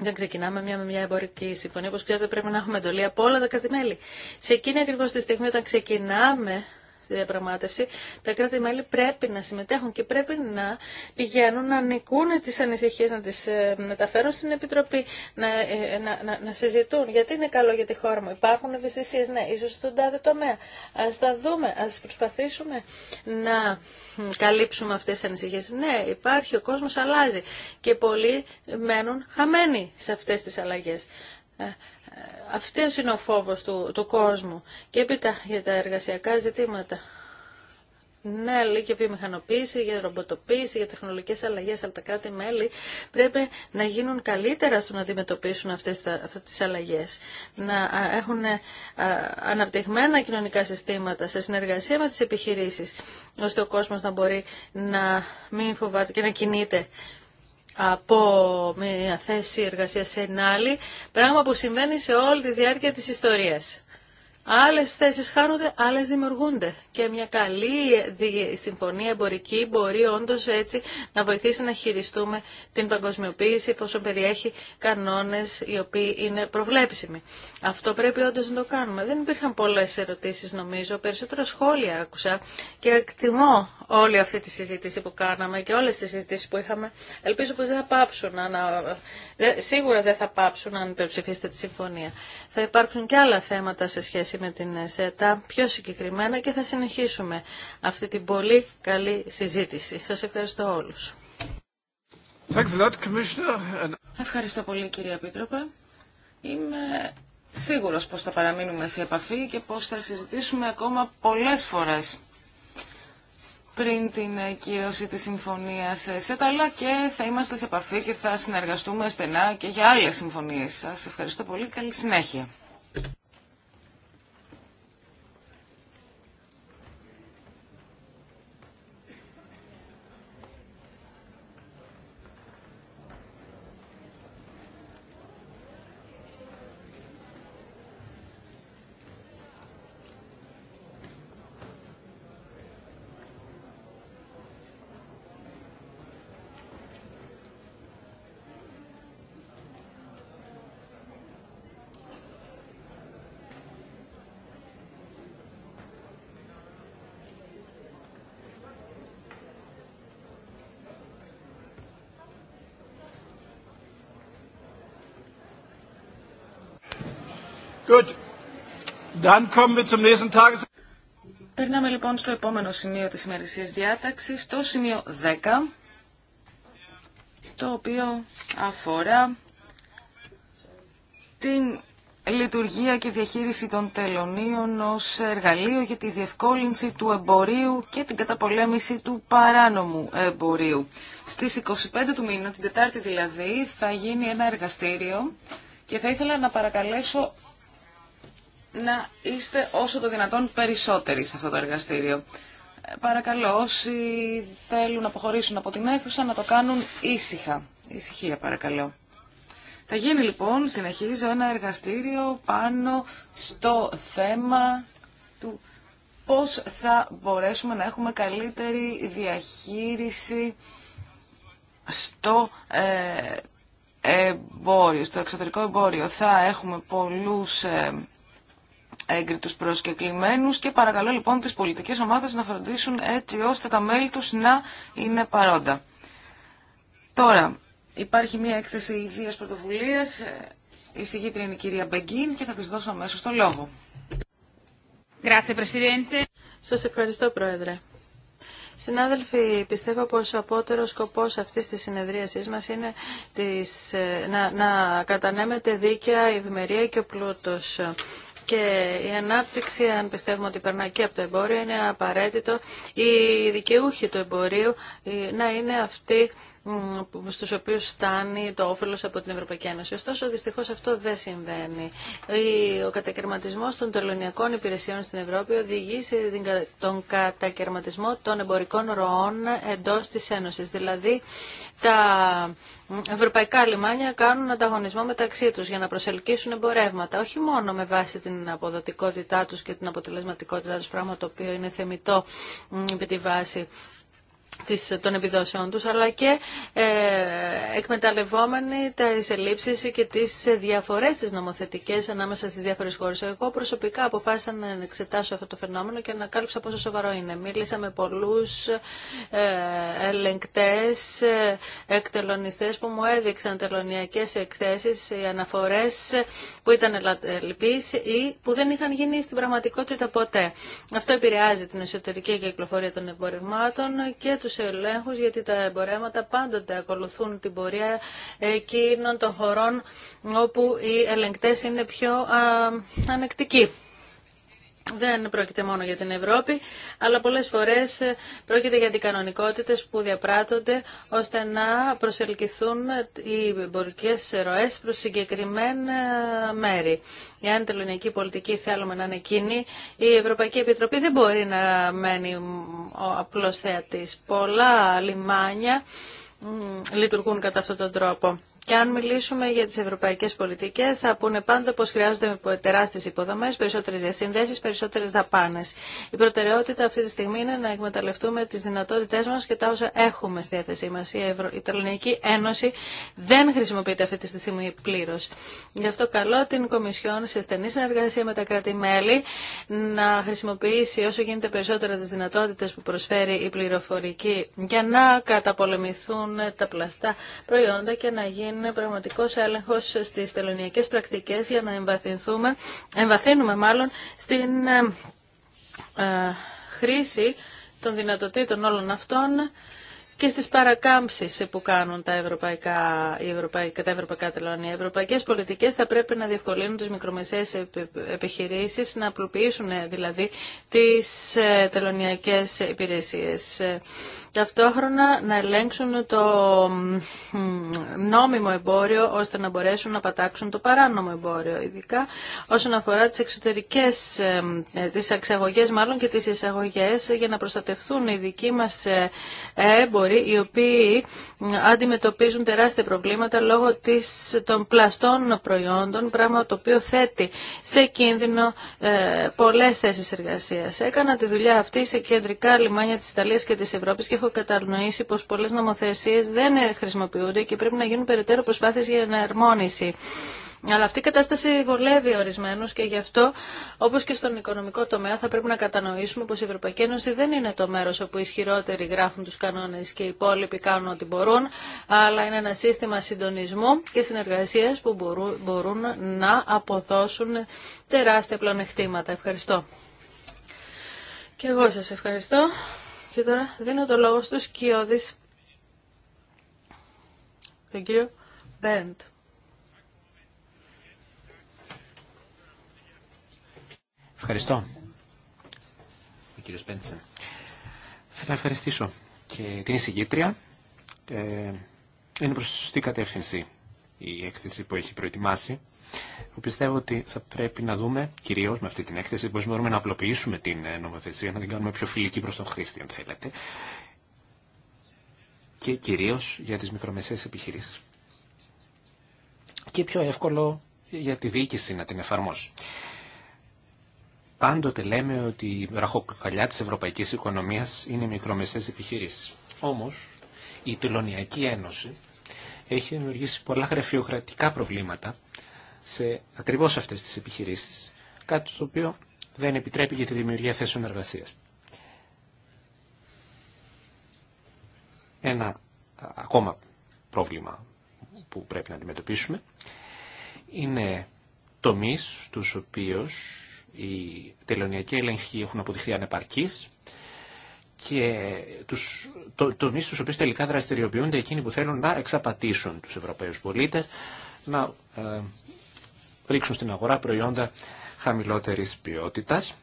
Δεν ξεκινάμε μια με μια εμπορική συμφωνία. Όπω ξέρετε, πρέπει να έχουμε εντολή από όλα τα κρατημέλη. Σε εκείνη ακριβώ τη στιγμή, όταν ξεκινάμε στη διαπραγμάτευση, τα κράτη-μέλη πρέπει να συμμετέχουν και πρέπει να πηγαίνουν να νικούν τι ανησυχίε, να τι ε, μεταφέρουν στην Επιτροπή, να, ε, να, να, να συζητούν γιατί είναι καλό για τη χώρα μου. Υπάρχουν ευαισθησίε, ναι, ίσω στον τάδε τομέα. Α τα δούμε, α προσπαθήσουμε να καλύψουμε αυτέ τι ανησυχίε. Ναι, υπάρχει, ο κόσμο αλλάζει και πολλοί μένουν χαμένοι σε αυτέ τι αλλαγέ. Ε, Αυτές είναι ο φόβος του, του κόσμου. Και έπειτα για τα εργασιακά ζητήματα. Ναι, λέει και βιομηχανοποίηση, για ρομποτοποίηση, για τεχνολογικέ αλλαγέ, αλλά τα κράτη-μέλη πρέπει να γίνουν καλύτερα στο να αντιμετωπίσουν αυτέ τι αλλαγέ. Να έχουν αναπτυγμένα κοινωνικά συστήματα σε συνεργασία με τι επιχειρήσει, ώστε ο κόσμο να μπορεί να μην φοβάται και να κινείται από μια θέση εργασίας σε άλλη, πράγμα που συμβαίνει σε όλη τη διάρκεια της ιστορίας. Άλλε θέσει χάνονται, άλλε δημιουργούνται. Και μια καλή συμφωνία εμπορική μπορεί όντω έτσι να βοηθήσει να χειριστούμε την παγκοσμιοποίηση εφόσον περιέχει κανόνες οι οποίοι είναι προβλέψιμοι. Αυτό πρέπει όντω να το κάνουμε. Δεν υπήρχαν πολλές ερωτήσεις νομίζω, περισσότερα σχόλια άκουσα και εκτιμώ όλη αυτή τη συζήτηση που κάναμε και όλε τι συζητήσει που είχαμε. Ελπίζω πω δεν θα πάψουν να ε, σίγουρα δεν θα πάψουν αν υπερψηφίσετε τη συμφωνία. Θα υπάρξουν και άλλα θέματα σε σχέση με την ΣΕΤΑ πιο συγκεκριμένα και θα συνεχίσουμε αυτή την πολύ καλή συζήτηση. Σας ευχαριστώ όλους. Ευχαριστώ πολύ κυρία Επίτροπε. Είμαι σίγουρος πως θα παραμείνουμε σε επαφή και πως θα συζητήσουμε ακόμα πολλές φορές πριν την ε, κύρωση της συμφωνίας ε, ΣΕΤΑΛΑ και θα είμαστε σε επαφή και θα συνεργαστούμε στενά και για άλλες συμφωνίες. Σας ευχαριστώ πολύ. Καλή συνέχεια. Dann Περνάμε λοιπόν στο επόμενο σημείο της ημερησίας διάταξης, το σημείο 10, το οποίο αφορά την λειτουργία και διαχείριση των τελωνίων ως εργαλείο για τη διευκόλυνση του εμπορίου και την καταπολέμηση του παράνομου εμπορίου. Στις 25 του μήνα, την Τετάρτη δηλαδή, θα γίνει ένα εργαστήριο και θα ήθελα να παρακαλέσω να είστε όσο το δυνατόν περισσότεροι σε αυτό το εργαστήριο. Ε, παρακαλώ, όσοι θέλουν να αποχωρήσουν από την αίθουσα, να το κάνουν ήσυχα. Ησυχία, παρακαλώ. Θα γίνει λοιπόν, συνεχίζω, ένα εργαστήριο πάνω στο θέμα του πώς θα μπορέσουμε να έχουμε καλύτερη διαχείριση στο ε, εμπόριο, στο εξωτερικό εμπόριο. Θα έχουμε πολλούς... Ε, έγκριτους προσκεκλημένους και παρακαλώ λοιπόν τις πολιτικές ομάδες να φροντίσουν έτσι ώστε τα μέλη τους να είναι παρόντα. Τώρα, υπάρχει μια έκθεση ιδίας πρωτοβουλίας, η συγγήτρια είναι η κυρία Μπεγκίν και θα της δώσω αμέσω το λόγο. Σας ευχαριστώ Πρόεδρε. Συνάδελφοι, πιστεύω πως ο απότερο σκοπός αυτής της συνεδρίασής μας είναι της, ε, να, να κατανέμεται δίκαια η ευημερία και ο πλούτος. Και η ανάπτυξη, αν πιστεύουμε ότι περνά και από το εμπόριο, είναι απαραίτητο οι δικαιούχοι του εμπορίου ε, να είναι αυτοί στους οποίους στάνει το όφελος από την Ευρωπαϊκή Ένωση. Ωστόσο, δυστυχώς αυτό δεν συμβαίνει. Ο κατακαιρματισμός των τελωνιακών υπηρεσιών στην Ευρώπη οδηγεί σε τον κατακαιρματισμό των εμπορικών ροών εντός της Ένωσης. Δηλαδή, τα ευρωπαϊκά λιμάνια κάνουν ανταγωνισμό μεταξύ τους για να προσελκύσουν εμπορεύματα, όχι μόνο με βάση την αποδοτικότητά τους και την αποτελεσματικότητά τους, πράγμα το οποίο είναι θεμητό επί τη βάση των επιδόσεών τους, αλλά και ε, εκμεταλλευόμενοι τα ελλείψεις και τις διαφορές τις νομοθετικές ανάμεσα στις διάφορες χώρες. Εγώ προσωπικά αποφάσισα να εξετάσω αυτό το φαινόμενο και να ανακάλυψα πόσο σοβαρό είναι. Μίλησα με πολλούς ε, ελεγκτές, ε, εκτελωνιστές που μου έδειξαν τελωνιακές εκθέσεις, οι αναφορές που ήταν λυπείς ή που δεν είχαν γίνει στην πραγματικότητα ποτέ. Αυτό επηρεάζει την εσωτερική κυκλοφορία των εμπορευμάτων και τους γιατί τα εμπορέματα πάντοτε ακολουθούν την πορεία εκείνων των χωρών όπου οι ελεγκτές είναι πιο ανεκτικοί δεν πρόκειται μόνο για την Ευρώπη, αλλά πολλές φορές ε, πρόκειται για αντικανονικότητες που διαπράττονται ώστε να προσελκυθούν οι εμπορικέ ροές προς συγκεκριμένα μέρη. Εάν η τελωνιακή πολιτική θέλουμε να είναι εκείνη, η Ευρωπαϊκή Επιτροπή δεν μπορεί να μένει ο απλός θεατής. Πολλά λιμάνια λειτουργούν κατά αυτόν τον τρόπο. Και αν μιλήσουμε για τι ευρωπαϊκέ πολιτικέ, θα πούνε πάντα πω χρειάζονται τεράστιε υποδομέ, περισσότερε διασυνδέσει, περισσότερε δαπάνε. Η προτεραιότητα αυτή τη στιγμή είναι να εκμεταλλευτούμε τι δυνατότητέ μα και τα όσα έχουμε στη διάθεσή μα. Η, Ευρω... Ένωση δεν χρησιμοποιείται αυτή τη στιγμή πλήρω. Γι' αυτό καλώ την Κομισιόν σε στενή συνεργασία με τα κράτη-μέλη να χρησιμοποιήσει όσο γίνεται περισσότερα τι δυνατότητε που προσφέρει η πληροφορική για να καταπολεμηθούν τα πλαστά προϊόντα και να γίνει είναι πραγματικό έλεγχο στις τελωνιακέ πρακτικές για να εμβαθύνουμε μάλλον στην ε, ε, χρήση των δυνατοτήτων όλων αυτών και στις παρακάμψεις που κάνουν τα ευρωπαϊκά, οι ευρωπαϊκά, τα ευρωπαϊκά τελώνια. Οι ευρωπαϊκές πολιτικές θα πρέπει να διευκολύνουν τις μικρομεσαίες επιχειρήσεις, να απλοποιήσουν ε, δηλαδή τις ε, τελωνιακές υπηρεσίες. Ταυτόχρονα να ελέγξουν το νόμιμο εμπόριο ώστε να μπορέσουν να πατάξουν το παράνομο εμπόριο, ειδικά όσον αφορά τις εξωτερικές, ε, τις εξαγωγές μάλλον και τις εισαγωγές για να προστατευτούν οι δικοί μας έμποροι οι οποίοι αντιμετωπίζουν τεράστια προβλήματα λόγω της, των πλαστών προϊόντων, πράγμα το οποίο θέτει σε κίνδυνο ε, πολλές θέσεις εργασίας. Έκανα τη δουλειά αυτή σε κεντρικά λιμάνια της Ιταλίας και της Ευρώπης και έχω κατανοήσει πως πολλές νομοθεσίες δεν χρησιμοποιούνται και πρέπει να γίνουν περαιτέρω προσπάθειες για εναρμόνιση. Ναι. Αλλά αυτή η κατάσταση βολεύει ορισμένους και γι' αυτό, όπως και στον οικονομικό τομέα, θα πρέπει να κατανοήσουμε πως η Ευρωπαϊκή Ένωση δεν είναι το μέρος όπου οι ισχυρότεροι γράφουν τους κανόνες και οι υπόλοιποι κάνουν ό,τι μπορούν, αλλά είναι ένα σύστημα συντονισμού και συνεργασία που μπορούν, να αποδώσουν τεράστια πλονεκτήματα. Ευχαριστώ. Και εγώ σας ευχαριστώ. Και τώρα δίνω το λόγο στους Κιώδης, τον κύριο Μπέντ. Ευχαριστώ. Ο κύριος Πέντσεν. Θέλω να ευχαριστήσω και την εισηγήτρια. Ε, είναι προς τη σωστή κατεύθυνση η έκθεση που έχει προετοιμάσει. Πιστεύω ότι θα πρέπει να δούμε κυρίω με αυτή την έκθεση πώ μπορούμε να απλοποιήσουμε την ε, νομοθεσία, να την κάνουμε πιο φιλική προ τον χρήστη, αν θέλετε. Και κυρίω για τι μικρομεσαίες επιχειρήσει. Και πιο εύκολο για τη διοίκηση να την εφαρμόσει. Πάντοτε λέμε ότι η ραχοκοκαλιά της ευρωπαϊκής οικονομίας είναι μικρομεσαίες επιχειρήσεις. Όμως, η Τελωνιακή Ένωση έχει δημιουργήσει πολλά γραφειοκρατικά προβλήματα σε ακριβώς αυτές τις επιχειρήσεις, κάτι το οποίο δεν επιτρέπει για τη δημιουργία θέσεων εργασία. Ένα ακόμα πρόβλημα που πρέπει να αντιμετωπίσουμε είναι τομείς στους οποίους οι τελωνιακοί έλεγχοι έχουν αποδειχθεί ανεπαρκείς και τους το, τομείς τους οποίους τελικά δραστηριοποιούνται εκείνοι που θέλουν να εξαπατήσουν τους Ευρωπαίους πολίτες να ε, ρίξουν στην αγορά προϊόντα χαμηλότερης ποιότητας.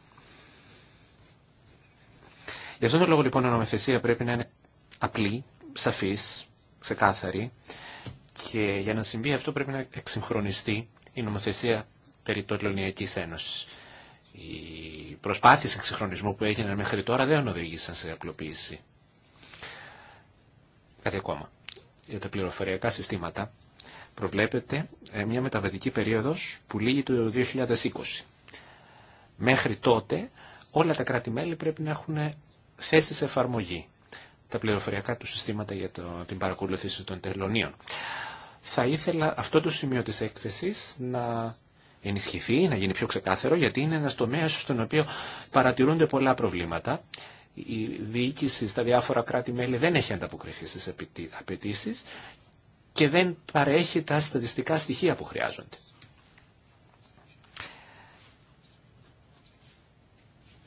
Γι' αυτόν τον λόγο λοιπόν η νομοθεσία πρέπει να είναι απλή, σαφής, ξεκάθαρη και για να συμβεί αυτό πρέπει να εξυγχρονιστεί η νομοθεσία περί Τολωνιακής Ένωσης. Οι προσπάθειες εξυγχρονισμού που έγιναν μέχρι τώρα δεν οδήγησαν σε απλοποίηση. Κάτι ακόμα. Για τα πληροφοριακά συστήματα προβλέπεται ε, μια μεταβατική περίοδος που λύγει το 2020. Μέχρι τότε όλα τα κράτη-μέλη πρέπει να έχουν θέσεις εφαρμογή τα πληροφοριακά του συστήματα για το, την παρακολούθηση των τελωνίων. Θα ήθελα αυτό το σημείο της έκθεσης να ενισχυθεί, να γίνει πιο ξεκάθαρο, γιατί είναι ένα τομέα στον οποίο παρατηρούνται πολλά προβλήματα. Η διοίκηση στα διάφορα κράτη-μέλη δεν έχει ανταποκριθεί στις απαιτήσει και δεν παρέχει τα στατιστικά στοιχεία που χρειάζονται.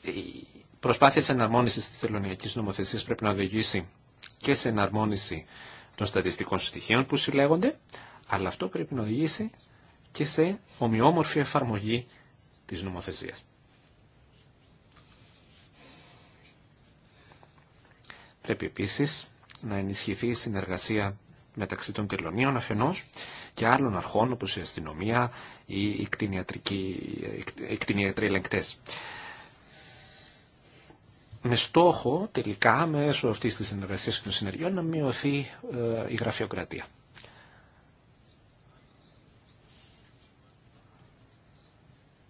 Η προσπάθεια εναρμόνισης της θελωνιακής νομοθεσίας πρέπει να οδηγήσει και σε εναρμόνιση των στατιστικών στοιχείων που συλλέγονται, αλλά αυτό πρέπει να οδηγήσει και σε ομοιόμορφη εφαρμογή της νομοθεσίας. Πρέπει επίσης να ενισχυθεί η συνεργασία μεταξύ των τελωνίων αφενός και άλλων αρχών όπως η αστυνομία ή οι κτηνιατροί ελεγκτές. Με στόχο τελικά μέσω αυτής της συνεργασίας και των συνεργειών να μειωθεί ε, η γραφειοκρατία.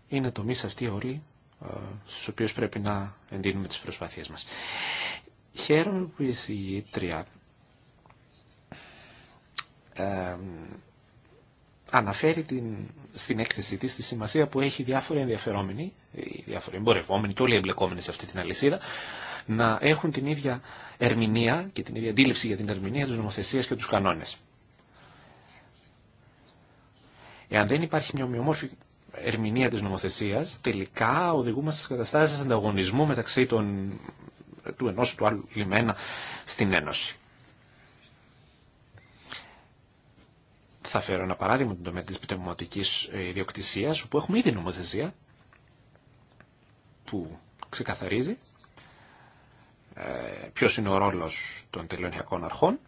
είναι τομεί αυτοί όλοι ε, στου οποίου πρέπει να εντείνουμε τι προσπάθειέ μα. Χαίρομαι που η συγγήτρια ε, αναφέρει την, στην έκθεση της τη σημασία που έχει διάφοροι ενδιαφερόμενοι, οι διάφοροι εμπορευόμενοι και όλοι οι εμπλεκόμενοι σε αυτή την αλυσίδα, να έχουν την ίδια ερμηνεία και την ίδια αντίληψη για την ερμηνεία της νομοθεσίας και τους κανόνες. Εάν δεν υπάρχει μια ομοιομόρφη ερμηνεία της νομοθεσίας τελικά οδηγούμαστε στις καταστάσεις ανταγωνισμού μεταξύ των, του ενός του άλλου λιμένα στην Ένωση. Θα φέρω ένα παράδειγμα του τομέα της πνευματικής ε, ιδιοκτησίας, όπου έχουμε ήδη νομοθεσία που ξεκαθαρίζει ε, ποιος είναι ο ρόλος των τελωνιακών αρχών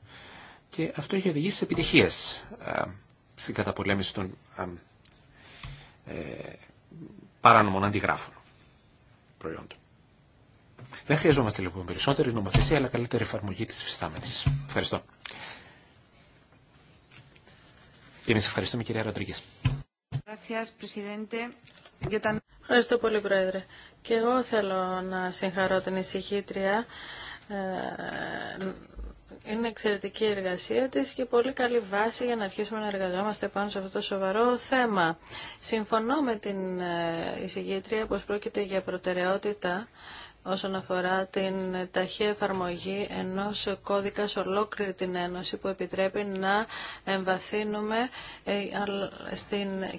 και αυτό έχει οδηγήσει σε επιτυχίες ε, στην καταπολέμηση των ε, παράνομων αντιγράφων προϊόντων. Δεν χρειαζόμαστε λοιπόν περισσότερη νομοθεσία, αλλά καλύτερη εφαρμογή της φυστάμενης. Ευχαριστώ. Και εμείς ευχαριστούμε κυρία Ροντρίγκες. Ευχαριστώ πολύ Πρόεδρε. Και εγώ θέλω να συγχαρώ την ησυχήτρια ε, είναι εξαιρετική η εργασία της και πολύ καλή βάση για να αρχίσουμε να εργαζόμαστε πάνω σε αυτό το σοβαρό θέμα. Συμφωνώ με την ε, εισηγήτρια πως πρόκειται για προτεραιότητα όσον αφορά την ταχεία εφαρμογή ενός κώδικα σε ολόκληρη την Ένωση που επιτρέπει να εμβαθύνουμε ε,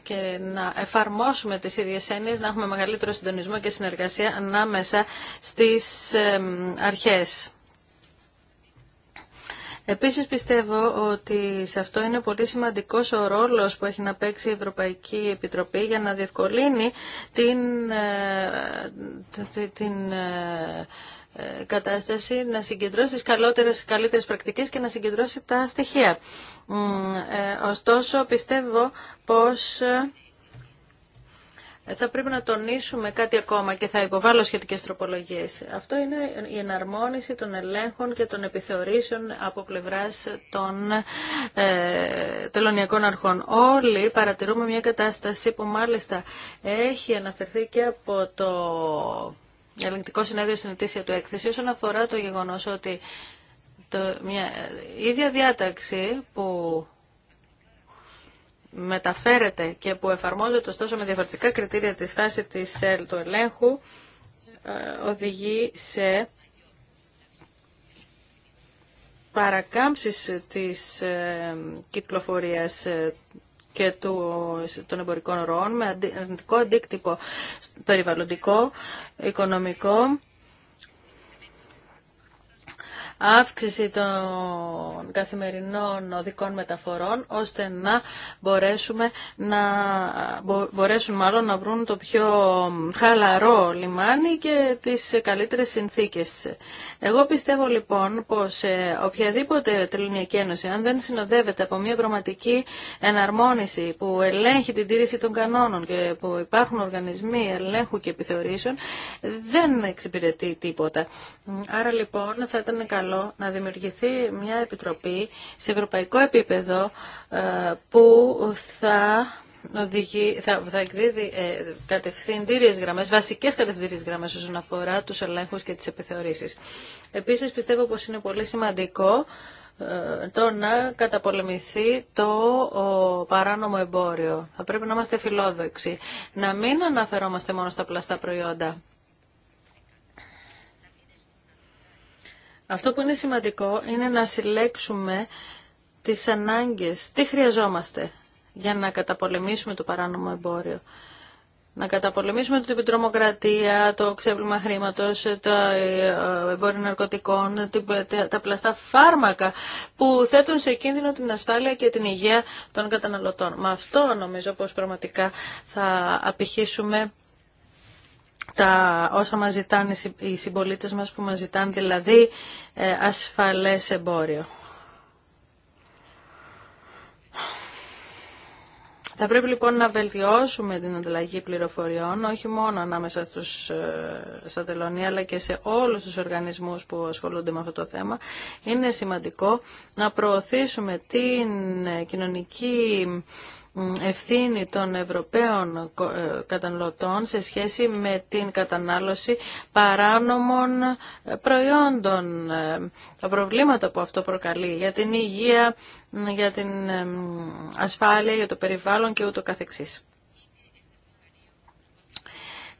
και να εφαρμόσουμε τις ίδιες έννοιες, να έχουμε μεγαλύτερο συντονισμό και συνεργασία ανάμεσα στις ε, αρχές. Επίσης πιστεύω ότι σε αυτό είναι πολύ σημαντικός ο ρόλος που έχει να παίξει η Ευρωπαϊκή Επιτροπή για να διευκολύνει την, ε, την ε, κατάσταση, να συγκεντρώσει τις καλύτερες, καλύτερες πρακτικές και να συγκεντρώσει τα στοιχεία. Ε, ωστόσο πιστεύω πως ε, θα πρέπει να τονίσουμε κάτι ακόμα και θα υποβάλω σχετικές τροπολογίες. Αυτό είναι η εναρμόνιση των ελέγχων και των επιθεωρήσεων από πλευράς των ε, τελωνιακών αρχών. Όλοι παρατηρούμε μια κατάσταση που μάλιστα έχει αναφερθεί και από το ελεγκτικό συνέδριο στην ετήσια του έκθεση όσον αφορά το γεγονός ότι το, μια ίδια διάταξη που μεταφέρεται και που εφαρμόζεται ωστόσο με διαφορετικά κριτήρια της φάση της, ε, του ελέγχου ε, οδηγεί σε παρακάμψεις της ε, κυκλοφορίας και του, των εμπορικών ροών με αρνητικό αντίκτυπο περιβαλλοντικό, οικονομικό αύξηση των καθημερινών οδικών μεταφορών ώστε να μπορέσουμε να μπορέσουν μάλλον να βρουν το πιο χαλαρό λιμάνι και τις καλύτερες συνθήκες. Εγώ πιστεύω λοιπόν πως ε, οποιαδήποτε τελωνιακή ένωση αν δεν συνοδεύεται από μια πραγματική εναρμόνιση που ελέγχει την τήρηση των κανόνων και που υπάρχουν οργανισμοί ελέγχου και επιθεωρήσεων δεν εξυπηρετεί τίποτα. Άρα λοιπόν θα ήταν καλό να δημιουργηθεί μια επιτροπή σε ευρωπαϊκό επίπεδο ε, που θα οδηγεί, θα, θα εκδίδει ε, κατευθυντήριες γραμμές, βασικές κατευθυντήριες γραμμές όσον αφορά τους ελέγχους και τις επιθεωρήσεις. Επίσης πιστεύω πως είναι πολύ σημαντικό ε, το να καταπολεμηθεί το παράνομο εμπόριο. Θα πρέπει να είμαστε φιλόδοξοι. Να μην αναφερόμαστε μόνο στα πλαστά προϊόντα. Αυτό που είναι σημαντικό είναι να συλλέξουμε τις ανάγκες, τι χρειαζόμαστε για να καταπολεμήσουμε το παράνομο εμπόριο. Να καταπολεμήσουμε την επιτρομοκρατία, το ξέβλημα χρήματο, το ε, ε, εμπόριο ναρκωτικών, τα πλαστά φάρμακα που θέτουν σε κίνδυνο την ασφάλεια και την υγεία των καταναλωτών. Με αυτό νομίζω πως πραγματικά θα απηχήσουμε τα όσα μας ζητάνε οι συμπολίτες μας που μας ζητάνε δηλαδή ε, ασφαλές εμπόριο. Θα πρέπει λοιπόν να βελτιώσουμε την ανταλλαγή πληροφοριών, όχι μόνο ανάμεσα στους, ε, στα τελωνία, αλλά και σε όλους τους οργανισμούς που ασχολούνται με αυτό το θέμα. Είναι σημαντικό να προωθήσουμε την κοινωνική ευθύνη των Ευρωπαίων ε, καταναλωτών σε σχέση με την κατανάλωση παράνομων ε, προϊόντων. Ε, τα προβλήματα που αυτό προκαλεί για την υγεία, για την ασφάλεια, για το περιβάλλον και ούτω καθεξής.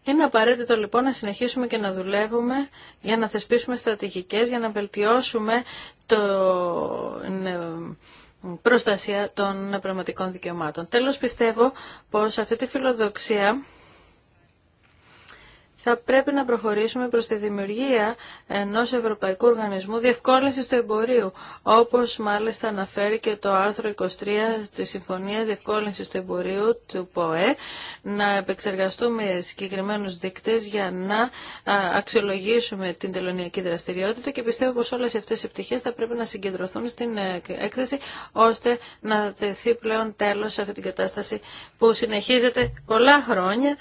Είναι απαραίτητο λοιπόν να συνεχίσουμε και να δουλεύουμε για να θεσπίσουμε στρατηγικές, για να βελτιώσουμε το προστασία των πνευματικών δικαιωμάτων. Τέλος πιστεύω πως αυτή τη φιλοδοξία θα πρέπει να προχωρήσουμε προς τη δημιουργία ενός Ευρωπαϊκού Οργανισμού Διευκόλυνσης του Εμπορίου, όπως μάλιστα αναφέρει και το άρθρο 23 της Συμφωνίας Διευκόλυνσης του Εμπορίου του ΠΟΕ, να επεξεργαστούμε συγκεκριμένους δείκτες για να αξιολογήσουμε την τελωνιακή δραστηριότητα και πιστεύω πως όλες αυτές οι πτυχές θα πρέπει να συγκεντρωθούν στην ε, έκθεση, ώστε να τεθεί πλέον τέλος σε αυτή την κατάσταση που συνεχίζεται πολλά χρόνια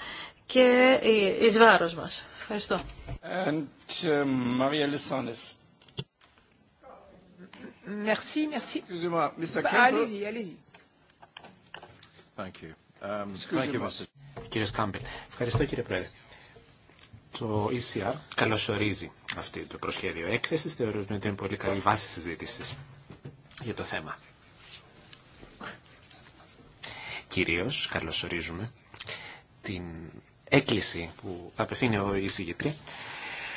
και εις βάρος μας. Ευχαριστώ. And, uh, merci, merci. Um, κύριε Σκάμπελ, ευχαριστώ κύριε Πρόεδρε. Το ECR καλωσορίζει αυτό το προσχέδιο έκθεση. Θεωρούμε ότι είναι πολύ καλή βάση συζήτηση για το θέμα. Κυρίω καλωσορίζουμε την έκκληση που απευθύνει ο εισηγητή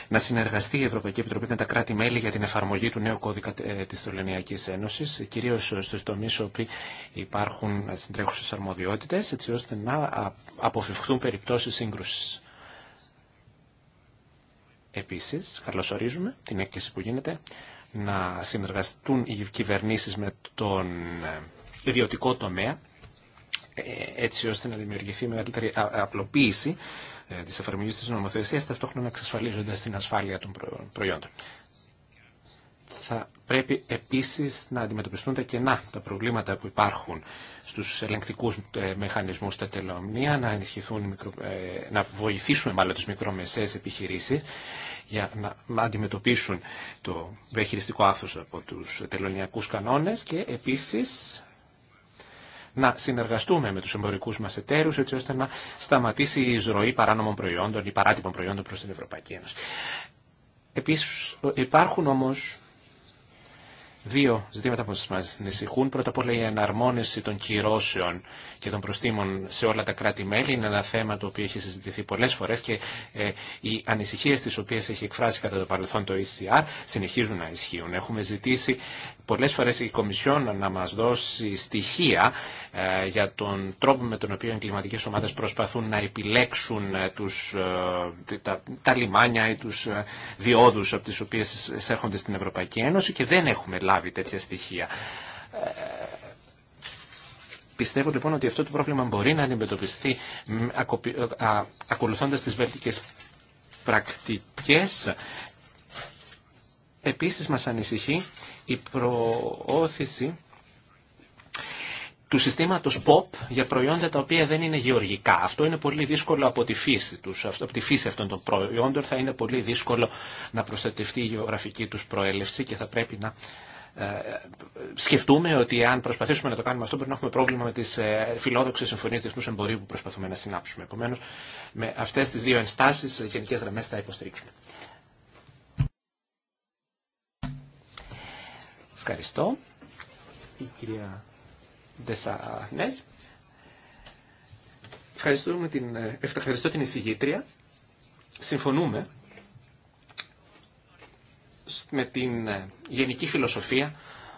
να συνεργαστεί η Ευρωπαϊκή Επιτροπή με τα κράτη-μέλη για την εφαρμογή του νέου κώδικα ε, της Ελληνιακής Ένωσης, κυρίως στους τομείς όπου υπάρχουν συντρέχουσες αρμοδιότητες, έτσι ώστε να αποφευχθούν περιπτώσεις σύγκρουσης. Επίσης, καλωσορίζουμε την έκκληση που γίνεται να συνεργαστούν οι κυβερνήσεις με τον ε, ιδιωτικό τομέα έτσι ώστε να δημιουργηθεί μεγαλύτερη απλοποίηση ε, τη εφαρμογή τη νομοθεσία, ταυτόχρονα εξασφαλίζοντα την ασφάλεια των προϊόντων. Θα πρέπει επίση να αντιμετωπιστούν τα κενά, τα προβλήματα που υπάρχουν στου ελεγκτικού ε, μηχανισμού στα τελωνία, να, ενισχυθούν, ε, να βοηθήσουμε μάλλον τι μικρομεσαίε επιχειρήσει για να αντιμετωπίσουν το διαχειριστικό άθος από του τελωνιακού κανόνε και επίση να συνεργαστούμε με τους εμπορικούς μας εταίρους έτσι ώστε να σταματήσει η εισρωή παράνομων προϊόντων ή παράτυπων προϊόντων προς την Ευρωπαϊκή Ένωση. Επίσης υπάρχουν όμως Δύο ζητήματα που μα ανησυχούν. Πρώτα απ' όλα η εναρμόνιση των κυρώσεων και των προστήμων σε όλα τα κράτη-μέλη είναι ένα θέμα το οποίο έχει συζητηθεί πολλέ φορέ και ε, οι ανησυχίε τι οποίε έχει εκφράσει κατά το παρελθόν το ECR συνεχίζουν να ισχύουν. Έχουμε ζητήσει πολλέ φορέ η Κομισιόν να μα δώσει στοιχεία ε, για τον τρόπο με τον οποίο οι εγκληματικέ ομάδε προσπαθούν να επιλέξουν ε, τους, τα, τα λιμάνια ή τους διόδου από τι οποίε εισέρχονται στην Ευρωπαϊκή Ένωση και δεν έχουμε λάβει τέτοια στοιχεία. Ε, πιστεύω λοιπόν ότι αυτό το πρόβλημα μπορεί να αντιμετωπιστεί ε, ακολουθώντας τις βέλτικες πρακτικές. Επίσης μας ανησυχεί η προώθηση του συστήματος POP για προϊόντα τα οποία δεν είναι γεωργικά. Αυτό είναι πολύ δύσκολο από τη φύση τους. Από τη φύση αυτών των προϊόντων θα είναι πολύ δύσκολο να προστατευτεί η γεωγραφική τους προέλευση και θα πρέπει να ε, σκεφτούμε ότι αν προσπαθήσουμε να το κάνουμε αυτό, μπορεί να έχουμε πρόβλημα με τι ε, φιλόδοξε συμφωνίε διεθνού εμπορίου που προσπαθούμε να συνάψουμε. Επομένω, με αυτέ τι δύο ενστάσει, ε, γενικέ γραμμέ θα υποστηρίξουμε. Ευχαριστώ. Η κυρία Ευχαριστούμε την, ευχαριστώ την εισηγήτρια. Συμφωνούμε με την ε, γενική φιλοσοφία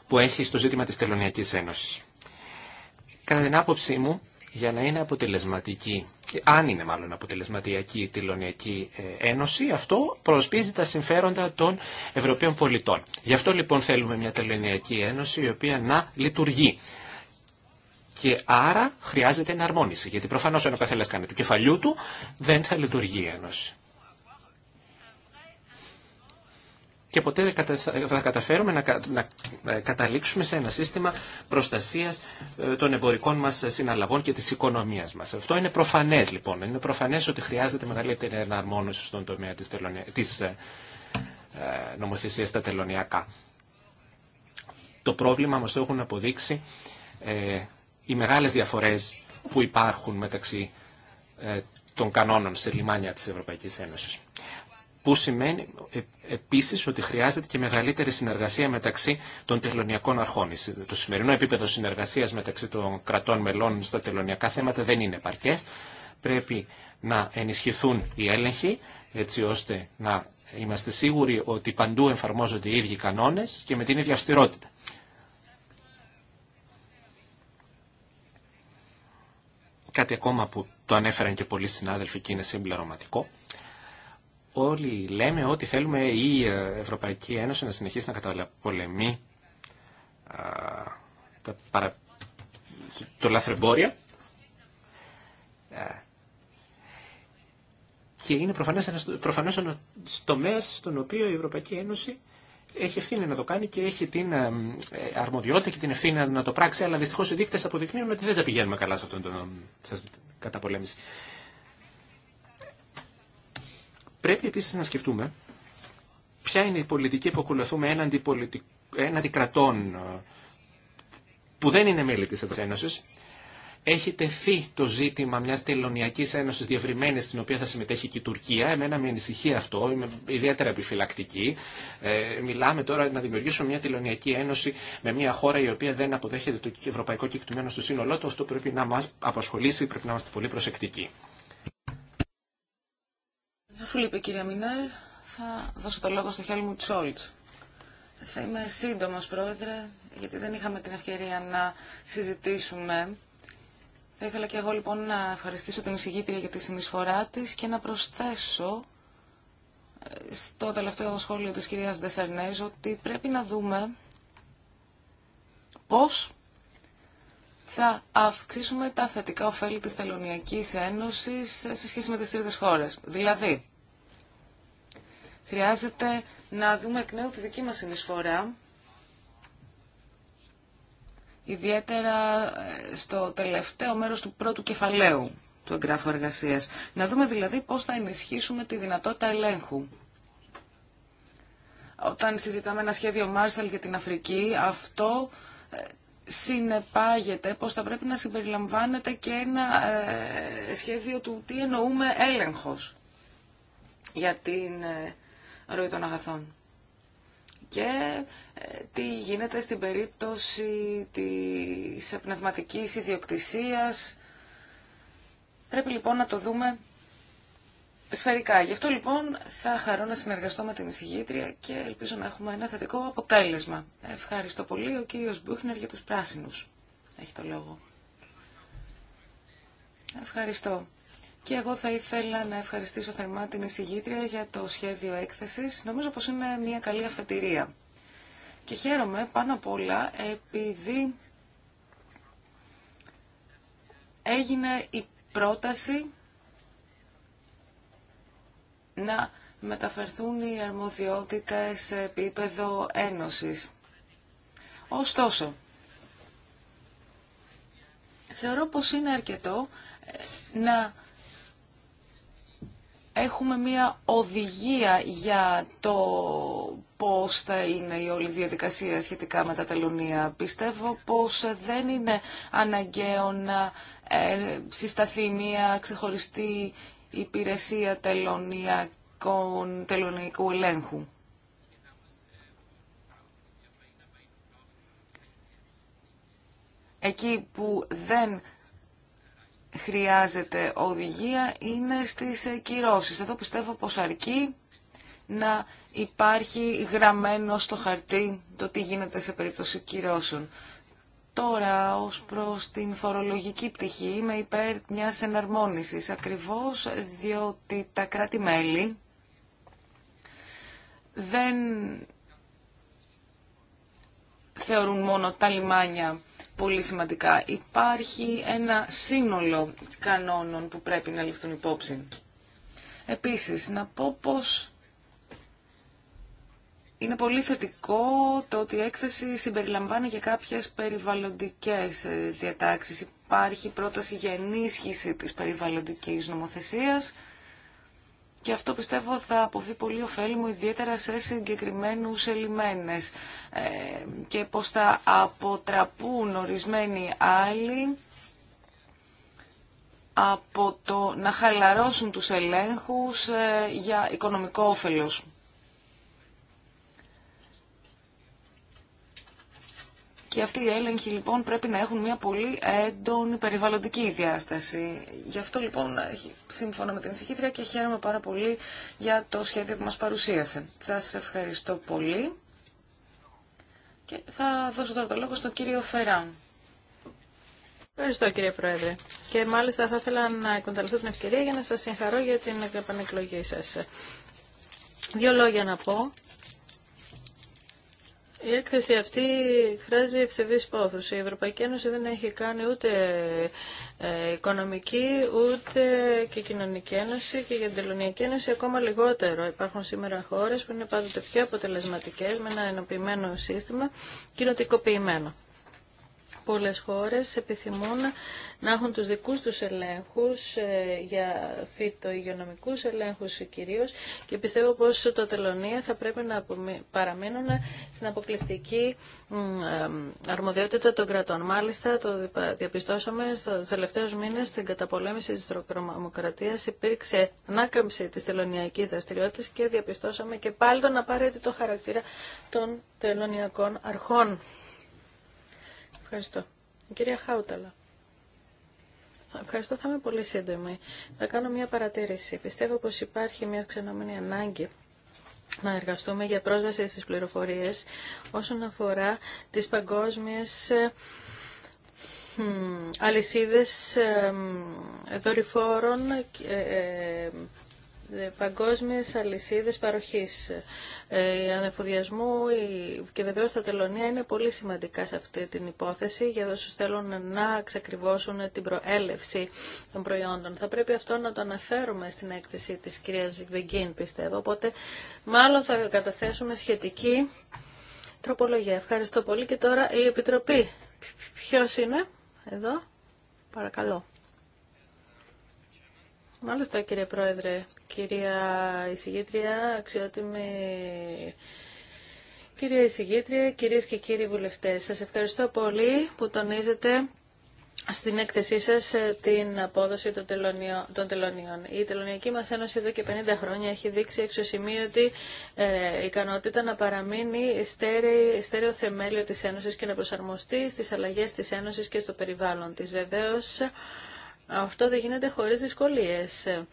που έχει στο ζήτημα της Τελωνιακής Ένωσης. Κατά την άποψή μου, για να είναι αποτελεσματική, αν είναι μάλλον αποτελεσματική η Τελωνιακή ε, Ένωση, αυτό προσπίζει τα συμφέροντα των Ευρωπαίων πολιτών. Γι' αυτό λοιπόν θέλουμε μια Τελωνιακή Ένωση η οποία να λειτουργεί. Και άρα χρειάζεται εναρμόνιση, γιατί προφανώς αν ο καθένας κάνει του κεφαλιού του, δεν θα λειτουργεί η Ένωση. και ποτέ θα καταφέρουμε να ε, καταλήξουμε σε ένα σύστημα προστασίας ε, των εμπορικών μας συναλλαγών και της οικονομίας μας. Αυτό είναι προφανές λοιπόν. Είναι προφανές ότι χρειάζεται μεγαλύτερη εναρμόνωση στον τομέα της, της ε, νομοθεσίας στα τελωνιακά. Το πρόβλημα μας το έχουν αποδείξει οι μεγάλες διαφορές που υπάρχουν μεταξύ των κανόνων σε λιμάνια της Ευρωπαϊκής Ένωσης που σημαίνει ε, επίσης ότι χρειάζεται και μεγαλύτερη συνεργασία μεταξύ των τελωνιακών αρχών. Το σημερινό επίπεδο συνεργασίας μεταξύ των κρατών μελών στα τελωνιακά θέματα δεν είναι παρκές. Πρέπει να ενισχυθούν οι έλεγχοι έτσι ώστε να είμαστε σίγουροι ότι παντού εφαρμόζονται οι ίδιοι κανόνες και με την ίδια αυστηρότητα. Κάτι ακόμα που το ανέφεραν και πολλοί συνάδελφοι και είναι συμπληρωματικό όλοι λέμε ότι θέλουμε η ε, Ευρωπαϊκή Ένωση να συνεχίσει να καταπολεμεί τα παρα... το λαθρεμπόριο. Ε, και είναι προφανώς ένας, προφανώς τομέας στον οποίο η Ευρωπαϊκή Ένωση έχει ευθύνη να το κάνει και έχει την ε, αρμοδιότητα και την ευθύνη να το πράξει, αλλά δυστυχώς οι δείκτες αποδεικνύουν ότι δεν τα πηγαίνουμε καλά σε αυτόν τον καταπολέμηση. Πρέπει επίση να σκεφτούμε ποια είναι η πολιτική που ακολουθούμε έναντι, πολιτικ... έναντι κρατών ε, που δεν είναι μέλη τη Ένωσης. Έχει τεθεί το ζήτημα μια Τελωνιακή Ένωση διευρυμένης στην οποία θα συμμετέχει και η Τουρκία. Εμένα με ανησυχεί αυτό, είμαι ιδιαίτερα επιφυλακτική. Ε, μιλάμε τώρα να δημιουργήσουμε μια τελωνιακή ένωση με μια χώρα η οποία δεν αποδέχεται το ευρωπαϊκό κεκτημένο στο σύνολό του. Αυτό πρέπει να μα απασχολήσει, πρέπει να είμαστε πολύ προσεκτικοί. Αφού λείπει η κυρία Μινέρ, θα δώσω το λόγο στο μου Τσόλτς. Θα είμαι σύντομος, Πρόεδρε, γιατί δεν είχαμε την ευκαιρία να συζητήσουμε. Θα ήθελα και εγώ λοιπόν να ευχαριστήσω την εισηγήτρια για τη συνεισφορά τη και να προσθέσω ε, στο τελευταίο σχόλιο της κυρίας Δεσσαρνέζ ότι πρέπει να δούμε πώς θα αυξήσουμε τα θετικά ωφέλη της Τελωνιακής Ένωσης σε σχέση με τις τρίτες χώρες. Δηλαδή, χρειάζεται να δούμε εκ νέου τη δική μας συνεισφορά, ιδιαίτερα ε, στο τελευταίο μέρος του πρώτου κεφαλαίου του εγγράφου εργασίας. Να δούμε δηλαδή πώς θα ενισχύσουμε τη δυνατότητα ελέγχου. Όταν συζητάμε ένα σχέδιο Marshall για την Αφρική, αυτό συνεπάγεται πως θα πρέπει να συμπεριλαμβάνεται και ένα ε, σχέδιο του τι εννοούμε έλεγχος για την ε, ροή των αγαθών. Και ε, τι γίνεται στην περίπτωση της πνευματικής ιδιοκτησίας. Πρέπει λοιπόν να το δούμε σφαιρικά. Γι' αυτό λοιπόν θα χαρώ να συνεργαστώ με την εισηγήτρια και ελπίζω να έχουμε ένα θετικό αποτέλεσμα. Ευχαριστώ πολύ ο κύριος Μπούχνερ για τους πράσινους. Έχει το λόγο. Ευχαριστώ. Και εγώ θα ήθελα να ευχαριστήσω θερμά την εισηγήτρια για το σχέδιο έκθεσης. Νομίζω πως είναι μια καλή αφετηρία. Και χαίρομαι πάνω απ' όλα επειδή έγινε η πρόταση να μεταφερθούν οι αρμοδιότητες σε επίπεδο ένωσης. Ωστόσο, θεωρώ πως είναι αρκετό ε, να έχουμε μία οδηγία για το πώς θα είναι η όλη διαδικασία σχετικά με τα τελωνία. Πιστεύω πως δεν είναι αναγκαίο να ε, συσταθεί μία ξεχωριστή υπηρεσία τελωνιακού ελέγχου. Εκεί που δεν χρειάζεται οδηγία είναι στις κυρώσεις. Εδώ πιστεύω πως αρκεί να υπάρχει γραμμένο στο χαρτί το τι γίνεται σε περίπτωση κυρώσεων. Τώρα, ως προς την φορολογική πτυχή, είμαι υπέρ μιας εναρμόνισης, ακριβώς διότι τα κράτη-μέλη δεν θεωρούν μόνο τα λιμάνια πολύ σημαντικά. Υπάρχει ένα σύνολο κανόνων που πρέπει να ληφθούν υπόψη. Επίσης, να πω πως είναι πολύ θετικό το ότι η έκθεση συμπεριλαμβάνει και κάποιες περιβαλλοντικές ε, διατάξεις. Υπάρχει πρόταση για ενίσχυση της περιβαλλοντικής νομοθεσίας και αυτό πιστεύω θα αποβεί πολύ ωφέλιμο ιδιαίτερα σε συγκεκριμένους ελιμένες ε, και πως θα αποτραπούν ορισμένοι άλλοι από το να χαλαρώσουν τους ελέγχους ε, για οικονομικό όφελος. Και αυτοί οι έλεγχοι λοιπόν πρέπει να έχουν μια πολύ έντονη περιβαλλοντική διάσταση. Γι' αυτό λοιπόν σύμφωνα με την συγχύτρια και χαίρομαι πάρα πολύ για το σχέδιο που μας παρουσίασε. Σας ευχαριστώ πολύ. Και θα δώσω τώρα το λόγο στον κύριο Φεράν. Ευχαριστώ κύριε Πρόεδρε. Και μάλιστα θα ήθελα να εκμεταλλευτώ την ευκαιρία για να σας συγχαρώ για την επανεκλογή σας. Δύο λόγια να πω η έκθεση αυτή χρειάζεται ευσεβής πόθους. Η Ευρωπαϊκή Ένωση δεν έχει κάνει ούτε ε, οικονομική, ούτε και κοινωνική ένωση και για την τελωνιακή ένωση ακόμα λιγότερο. Υπάρχουν σήμερα χώρες που είναι πάντοτε πιο αποτελεσματικές με ένα ενοποιημένο σύστημα κοινοτικοποιημένο πολλές χώρες επιθυμούν να έχουν τους δικούς τους ελέγχους ε, για φυτο ελέγχους κυρίως και πιστεύω πως το τελωνία θα πρέπει να παραμείνουν στην αποκλειστική αρμοδιότητα των κρατών. Μάλιστα το διαπιστώσαμε στους τελευταίους μήνες στην καταπολέμηση της τροκρομοκρατίας υπήρξε ανάκαμψη της τελωνιακής δραστηριότητας και διαπιστώσαμε και πάλι τον απαραίτητο χαρακτήρα των τελωνιακών αρχών. Ευχαριστώ. Η κυρία Χάουταλα. Ευχαριστώ, θα είμαι πολύ σύντομη. Θα κάνω μια παρατήρηση. Πιστεύω πως υπάρχει μια ξενόμενη ανάγκη να εργαστούμε για πρόσβαση στις πληροφορίες όσον αφορά τις παγκόσμιες ε, αλυσίδες ε, δορυφόρων ε, ε, παγκόσμιες αλυσίδες παροχής ε, ανεφοδιασμού και βεβαίως τα τελωνία είναι πολύ σημαντικά σε αυτή την υπόθεση για όσους θέλουν να ξεκριβώσουν την προέλευση των προϊόντων. Θα πρέπει αυτό να το αναφέρουμε στην έκθεση της κυρίας Βεγγίν πιστεύω, οπότε μάλλον θα καταθέσουμε σχετική τροπολογία. Ευχαριστώ πολύ και τώρα η Επιτροπή. ποιο είναι εδώ, παρακαλώ. Μάλιστα κύριε Πρόεδρε, Κυρία Εισηγήτρια, αξιότιμη Κυρία Εισηγήτρια, κυρίες και κύριοι βουλευτές, σας ευχαριστώ πολύ που τονίζετε στην έκθεσή σας ε, την απόδοση των, τελωνίων. Η Τελωνιακή μας Ένωση εδώ και 50 χρόνια έχει δείξει εξωσημείωτη ε, ικανότητα να παραμείνει στέρεο, στέρεο θεμέλιο της Ένωσης και να προσαρμοστεί στις αλλαγές της Ένωσης και στο περιβάλλον της. Αυτό δεν γίνεται χωρίς δυσκολίες, ε,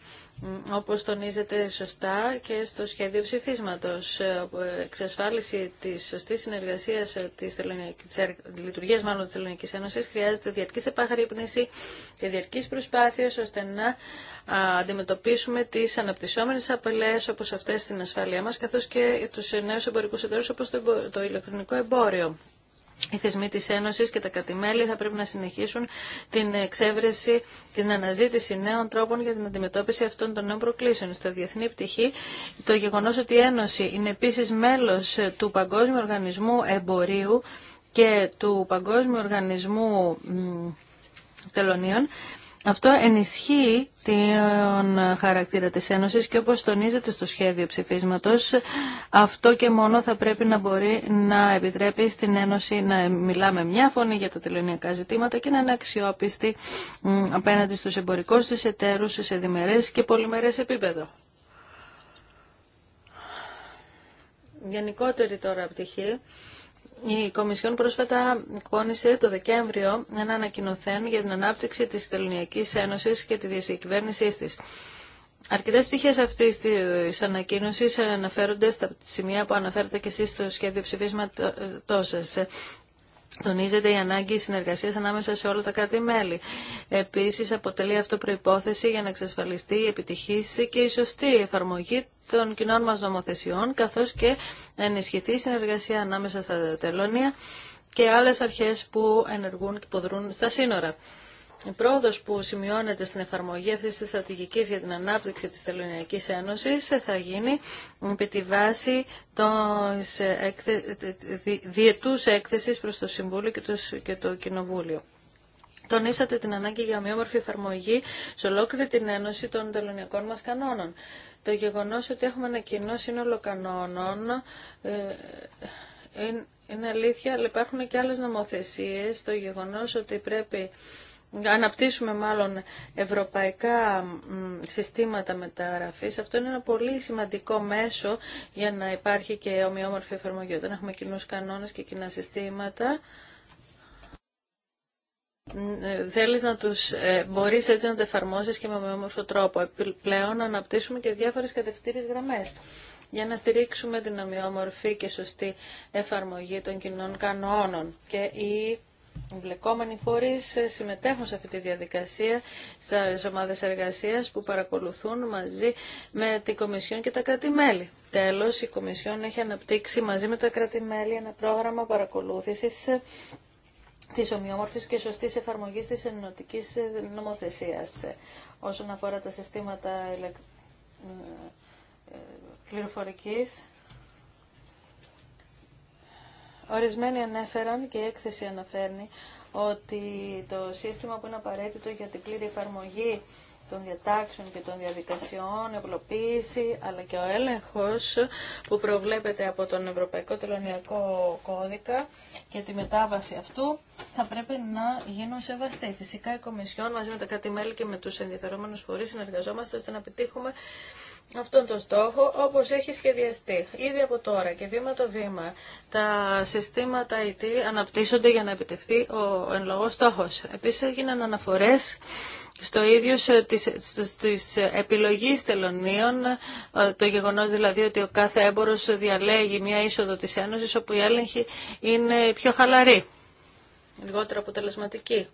όπως τονίζεται σωστά και στο σχέδιο ψηφίσματος. Ε, εξασφάλιση της σωστής συνεργασίας ε, της, της λειτουργίας μάλλον της Ελληνικής Ένωσης χρειάζεται διαρκής επαγρύπνηση και διαρκής προσπάθεια ώστε να αντιμετωπίσουμε τις αναπτυσσόμενες απειλές όπως αυτές στην ασφάλειά μας καθώς και τους νέους εμπορικούς εταίρους όπως το ηλεκτρονικό εμπόριο οι θεσμοί της Ένωσης και τα κατημέλη θα πρέπει να συνεχίσουν την εξέβρεση και την αναζήτηση νέων τρόπων για την αντιμετώπιση αυτών των νέων προκλήσεων. Στα διεθνή πτυχή, το γεγονός ότι η Ένωση είναι επίσης μέλος του Παγκόσμιου Οργανισμού Εμπορίου και του Παγκόσμιου Οργανισμού Τελωνίων, αυτό ενισχύει τον χαρακτήρα της Ένωσης και όπως τονίζεται στο σχέδιο ψηφίσματος, αυτό και μόνο θα πρέπει να μπορεί να επιτρέπει στην Ένωση να μιλάμε μια φωνή για τα τελωνιακά ζητήματα και να είναι αξιόπιστη απέναντι στους εμπορικούς της εταίρους σε διμερές και πολυμερές επίπεδο. Γενικότερη τώρα πτυχή η Κομισιόν πρόσφατα εκπώνησε το Δεκέμβριο ένα ανακοινοθέν για την ανάπτυξη της Τελωνιακής Ένωσης και τη διακυβέρνησή της. Αρκετέ στοιχεία αυτή τη ανακοίνωση αναφέρονται στα σημεία που αναφέρετε και εσεί στο σχέδιο ψηφίσματό σα. Τονίζεται η ανάγκη συνεργασία ανάμεσα σε όλα τα κράτη-μέλη. Επίση, αποτελεί αυτό προπόθεση για να εξασφαλιστεί η επιτυχή και η σωστή εφαρμογή των κοινών μα νομοθεσιών, καθώ και να ενισχυθεί η συνεργασία ανάμεσα στα τελώνια και άλλε αρχέ που ενεργούν και υποδρούν στα σύνορα η πρόοδο που σημειώνεται στην εφαρμογή αυτή τη στρατηγική για την ανάπτυξη της Τελωνιακή Ένωση θα γίνει επί τη βάση της διετούς έκθεσης προς το Συμβούλιο και το Κοινοβούλιο. Τονίσατε την ανάγκη για ομοιόμορφη εφαρμογή σε ολόκληρη την Ένωση των τελωνιακών μας κανόνων. Το γεγονός ότι έχουμε ένα κοινό σύνολο κανόνων ε, ε, είναι αλήθεια, αλλά υπάρχουν και άλλες νομοθεσίε. Το γεγονός ότι πρέπει αναπτύσσουμε μάλλον ευρωπαϊκά συστήματα μεταγραφής. Αυτό είναι ένα πολύ σημαντικό μέσο για να υπάρχει και ομοιόμορφη εφαρμογή. Όταν έχουμε κοινού κανόνες και κοινά συστήματα, ε, θέλεις να τους ε, μπορείς έτσι να τα εφαρμόσεις και με ομοιόμορφο τρόπο. Επιπλέον αναπτύσσουμε και διάφορες κατευθύνες γραμμές για να στηρίξουμε την ομοιόμορφη και σωστή εφαρμογή των κοινών κανόνων. Και η εμπλεκόμενοι φορείς ε, συμμετέχουν σε αυτή τη διαδικασία στι ομάδε εργασίας που παρακολουθούν μαζί με την Κομισιόν και τα κράτη-μέλη. Τέλος, η Κομισιόν έχει αναπτύξει μαζί με τα κράτη-μέλη ένα πρόγραμμα παρακολούθησης ε, της ομοιόμορφης και σωστής εφαρμογή της ενωτική ε, νομοθεσίας όσον αφορά τα συστήματα πληροφορική. Ορισμένοι ανέφεραν και η έκθεση αναφέρνει ότι το σύστημα που είναι απαραίτητο για την πλήρη εφαρμογή των διατάξεων και των διαδικασιών, ευλοποίηση, αλλά και ο έλεγχος που προβλέπεται από τον Ευρωπαϊκό Τελωνιακό Κώδικα και τη μετάβαση αυτού θα πρέπει να γίνουν σεβαστοί. Φυσικά η Κομισιόν μαζί με τα κράτη-μέλη και με τους ενδιαφερόμενους φορείς συνεργαζόμαστε ώστε να επιτύχουμε αυτόν τον στόχο όπως έχει σχεδιαστεί. Ήδη από τώρα και βήμα το βήμα τα συστήματα IT αναπτύσσονται για να επιτευχθεί ο εν λόγω στόχος. Επίσης έγιναν αναφορές στο ίδιο τη επιλογή τελωνίων, ε, το γεγονός δηλαδή ότι ο κάθε έμπορος διαλέγει μια είσοδο της Ένωσης όπου η έλεγχη είναι πιο χαλαρή, λιγότερο αποτελεσματική.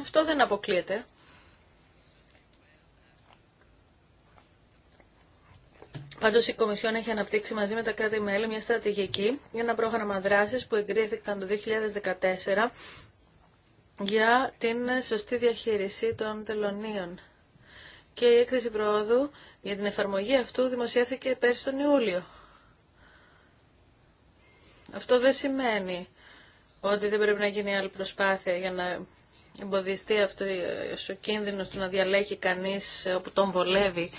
Αυτό δεν αποκλείεται. Πάντως η Κομισιόν έχει αναπτύξει μαζί με τα κράτη-μέλη μια στρατηγική για ένα πρόγραμμα δράση που εγκρίθηκαν το 2014 για την σωστή διαχείριση των τελωνίων. Και η έκθεση προόδου για την εφαρμογή αυτού δημοσιεύθηκε πέρσι τον Ιούλιο. Αυτό δεν σημαίνει ότι δεν πρέπει να γίνει άλλη προσπάθεια για να εμποδιστεί αυτό ο κίνδυνος του να διαλέγει κανείς όπου τον βολεύει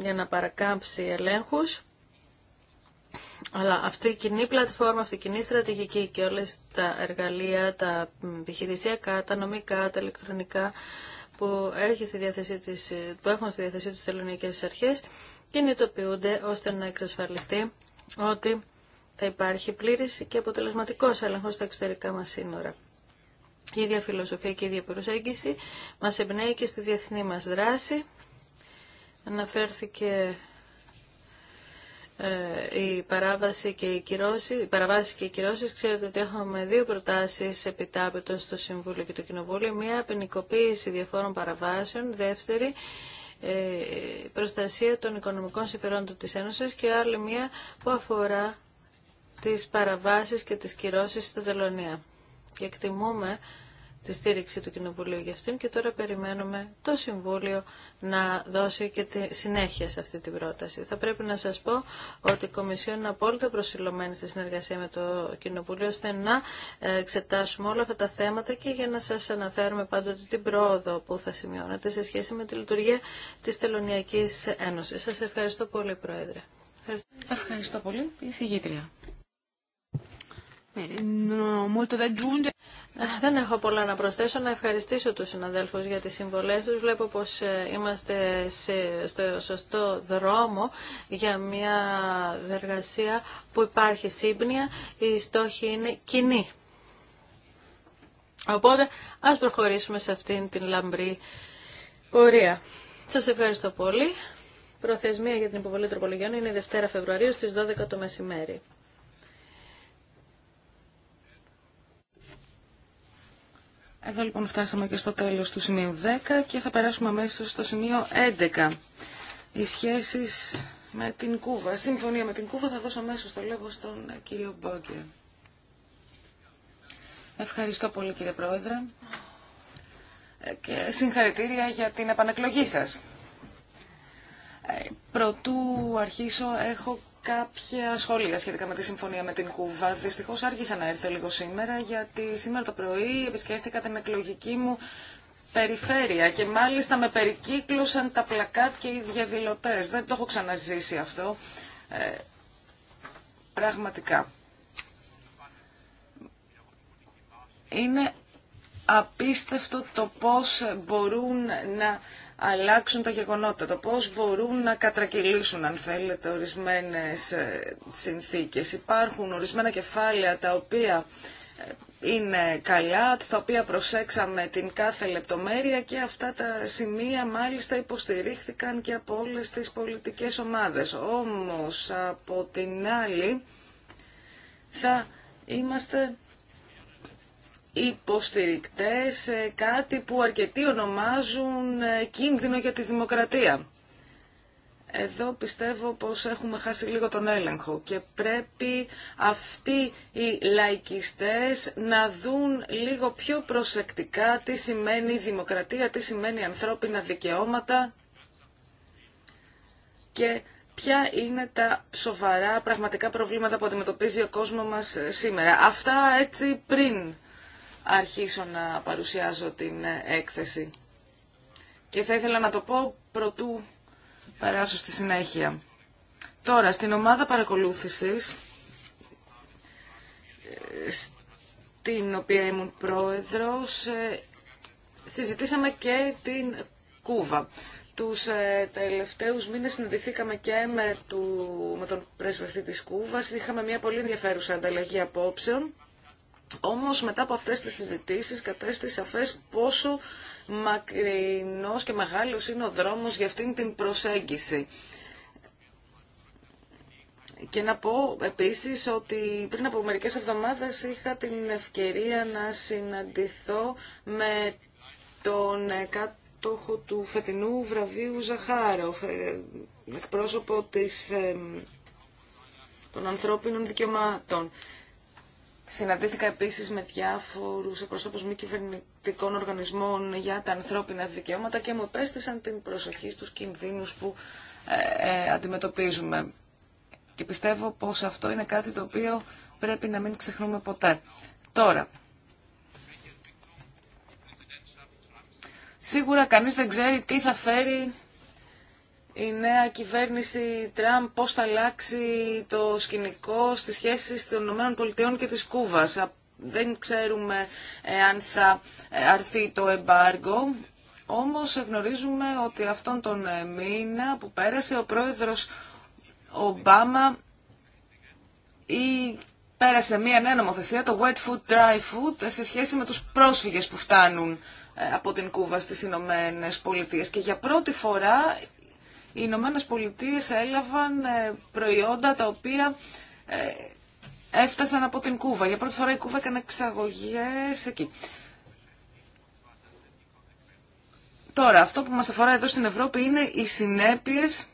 για να παρακάμψει ελέγχους. Αλλά αυτή η κοινή πλατφόρμα, αυτή η κοινή στρατηγική και όλες τα εργαλεία, τα επιχειρησιακά, τα νομικά, τα ηλεκτρονικά που, έχει στη που έχουν στη διάθεσή τους ελληνικές αρχές κινητοποιούνται ώστε να εξασφαλιστεί ότι θα υπάρχει πλήρηση και αποτελεσματικός έλεγχος στα εξωτερικά μας σύνορα. Η ίδια φιλοσοφία και η ίδια προσέγγιση μας εμπνέει και στη διεθνή μας δράση αναφέρθηκε ε, η παράβαση και οι κυρώσεις, η και οι κυρώσεις, ξέρετε ότι έχουμε δύο προτάσεις επιτάπητος στο Συμβούλιο και το Κοινοβούλιο. Μία ποινικοποίηση διαφόρων παραβάσεων, δεύτερη ε, προστασία των οικονομικών συμφερόντων της Ένωσης και άλλη μία που αφορά τις παραβάσεις και τις κυρώσεις στα τελωνία. Και εκτιμούμε τη στήριξη του Κοινοβουλίου για αυτήν και τώρα περιμένουμε το Συμβούλιο να δώσει και τη συνέχεια σε αυτή την πρόταση. Θα πρέπει να σας πω ότι η Κομισιόν είναι απόλυτα προσιλωμένη στη συνεργασία με το Κοινοβουλίο ώστε να ε, εξετάσουμε όλα αυτά τα θέματα και για να σας αναφέρουμε πάντοτε την πρόοδο που θα σημειώνεται σε σχέση με τη λειτουργία της Τελωνιακής Ένωσης. Σας ευχαριστώ πολύ Πρόεδρε. Ευχαριστώ, ευχαριστώ πολύ. Η aggiungere. Δεν έχω πολλά να προσθέσω. Να ευχαριστήσω τους συναδέλφους για τις συμβολές τους. Βλέπω πως ε, είμαστε σε, στο σωστό δρόμο για μια δεργασία που υπάρχει σύμπνοια. Η στόχη είναι κοινή. Οπότε ας προχωρήσουμε σε αυτήν την λαμπρή πορεία. Σας ευχαριστώ πολύ. Προθεσμία για την υποβολή τροπολογιών είναι Δευτέρα Φεβρουαρίου στις 12 το μεσημέρι. Εδώ λοιπόν φτάσαμε και στο τέλος του σημείου 10 και θα περάσουμε αμέσω στο σημείο 11. Οι σχέσεις με την Κούβα, συμφωνία με την Κούβα, θα δώσω αμέσω το λόγο στον κύριο Μπόγκερ. Ευχαριστώ πολύ κύριε Πρόεδρε ε, και συγχαρητήρια για την επανεκλογή σας. Ε, προτού αρχίσω έχω κάποια σχόλια σχετικά με τη συμφωνία με την Κούβα. Δυστυχώ άρχισα να έρθω λίγο σήμερα, γιατί σήμερα το πρωί επισκέφθηκα την εκλογική μου περιφέρεια και μάλιστα με περικύκλωσαν τα πλακάτ και οι διαδηλωτέ. Δεν το έχω ξαναζήσει αυτό. Ε, πραγματικά. Είναι απίστευτο το πώς μπορούν να αλλάξουν τα γεγονότα, το πώς μπορούν να κατρακυλήσουν, αν θέλετε, ορισμένες ε, συνθήκες. Υπάρχουν ορισμένα κεφάλαια τα οποία ε, είναι καλά, τα οποία προσέξαμε την κάθε λεπτομέρεια και αυτά τα σημεία μάλιστα υποστηρίχθηκαν και από όλες τις πολιτικές ομάδες. Όμως, από την άλλη, θα είμαστε υποστηρικτές, κάτι που αρκετοί ονομάζουν ε, κίνδυνο για τη δημοκρατία. Εδώ πιστεύω πως έχουμε χάσει λίγο τον έλεγχο και πρέπει αυτοί οι λαϊκιστές να δουν λίγο πιο προσεκτικά τι σημαίνει δημοκρατία, τι σημαίνει ανθρώπινα δικαιώματα και ποια είναι τα σοβαρά πραγματικά προβλήματα που αντιμετωπίζει ο κόσμος μας σήμερα. Αυτά έτσι πριν αρχίσω να παρουσιάζω την έκθεση. Και θα ήθελα να το πω προτού περάσω στη συνέχεια. Τώρα, στην ομάδα παρακολούθησης, στην οποία ήμουν πρόεδρος, ε, συζητήσαμε και την Κούβα. Τους ε, τελευταίους μήνες συναντηθήκαμε και με, με τον πρεσβευτή της Κούβας. Είχαμε μια πολύ ενδιαφέρουσα ανταλλαγή απόψεων. Όμως μετά από αυτές τις συζητήσεις κατέστη σαφές πόσο μακρινός και μεγάλος είναι ο δρόμος για αυτήν την προσέγγιση. Και να πω επίσης ότι πριν από μερικές εβδομάδες είχα την ευκαιρία να συναντηθώ με τον κάτοχο του φετινού βραβείου Ζαχάροφ, ε, εκπρόσωπο της, ε, των ανθρώπινων δικαιωμάτων. Συναντήθηκα επίση με διάφορους εκπροσώπου μη κυβερνητικών οργανισμών για τα ανθρώπινα δικαιώματα και μου επέστησαν την προσοχή στου κινδύνους που ε, ε, αντιμετωπίζουμε. Και πιστεύω πως αυτό είναι κάτι το οποίο πρέπει να μην ξεχνούμε ποτέ. Τώρα, σίγουρα κανείς δεν ξέρει τι θα φέρει η νέα κυβέρνηση Τραμπ πώς θα αλλάξει το σκηνικό στις σχέσεις των ΗΠΑ και της Κούβας. Δεν ξέρουμε ε, αν θα ε, αρθεί το εμπάργκο. Όμως ε, γνωρίζουμε ότι αυτόν τον μήνα που πέρασε ο πρόεδρος Ομπάμα ή πέρασε μία νέα νομοθεσία, το wet food, dry food, σε σχέση με τους πρόσφυγες που φτάνουν από την Κούβα στις Ηνωμένε Πολιτείες. Και για πρώτη φορά οι Ηνωμένε Πολιτείε έλαβαν ε, προϊόντα τα οποία ε, έφτασαν από την Κούβα. Για πρώτη φορά η Κούβα έκανε εξαγωγές εκεί. Τώρα, αυτό που μας αφορά εδώ στην Ευρώπη είναι οι συνέπειες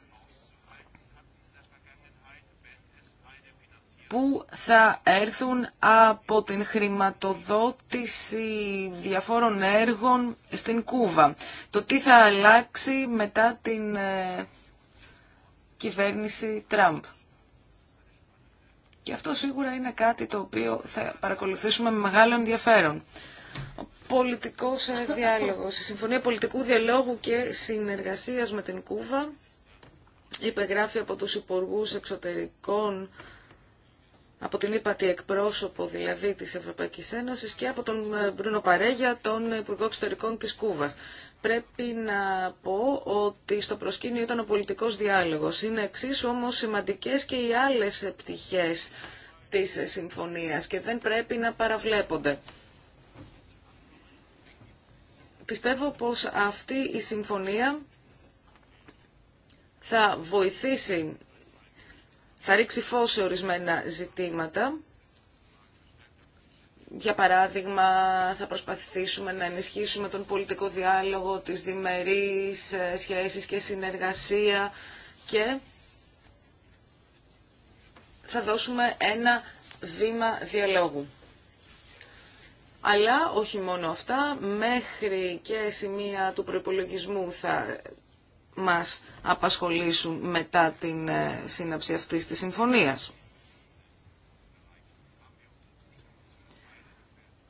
που θα έρθουν από την χρηματοδότηση διαφόρων έργων στην Κούβα. Το τι θα αλλάξει μετά την ε, κυβέρνηση Τραμπ. Και αυτό σίγουρα είναι κάτι το οποίο θα παρακολουθήσουμε με μεγάλο ενδιαφέρον. Ο πολιτικός ε, διάλογος, η Συμφωνία Πολιτικού Διαλόγου και Συνεργασίας με την Κούβα υπεγράφει από τους υποργούς Εξωτερικών από την ύπατη εκπρόσωπο δηλαδή της Ευρωπαϊκής Ένωσης και από τον ε, Μπρούνο Παρέγια, τον Υπουργό Εξωτερικών της Κούβας. Πρέπει να πω ότι στο προσκήνιο ήταν ο πολιτικός διάλογος. Είναι εξίσου όμως σημαντικές και οι άλλες πτυχές της συμφωνίας και δεν πρέπει να παραβλέπονται. Πιστεύω πως αυτή η συμφωνία θα βοηθήσει θα ρίξει φως σε ορισμένα ζητήματα. Για παράδειγμα, θα προσπαθήσουμε να ενισχύσουμε τον πολιτικό διάλογο, τις διμερείς ε, σχέσεις και συνεργασία και θα δώσουμε ένα βήμα διαλόγου. Αλλά όχι μόνο αυτά, μέχρι και σημεία του προϋπολογισμού θα μας απασχολήσουν μετά την ε, σύναψη αυτής της συμφωνίας.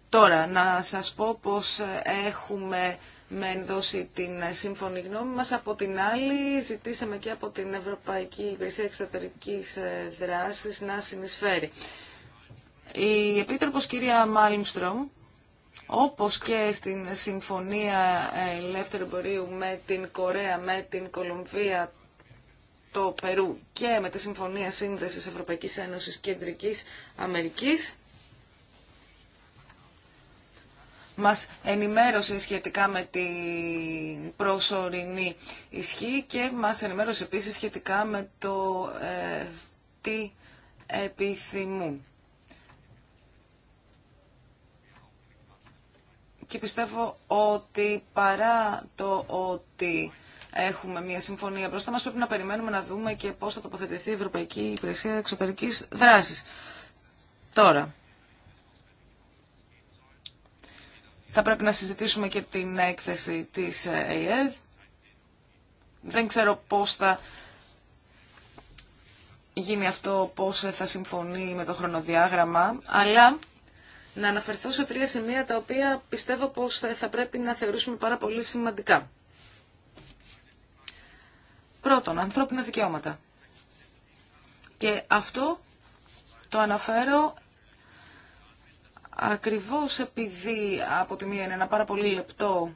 Τώρα, να σας πω πως έχουμε με δώσει την σύμφωνη γνώμη μας. Από την άλλη, ζητήσαμε και από την Ευρωπαϊκή Υπηρεσία Εξωτερικής ε, Δράσης να συνεισφέρει. Η Επίτροπος κυρία Μάλιμστρομ όπως και στην Συμφωνία Ελεύθερου Εμπορίου με την Κορέα, με την Κολομβία, το Περού και με τη Συμφωνία Σύνδεσης Ευρωπαϊκής Ένωσης Κεντρικής Αμερικής, μας ενημέρωσε σχετικά με την προσωρινή ισχύ και μας ενημέρωσε επίσης σχετικά με το ε, τι επιθυμούν. Και πιστεύω ότι παρά το ότι έχουμε μια συμφωνία μπροστά μας, πρέπει να περιμένουμε να δούμε και πώς θα τοποθετηθεί η Ευρωπαϊκή Υπηρεσία Εξωτερικής Δράσης. Τώρα, θα πρέπει να συζητήσουμε και την έκθεση της ΕΕΔ. Δεν ξέρω πώς θα γίνει αυτό, πώς θα συμφωνεί με το χρονοδιάγραμμα, αλλά να αναφερθώ σε τρία σημεία τα οποία πιστεύω πως θα πρέπει να θεωρήσουμε πάρα πολύ σημαντικά. Πρώτον, ανθρώπινα δικαιώματα. Και αυτό το αναφέρω ακριβώς επειδή από τη μία είναι ένα πάρα πολύ λεπτό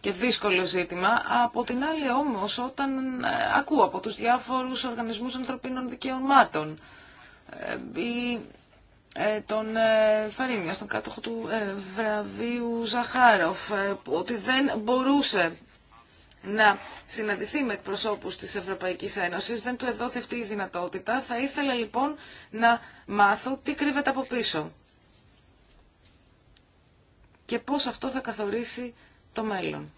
και δύσκολο ζήτημα, από την άλλη όμως όταν ε, ακούω από τους διάφορους οργανισμούς ανθρωπίνων δικαιωμάτων ε, ε, τον ε, Φαρίνια, στον κάτοχο του ε, βραβείου Ζαχάροφ, ότι δεν μπορούσε να συναντηθεί με εκπροσώπους της Ευρωπαϊκής Ένωσης. Δεν του εδόθη η δυνατότητα. Θα ήθελα λοιπόν να μάθω τι κρύβεται από πίσω και πώς αυτό θα καθορίσει το μέλλον.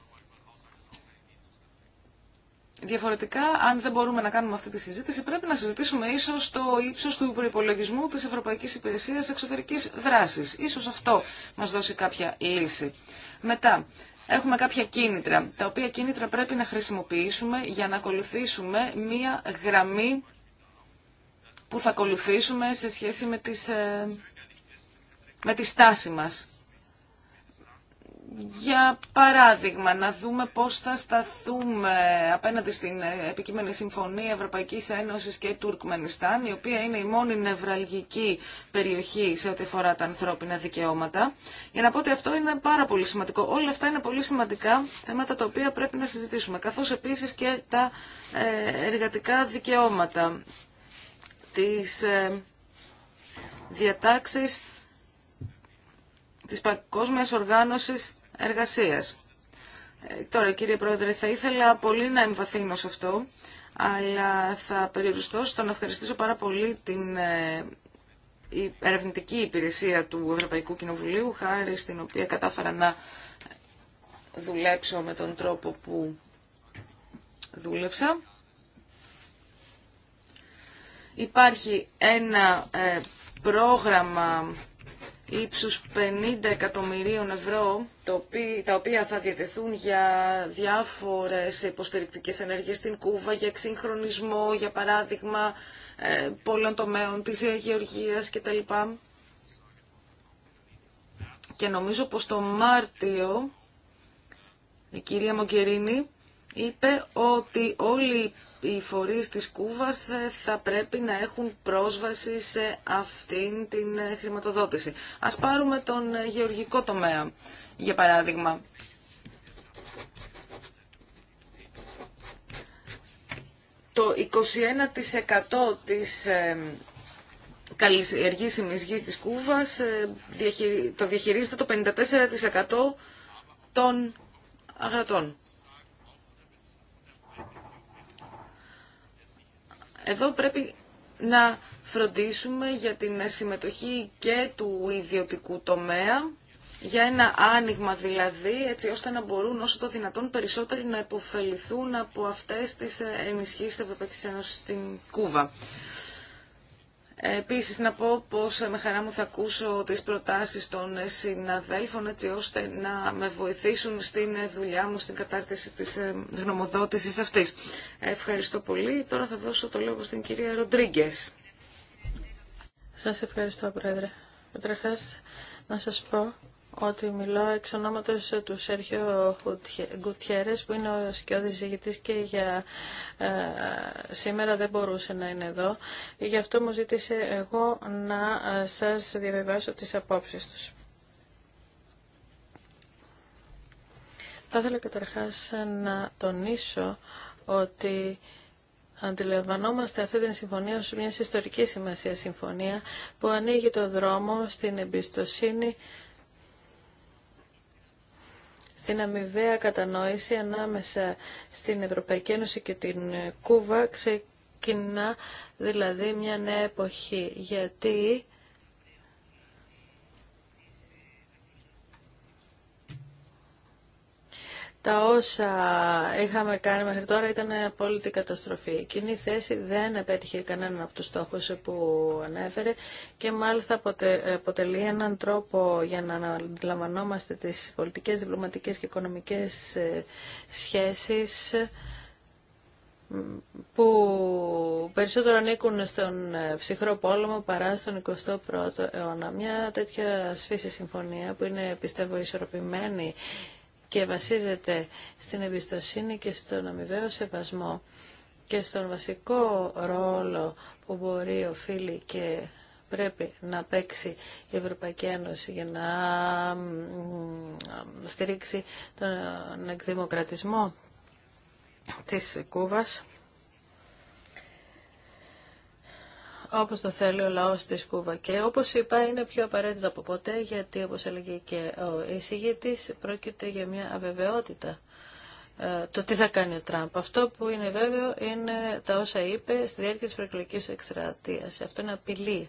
Διαφορετικά, αν δεν μπορούμε να κάνουμε αυτή τη συζήτηση, πρέπει να συζητήσουμε ίσω το ύψο του προπολογισμού τη Ευρωπαϊκή Υπηρεσία Εξωτερική Δράση. σω αυτό μα δώσει κάποια λύση. Μετά, έχουμε κάποια κίνητρα, τα οποία κίνητρα πρέπει να χρησιμοποιήσουμε για να ακολουθήσουμε μία γραμμή που θα ακολουθήσουμε σε σχέση με, τις, ε, με τη στάση μας για παράδειγμα, να δούμε πώς θα σταθούμε απέναντι στην επικείμενη συμφωνία Ευρωπαϊκής Ένωσης και Τουρκμενιστάν, η οποία είναι η μόνη νευραλγική περιοχή σε ό,τι αφορά τα ανθρώπινα δικαιώματα. Για να πω ότι αυτό είναι πάρα πολύ σημαντικό. Όλα αυτά είναι πολύ σημαντικά θέματα τα οποία πρέπει να συζητήσουμε, καθώς επίσης και τα ε, εργατικά δικαιώματα, τις ε, διατάξεις της Παγκόσμιας Οργάνωσης εργασίας. Ε, τώρα, κύριε Πρόεδρε, θα ήθελα πολύ να εμβαθύνω σε αυτό, αλλά θα περιοριστώ στο να ευχαριστήσω πάρα πολύ την ε, ερευνητική υπηρεσία του Ευρωπαϊκού Κοινοβουλίου, χάρη στην οποία κατάφερα να δουλέψω με τον τρόπο που δούλεψα. Υπάρχει ένα ε, πρόγραμμα ύψους 50 εκατομμυρίων ευρώ, τα οποία θα διατεθούν για διάφορες υποστηρικτικές ενέργειες στην Κούβα, για εξυγχρονισμό, για παράδειγμα, ε, πολλών τομέων της γεωργίας κτλ. Και νομίζω πως το Μάρτιο η κυρία Μογκερίνη είπε ότι όλοι οι φορείς της Κούβας θα πρέπει να έχουν πρόσβαση σε αυτήν την χρηματοδότηση. Ας πάρουμε τον γεωργικό τομέα, για παράδειγμα. Το 21% της ε, καλλιεργήσιμης γης της Κούβας ε, το διαχειρίζεται το 54% των αγρατών. Εδώ πρέπει να φροντίσουμε για την συμμετοχή και του ιδιωτικού τομέα, για ένα άνοιγμα δηλαδή, έτσι ώστε να μπορούν όσο το δυνατόν περισσότεροι να υποφεληθούν από αυτές τις ενισχύσεις της Ευρωπαϊκής Ένωσης στην Κούβα. Επίσης να πω πως με χαρά μου θα ακούσω τις προτάσεις των συναδέλφων έτσι ώστε να με βοηθήσουν στην δουλειά μου στην κατάρτιση της ε, γνωμοδότησης αυτής. Ευχαριστώ πολύ. Τώρα θα δώσω το λόγο στην κυρία Ροντρίγκε. Σας ευχαριστώ Πρόεδρε. Καταρχάς να σας πω ότι μιλώ εξ ονόματος ε, του Σέρχιο Γκουτιέρες που είναι ο σκιώδης ζητητής και για ε, σήμερα δεν μπορούσε να είναι εδώ. Γι' αυτό μου ζήτησε εγώ να ε, σας διαβεβάσω τις απόψεις τους. Θα ήθελα καταρχάς να τονίσω ότι Αντιλαμβανόμαστε αυτή την συμφωνία ως μια ιστορική σημασία συμφωνία που ανοίγει το δρόμο στην εμπιστοσύνη στην αμοιβαία κατανόηση ανάμεσα στην Ευρωπαϊκή Ένωση και την Κούβα ξεκινά δηλαδή μια νέα εποχή γιατί τα όσα είχαμε κάνει μέχρι τώρα ήταν απόλυτη καταστροφή. Η κοινή θέση δεν επέτυχε κανέναν από τους στόχους που ανέφερε και μάλιστα αποτελεί έναν τρόπο για να αντιλαμβανόμαστε τις πολιτικές, διπλωματικές και οικονομικές ε, σχέσεις που περισσότερο ανήκουν στον ε, ψυχρό πόλεμο παρά στον 21ο αιώνα. Μια τέτοια σφίση συμφωνία που είναι πιστεύω ισορροπημένη και βασίζεται στην εμπιστοσύνη και στον αμοιβαίο σεβασμό και στον βασικό ρόλο που μπορεί, οφείλει και πρέπει να παίξει η Ευρωπαϊκή Ένωση για να στηρίξει τον εκδημοκρατισμό της Κούβας όπως το θέλει ο λαός της Κούβα. Και όπως είπα είναι πιο απαραίτητο από ποτέ γιατί όπως έλεγε και ο εισηγητής πρόκειται για μια αβεβαιότητα ε, το τι θα κάνει ο Τραμπ. Αυτό που είναι βέβαιο είναι τα όσα είπε στη διάρκεια της προεκλογικής εκστρατείας. Αυτό είναι απειλή.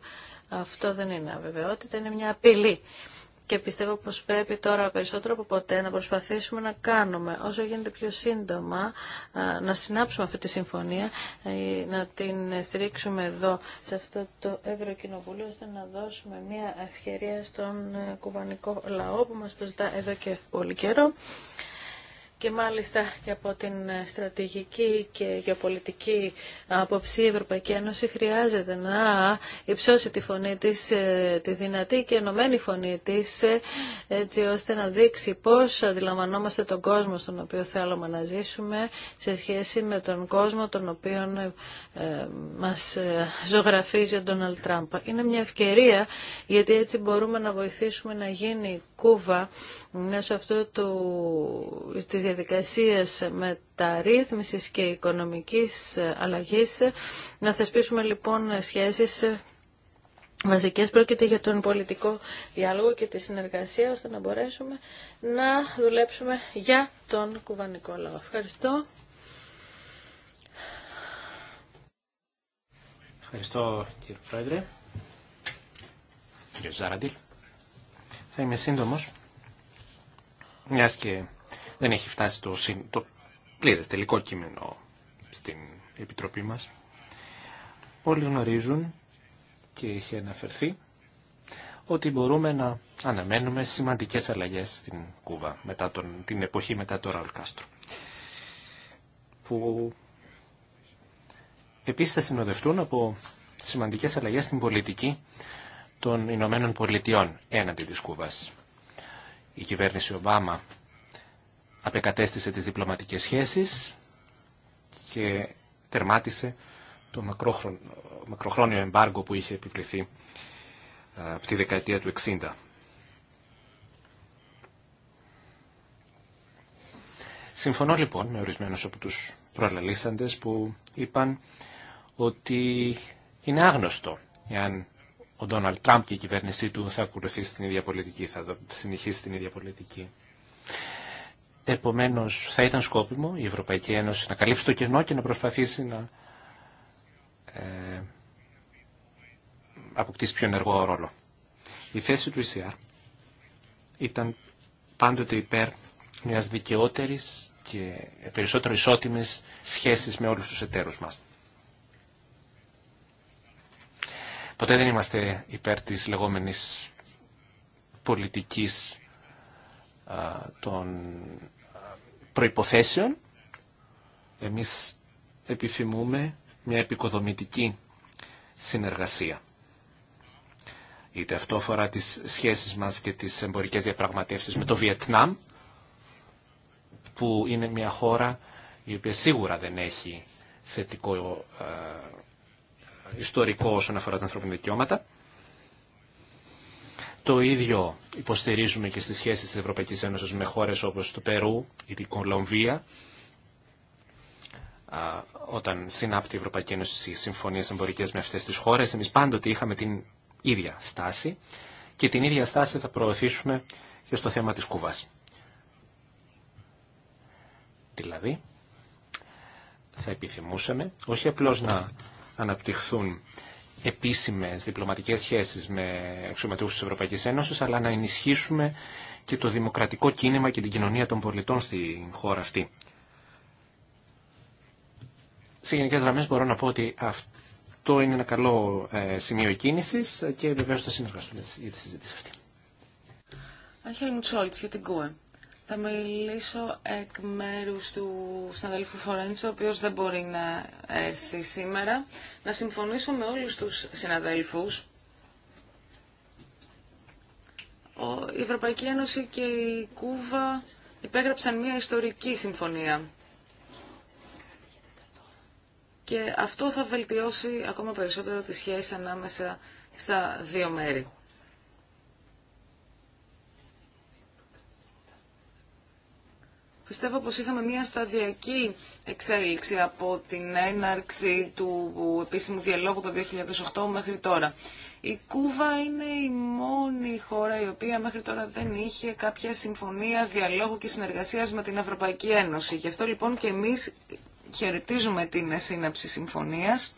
Αυτό δεν είναι αβεβαιότητα, είναι μια απειλή και πιστεύω πως πρέπει τώρα περισσότερο από ποτέ να προσπαθήσουμε να κάνουμε όσο γίνεται πιο σύντομα να συνάψουμε αυτή τη συμφωνία, ε, να την στηρίξουμε εδώ σε αυτό το Ευρωκοινοβούλιο ώστε να δώσουμε μια ευκαιρία στον ε, κουβανικό λαό που μας το ζητά εδώ και πολύ καιρό και μάλιστα και από την στρατηγική και γεωπολιτική άποψη η Ευρωπαϊκή Ένωση χρειάζεται να υψώσει τη φωνή της, ε, τη δυνατή και ενωμένη φωνή της, ε, έτσι ώστε να δείξει πώς αντιλαμβανόμαστε τον κόσμο στον οποίο θέλουμε να ζήσουμε σε σχέση με τον κόσμο τον οποίο ε, μας ζωγραφίζει ο Ντόναλτ Τραμπ. Είναι μια ευκαιρία γιατί έτσι μπορούμε να βοηθήσουμε να γίνει Κούβα μέσω αυτού του, της διαδικασίας μεταρρύθμισης και οικονομικής αλλαγής. Να θεσπίσουμε λοιπόν σχέσεις βασικές πρόκειται για τον πολιτικό διάλογο και τη συνεργασία ώστε να μπορέσουμε να δουλέψουμε για τον κουβανικό λαό. Ευχαριστώ. Ευχαριστώ κύριε Πρόεδρε. Κύριε Ζαραντήλ. Θα είμαι σύντομο. μιας και δεν έχει φτάσει το, το πλήρες τελικό κείμενο στην Επιτροπή μας. Όλοι γνωρίζουν και είχε αναφερθεί ότι μπορούμε να αναμένουμε σημαντικές αλλαγές στην Κούβα μετά τον, την εποχή μετά το Ραουλ Κάστρο που επίσης θα συνοδευτούν από σημαντικές αλλαγές στην πολιτική των Ηνωμένων Πολιτειών έναντι της Κούβας. Η κυβέρνηση Ομπάμα απεκατέστησε τις διπλωματικές σχέσεις και τερμάτισε το μακροχρόνιο εμπάργκο που είχε επιβληθεί ε, από τη δεκαετία του 60. Συμφωνώ λοιπόν με ορισμένους από τους προλαλήσαντες που είπαν ότι είναι άγνωστο εάν ο Ντόναλτ Τραμπ και η κυβέρνησή του θα ακολουθήσει την ίδια πολιτική, θα συνεχίσει την ίδια πολιτική. Επομένως, θα ήταν σκόπιμο η Ευρωπαϊκή Ένωση να καλύψει το κενό και να προσπαθήσει να ε, αποκτήσει πιο ενεργό ρόλο. Η θέση του ECR ήταν πάντοτε υπέρ μιας δικαιότερης και περισσότερο ισότιμης σχέσης με όλους τους εταίρους μας. Ποτέ δεν είμαστε υπέρ της λεγόμενης πολιτικής των προϋποθέσεων. Εμείς επιθυμούμε μια επικοδομητική συνεργασία. Είτε αυτό αφορά τις σχέσεις μας και τις εμπορικές διαπραγματεύσεις με το Βιετνάμ, που είναι μια χώρα η οποία σίγουρα δεν έχει θετικό ιστορικό όσον αφορά τα ανθρώπινα δικαιώματα. Το ίδιο υποστηρίζουμε και στις σχέσεις της Ευρωπαϊκής Ένωσης με χώρες όπως το Περού ή την Κολομβία, όταν συνάπτει η Ευρωπαϊκή Ένωση οι συμφωνίες εμπορικές με αυτές τις χώρες, εμείς πάντοτε είχαμε την κολομβια οταν συναπτει η ευρωπαικη ενωση στις συμφωνιες εμπορικες με στάση και την ίδια στάση θα προωθήσουμε και στο θέμα της Κούβας. Δηλαδή, θα επιθυμούσαμε όχι απλώς να αναπτυχθούν επίσημες διπλωματικές σχέσεις με αξιωματούχου της Ευρωπαϊκής Ένωσης, αλλά να ενισχύσουμε και το δημοκρατικό κίνημα και την κοινωνία των πολιτών στη χώρα αυτή. Σε γενικέ γραμμέ μπορώ να πω ότι αυτό είναι ένα καλό ε, σημείο κίνηση και βεβαίω θα συνεργαστούμε για τη συζήτηση αυτή. για την ΚΟΕ. Θα μιλήσω εκ μέρους του συναδέλφου Φορέντσο, ο οποίος δεν μπορεί να έρθει σήμερα. Να συμφωνήσω με όλους τους συναδέλφους. Η Ευρωπαϊκή Ένωση και η Κούβα υπέγραψαν μια ιστορική συμφωνία. Και αυτό θα βελτιώσει ακόμα περισσότερο τη σχέση ανάμεσα στα δύο μέρη. Πιστεύω πως είχαμε μια σταδιακή εξέλιξη από την έναρξη του επίσημου διαλόγου το 2008 μέχρι τώρα. Η Κούβα είναι η μόνη χώρα η οποία μέχρι τώρα δεν είχε κάποια συμφωνία διαλόγου και συνεργασίας με την Ευρωπαϊκή Ένωση. Γι' αυτό λοιπόν και εμείς χαιρετίζουμε την σύναψη συμφωνίας,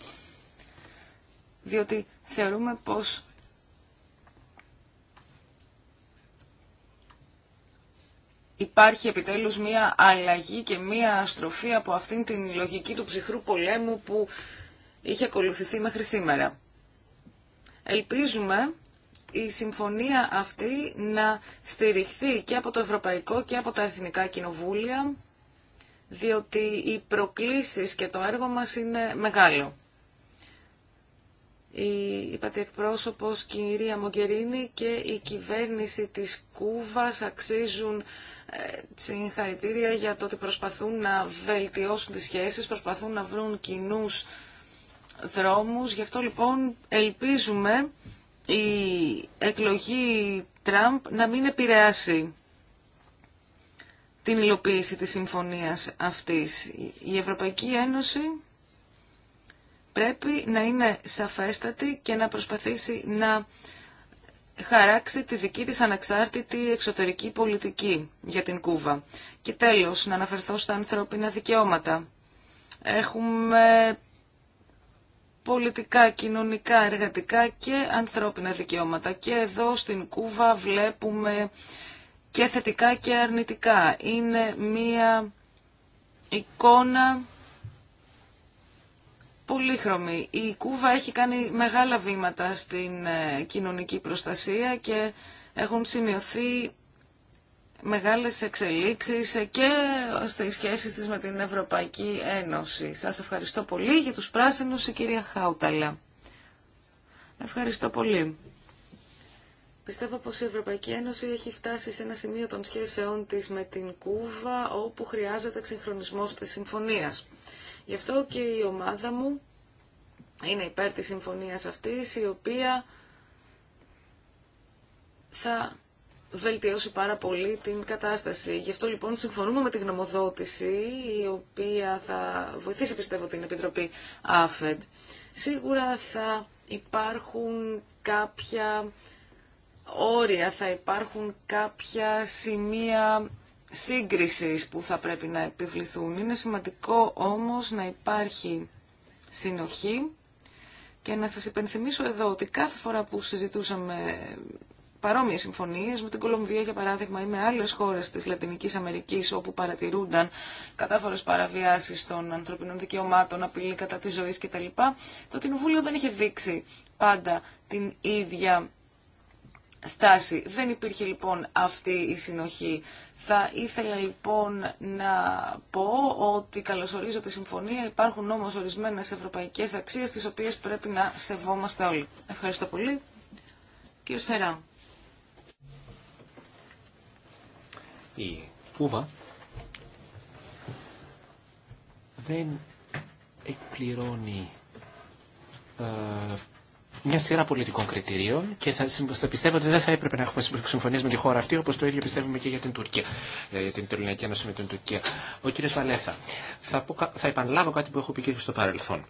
διότι θεωρούμε πως υπάρχει επιτέλους μία αλλαγή και μία στροφή από αυτήν την λογική του ψυχρού πολέμου που είχε ακολουθηθεί μέχρι σήμερα. Ελπίζουμε η συμφωνία αυτή να στηριχθεί και από το Ευρωπαϊκό και από τα Εθνικά Κοινοβούλια, διότι οι προκλήσεις και το έργο μας είναι μεγάλο η υπατεκπρόσωπος εκπρόσωπος κυρία Μογκερίνη και η κυβέρνηση της Κούβας αξίζουν την ε, συγχαρητήρια για το ότι προσπαθούν να βελτιώσουν τις σχέσεις, προσπαθούν να βρουν κοινού δρόμους. Γι' αυτό λοιπόν ελπίζουμε η εκλογή Τραμπ να μην επηρεάσει την υλοποίηση της συμφωνίας αυτής. Η Ευρωπαϊκή Ένωση πρέπει να είναι σαφέστατη και να προσπαθήσει να χαράξει τη δική της αναξάρτητη εξωτερική πολιτική για την Κούβα. Και τέλος, να αναφερθώ στα ανθρώπινα δικαιώματα. Έχουμε πολιτικά, κοινωνικά, εργατικά και ανθρώπινα δικαιώματα. Και εδώ στην Κούβα βλέπουμε και θετικά και αρνητικά. Είναι μία εικόνα πολύχρωμη. Η Κούβα έχει κάνει μεγάλα βήματα στην ε, κοινωνική προστασία και έχουν σημειωθεί μεγάλες εξελίξεις ε, και στις σχέσεις της με την Ευρωπαϊκή Ένωση. Σας ευχαριστώ πολύ για τους πράσινους, η κυρία Χάουταλα. Ευχαριστώ πολύ. Πιστεύω πως η Ευρωπαϊκή Ένωση έχει φτάσει σε ένα σημείο των σχέσεών της με την Κούβα όπου χρειάζεται εξυγχρονισμός της συμφωνίας. Γι' αυτό και η ομάδα μου είναι υπέρ της συμφωνίας αυτής, η οποία θα βελτιώσει πάρα πολύ την κατάσταση. Γι' αυτό λοιπόν συμφωνούμε με τη γνωμοδότηση, η οποία θα βοηθήσει πιστεύω την Επιτροπή ΑΦΕΔ. Σίγουρα θα υπάρχουν κάποια όρια, θα υπάρχουν κάποια σημεία σύγκρισης που θα πρέπει να επιβληθούν. Είναι σημαντικό όμως να υπάρχει συνοχή και να σας υπενθυμίσω εδώ ότι κάθε φορά που συζητούσαμε παρόμοιες συμφωνίες με την Κολομβία για παράδειγμα ή με άλλες χώρες της Λατινικής Αμερικής όπου παρατηρούνταν κατάφορες παραβιάσεις των ανθρωπινών δικαιωμάτων, απειλή κατά της ζωής κτλ. Το Κοινοβούλιο δεν είχε δείξει πάντα την ίδια στάση. Δεν υπήρχε λοιπόν αυτή η συνοχή. Θα ήθελα λοιπόν να πω ότι καλωσορίζω τη συμφωνία. Υπάρχουν όμω ορισμένες ευρωπαϊκές αξίες τι οποίες πρέπει να σεβόμαστε όλοι. Ευχαριστώ πολύ. Κύριο Φερά. Η Κούβα δεν εκπληρώνει ε, μια σειρά πολιτικών κριτηρίων και θα, θα πιστεύω ότι δεν θα έπρεπε να έχουμε συμφωνίε με τη χώρα αυτή, όπω το ίδιο πιστεύουμε και για την Τουρκία, για ε, την Τελωνιακή Ένωση με την Τουρκία. Ο κ. Βαλέσα, θα, πω, θα επαναλάβω κάτι που έχω πει και στο παρελθόν.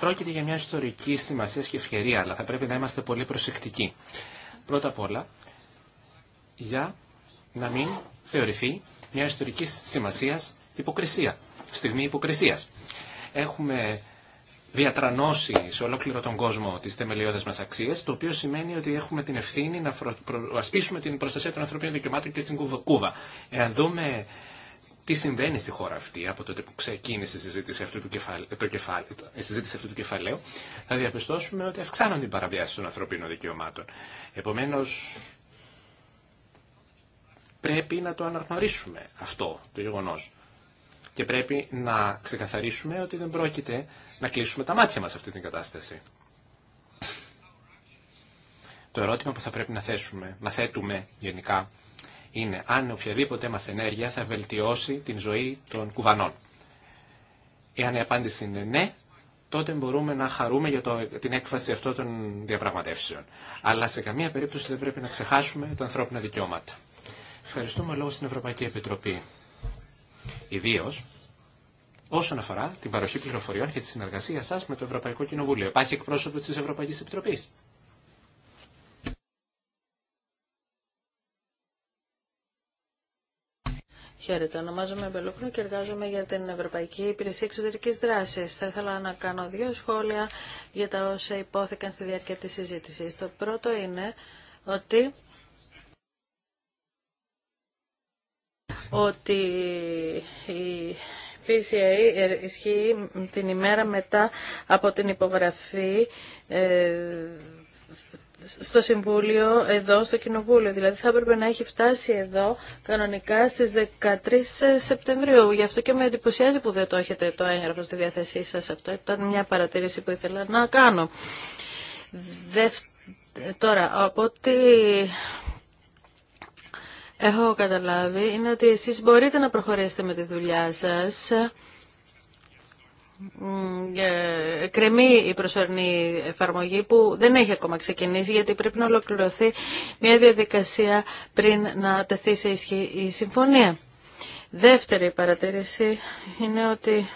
Πρόκειται για μια ιστορική σημασία και ευκαιρία, αλλά θα πρέπει να είμαστε πολύ προσεκτικοί. Πρώτα απ' όλα, για να μην θεωρηθεί μια ιστορική σημασία υποκρισία, στιγμή υποκρισία. Έχουμε διατρανώσει σε ολόκληρο τον κόσμο τι θεμελιώδε μα αξίε, το οποίο σημαίνει ότι έχουμε την ευθύνη να ασπίσουμε την προστασία των ανθρωπίνων δικαιωμάτων και στην Κούβα. Εάν δούμε τι συμβαίνει στη χώρα αυτή από τότε που ξεκίνησε η συζήτηση αυτού του, κεφαλαίου, το η συζήτηση αυτού του κεφαλαίου, θα διαπιστώσουμε ότι αυξάνονται οι παραβιάσει των ανθρωπίνων δικαιωμάτων. Επομένω, πρέπει να το αναγνωρίσουμε αυτό το γεγονό. Και πρέπει να ξεκαθαρίσουμε ότι δεν πρόκειται να κλείσουμε τα μάτια μας σε αυτή την κατάσταση. Το ερώτημα που θα πρέπει να θέσουμε, να θέτουμε γενικά, είναι αν οποιαδήποτε μας ενέργεια θα βελτιώσει την ζωή των κουβανών. Εάν η απάντηση είναι ναι, τότε μπορούμε να χαρούμε για το, την έκφαση αυτών των διαπραγματεύσεων. Αλλά σε καμία περίπτωση δεν πρέπει να ξεχάσουμε τα ανθρώπινα δικαιώματα. Ευχαριστούμε λόγω στην Ευρωπαϊκή Επιτροπή ιδίω όσον αφορά την παροχή πληροφοριών και τη συνεργασία σα με το Ευρωπαϊκό Κοινοβούλιο. Υπάρχει εκπρόσωπο τη Ευρωπαϊκή Επιτροπή. Χαίρετε, ονομάζομαι Μπελούκνο και εργάζομαι για την Ευρωπαϊκή Υπηρεσία Εξωτερική Δράση. Θα ήθελα να κάνω δύο σχόλια για τα όσα υπόθηκαν στη διάρκεια τη συζήτηση. Το πρώτο είναι ότι ότι η PCA ισχύει την ημέρα μετά από την υπογραφή ε, στο Συμβούλιο, εδώ στο Κοινοβούλιο. Δηλαδή θα έπρεπε να έχει φτάσει εδώ κανονικά στις 13 Σεπτεμβρίου. Γι' αυτό και με εντυπωσιάζει που δεν το έχετε το έγγραφο στη διάθεσή σας. Αυτό ήταν μια παρατήρηση που ήθελα να κάνω. Τώρα, από ό,τι έχω καταλάβει είναι ότι εσείς μπορείτε να προχωρήσετε με τη δουλειά σας. Ε, κρεμεί η προσωρινή εφαρμογή που δεν έχει ακόμα ξεκινήσει γιατί πρέπει να ολοκληρωθεί μια διαδικασία πριν να τεθεί σε ισχύ η συμφωνία. Δεύτερη παρατήρηση είναι ότι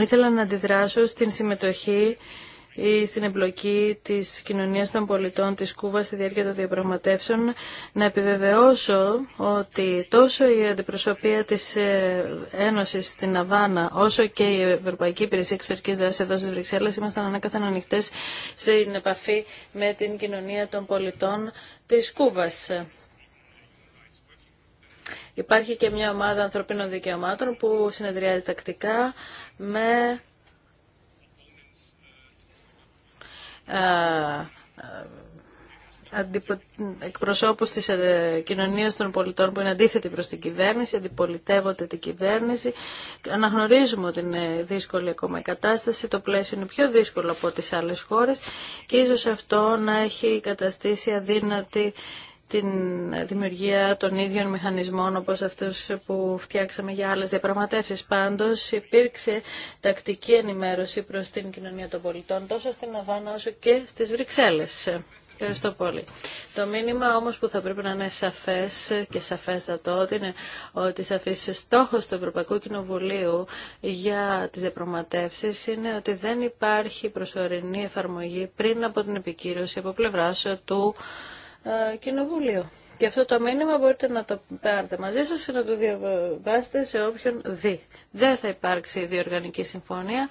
ήθελα να αντιδράσω στην συμμετοχή ή στην εμπλοκή της κοινωνίας των πολιτών της Κούβας στη διάρκεια των διαπραγματεύσεων, να επιβεβαιώσω ότι τόσο η αντιπροσωπεία της ε, Ένωσης στην εμπλοκη τη κοινωνια των πολιτων τη κουβα στη διαρκεια των διαπραγματευσεων να επιβεβαιωσω οτι τοσο η αντιπροσωπεια τη ενωση στην αβανα οσο και η Ευρωπαϊκή Υπηρεσία Εξωτερική Δράση εδώ στι Βρυξέλλε, ήμασταν ανέκαθεν ανοιχτέ στην επαφή με την κοινωνία των πολιτών τη Κούβα. Υπάρχει και μια ομάδα ανθρωπίνων δικαιωμάτων που συνεδριάζει τακτικά με Ε, ε, εκπροσώπους της ε, κοινωνίας των πολιτών που είναι αντίθετοι προς την κυβέρνηση, αντιπολιτεύονται την κυβέρνηση. Αναγνωρίζουμε ότι είναι δύσκολη ακόμα η κατάσταση, το πλαίσιο είναι πιο δύσκολο από τις άλλες χώρες και ίσως αυτό να έχει καταστήσει αδύνατη την δημιουργία των ίδιων μηχανισμών όπως αυτούς που φτιάξαμε για άλλες διαπραγματεύσεις. Πάντως υπήρξε τακτική ενημέρωση προς την κοινωνία των πολιτών τόσο στην Αβάνα όσο και στις Βρυξέλλες. Ευχαριστώ πολύ. Το μήνυμα όμως που θα πρέπει να είναι σαφές και σαφέστατο ότι είναι ότι σαφής στόχος του Ευρωπαϊκού Κοινοβουλίου για τις διαπραγματεύσεις είναι ότι δεν υπάρχει προσωρινή εφαρμογή πριν από την επικύρωση από πλευράς του ε, κοινοβούλιο. Και αυτό το μήνυμα μπορείτε να το πάρετε μαζί σας και να το διαβάσετε σε όποιον δει. Δεν θα υπάρξει διοργανική συμφωνία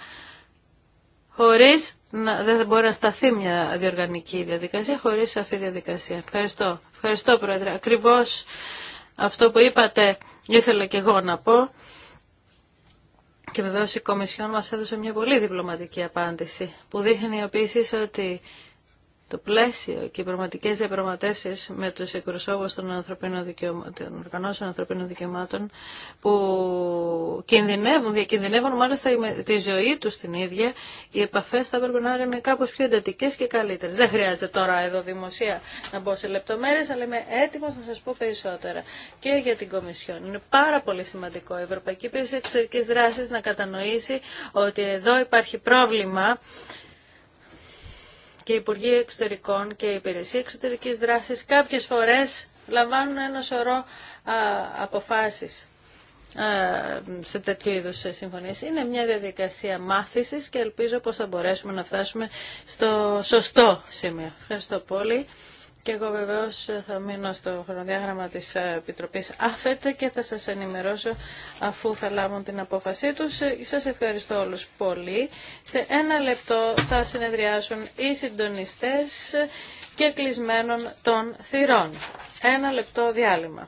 χωρίς να, δεν μπορεί να σταθεί μια διοργανική διαδικασία χωρίς η διαδικασία. Ευχαριστώ. Ευχαριστώ Πρόεδρε. Ακριβώς αυτό που είπατε ήθελα και εγώ να πω. Και βεβαίως η Κομισιόν μας έδωσε μια πολύ διπλωματική απάντηση που δείχνει επίση ότι το πλαίσιο και οι πραγματικέ διαπραγματεύσει με του εκπροσώπου των, ανθρωπίνων δικαιωμάτων, των οργανώσεων ανθρωπίνων δικαιωμάτων που κινδυνεύουν, διακινδυνεύουν μάλιστα τη ζωή του την ίδια, οι επαφέ θα έπρεπε να είναι κάπω πιο εντατικέ και καλύτερε. Δεν χρειάζεται τώρα εδώ δημοσία να μπω σε λεπτομέρειε, αλλά είμαι έτοιμο να σα πω περισσότερα και για την Κομισιόν. Είναι πάρα πολύ σημαντικό η Ευρωπαϊκή Υπηρεσία Εξωτερική Δράση να κατανοήσει ότι εδώ υπάρχει πρόβλημα και οι Υπουργοί Εξωτερικών και η Υπηρεσία Εξωτερικής Δράσης κάποιες φορές λαμβάνουν ένα σωρό αποφάσεις σε τέτοιου είδου συμφωνίε. Είναι μια διαδικασία μάθησης και ελπίζω πως θα μπορέσουμε να φτάσουμε στο σωστό σημείο. Ευχαριστώ πολύ. Και εγώ βεβαίω, θα μείνω στο χρονοδιάγραμμα της Επιτροπής ΑΦΕΤ και θα σα ενημερώσω αφού θα λάβουν την απόφασή τους. σα ευχαριστώ όλου πολύ. Σε ένα λεπτό θα συνεδριάσουν οι συντονιστέ και κλεισμένων των θυρών. Ένα λεπτό διάλειμμα.